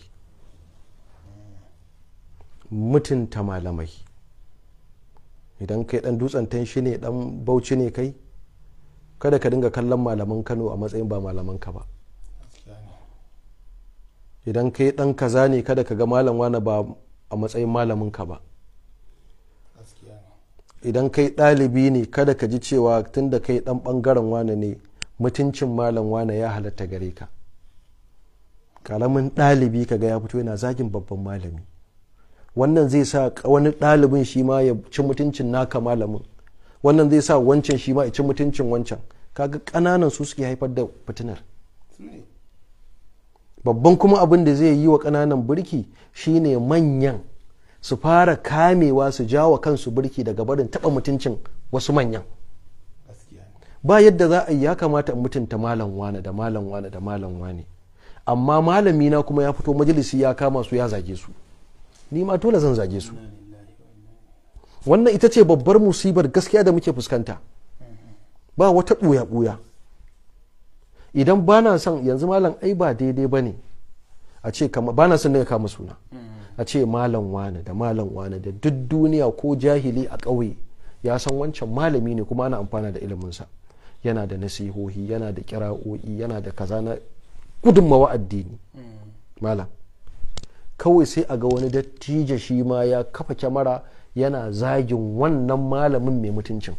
mutunta malamai idan kai ɗan dutsen tan shi ne ɗan bauchi ne kai kada ka dinga kallon malaman kano a matsayin ba malaman ka ba idan ka yi dan kaza ne kada ka ga malam wani ba a matsayin malamin ka ba idan kai ɗalibi ne kada ka ji cewa tunda yi dan bangaren wane ne mutuncin malam wane ya halatta gare ka karamin ɗalibi ka ga ya fito yana zagin babban malami wannan zai sa wani ɗalibin shi ma ya ci mutuncin naka malamin wannan zai sa wancan shi ma ci mutuncin wancan kaga ƙananan su suke haifar da fitinar babban kuma abin da zai yi wa ƙananan birki shine manyan su fara kamewa su jawa kansu birki daga barin taɓa mutuncin wasu manyan ba yadda za a yi ya kamata in mutunta malam wane da malam wane da malam wane amma malami na kuma ya fito majalisi ya kama su ya zage su ni ma dole zan zage su wannan ita ce babbar musibar gaskiya da muke fuskanta ba wata ɓuya-ɓuya idan ba na son yanzu malam ai ba daidai ba ne a ce ba na son daga kama suna a ce malam wane da malam wane da duk duniya ko jahili a ƙauye ya san wancan malami ne kuma ana amfana da iliminsa yana da nasihohi yana da kira'o'i yana da kaza na gudunmawa addini malam kawai sai a ga wani dattijo shi ma ya kafa kyamara yana zagin wannan malamin mai mutuncin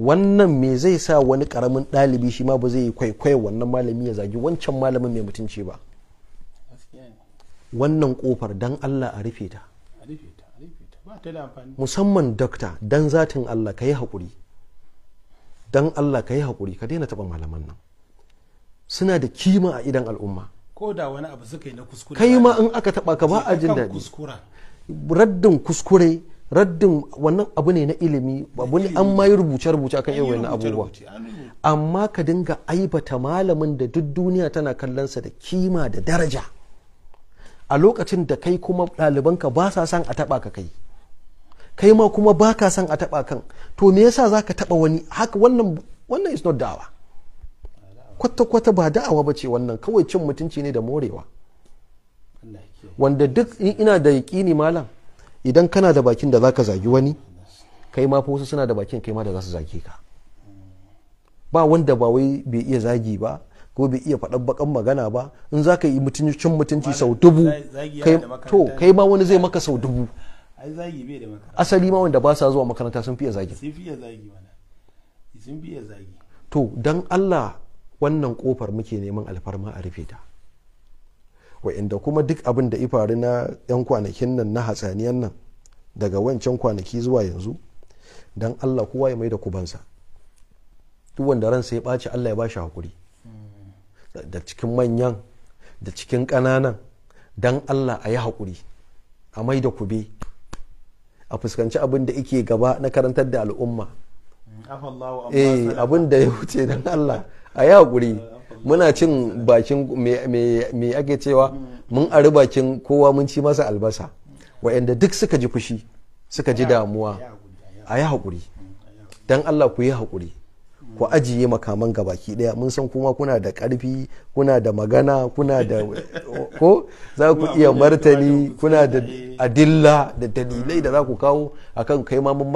wannan me zai sa wani karamin ɗalibi shi ma ba zai yi kwaikwayo wannan malami ya zagi wancan malamin mai mutunci ba wannan kofar dan allah a rufe ta musamman dokta dan zatin allah ka yi haƙuri don allah ka yi haƙuri ka daina taɓa malaman nan suna da kima a idan al'umma ko da wani abu suka yi na kuskure kai ma in aka taba ka ba a jin daɗi raddin kuskure raddin wannan abu ne na ilimi abu ne an ma yi rubuce rubuce akan irin wannan abubuwa amma ka dinga aibata malamin da duk duniya tana kallon sa da kima da daraja a lokacin da kai kuma ɗalibanka ba sa san a taba ka kai kai ma kuma ba ka san a taba kan to me yasa zaka taba wani haka wannan wannan is not dawa kwata-kwata ba da'awa ba ce wannan kawai cin mutunci ne da morewa wanda duk ina da yaƙini malam idan kana da bakin da zaka zagi wani kai ma fa wasu suna da bakin kai ma da za su zage ka ba wanda ba wai bai iya zagi ba ko bai iya faɗan bakan magana ba in za ka yi mutuncin mutunci sau dubu to kai ma wani zai maka sau dubu asali ma wanda ba sa zuwa makaranta sun fiye zagi to dan Allah wannan kofar muke neman alfarma a rufe ta wa'inda kuma duk abin da ifari na 'yan kwanakin nan na hatsaniyan nan daga wancan kwanaki zuwa yanzu don allah kowa ya mai da kubansa duk wanda ransa ya ɓaci allah ya bashi hakuri da cikin manyan da cikin ƙananan don allah a yi hakuri a mai da kube a fuskanci abin da ike gaba na karantar da al'umma eh, abin da ya wuce don allah a yi haƙuri muna cin bakin me ake cewa mun ari bakin kowa mun ci masa albasa wa'anda duk suka ji fushi suka ji damuwa a yi haƙuri don allah ku yi hakuri ku ajiye makaman gabaki daya mun san kuma kuna da karfi kuna da magana kuna da ko za ku iya martani kuna da adilla da dalilai da za ku kawo akan kai ma mun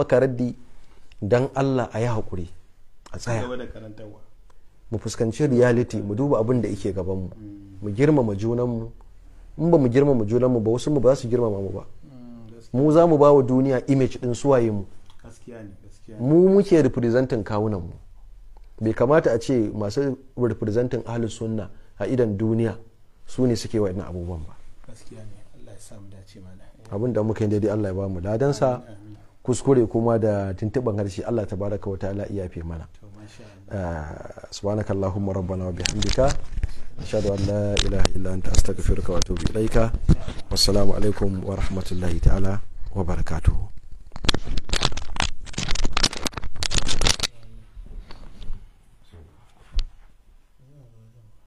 don allah a yi haƙuri a tsaya mu fuskanci reality mu duba abin da yake gaban mu mu girmama junan mu in ba mu girmama junan ba wasu mu ba su girmama mu ba mu za mu ba wa duniya image din suwaye mu mu muke representing kawunan mu bai kamata a ce masu representing ahlus sunna a idan duniya su ne suke wa'in abubuwan ba abin da muka yi daidai Allah ya ba mu ladansa kuskure kuma da tuntuɓan harshe Allah ta baraka wata ta'ala iya mana subhanaka allahumma rabbana wa bihamdika ashhadu an la ilaha illa anta astaghfiruka alaikum wa rahmatullahi ta'ala wa barakatuhu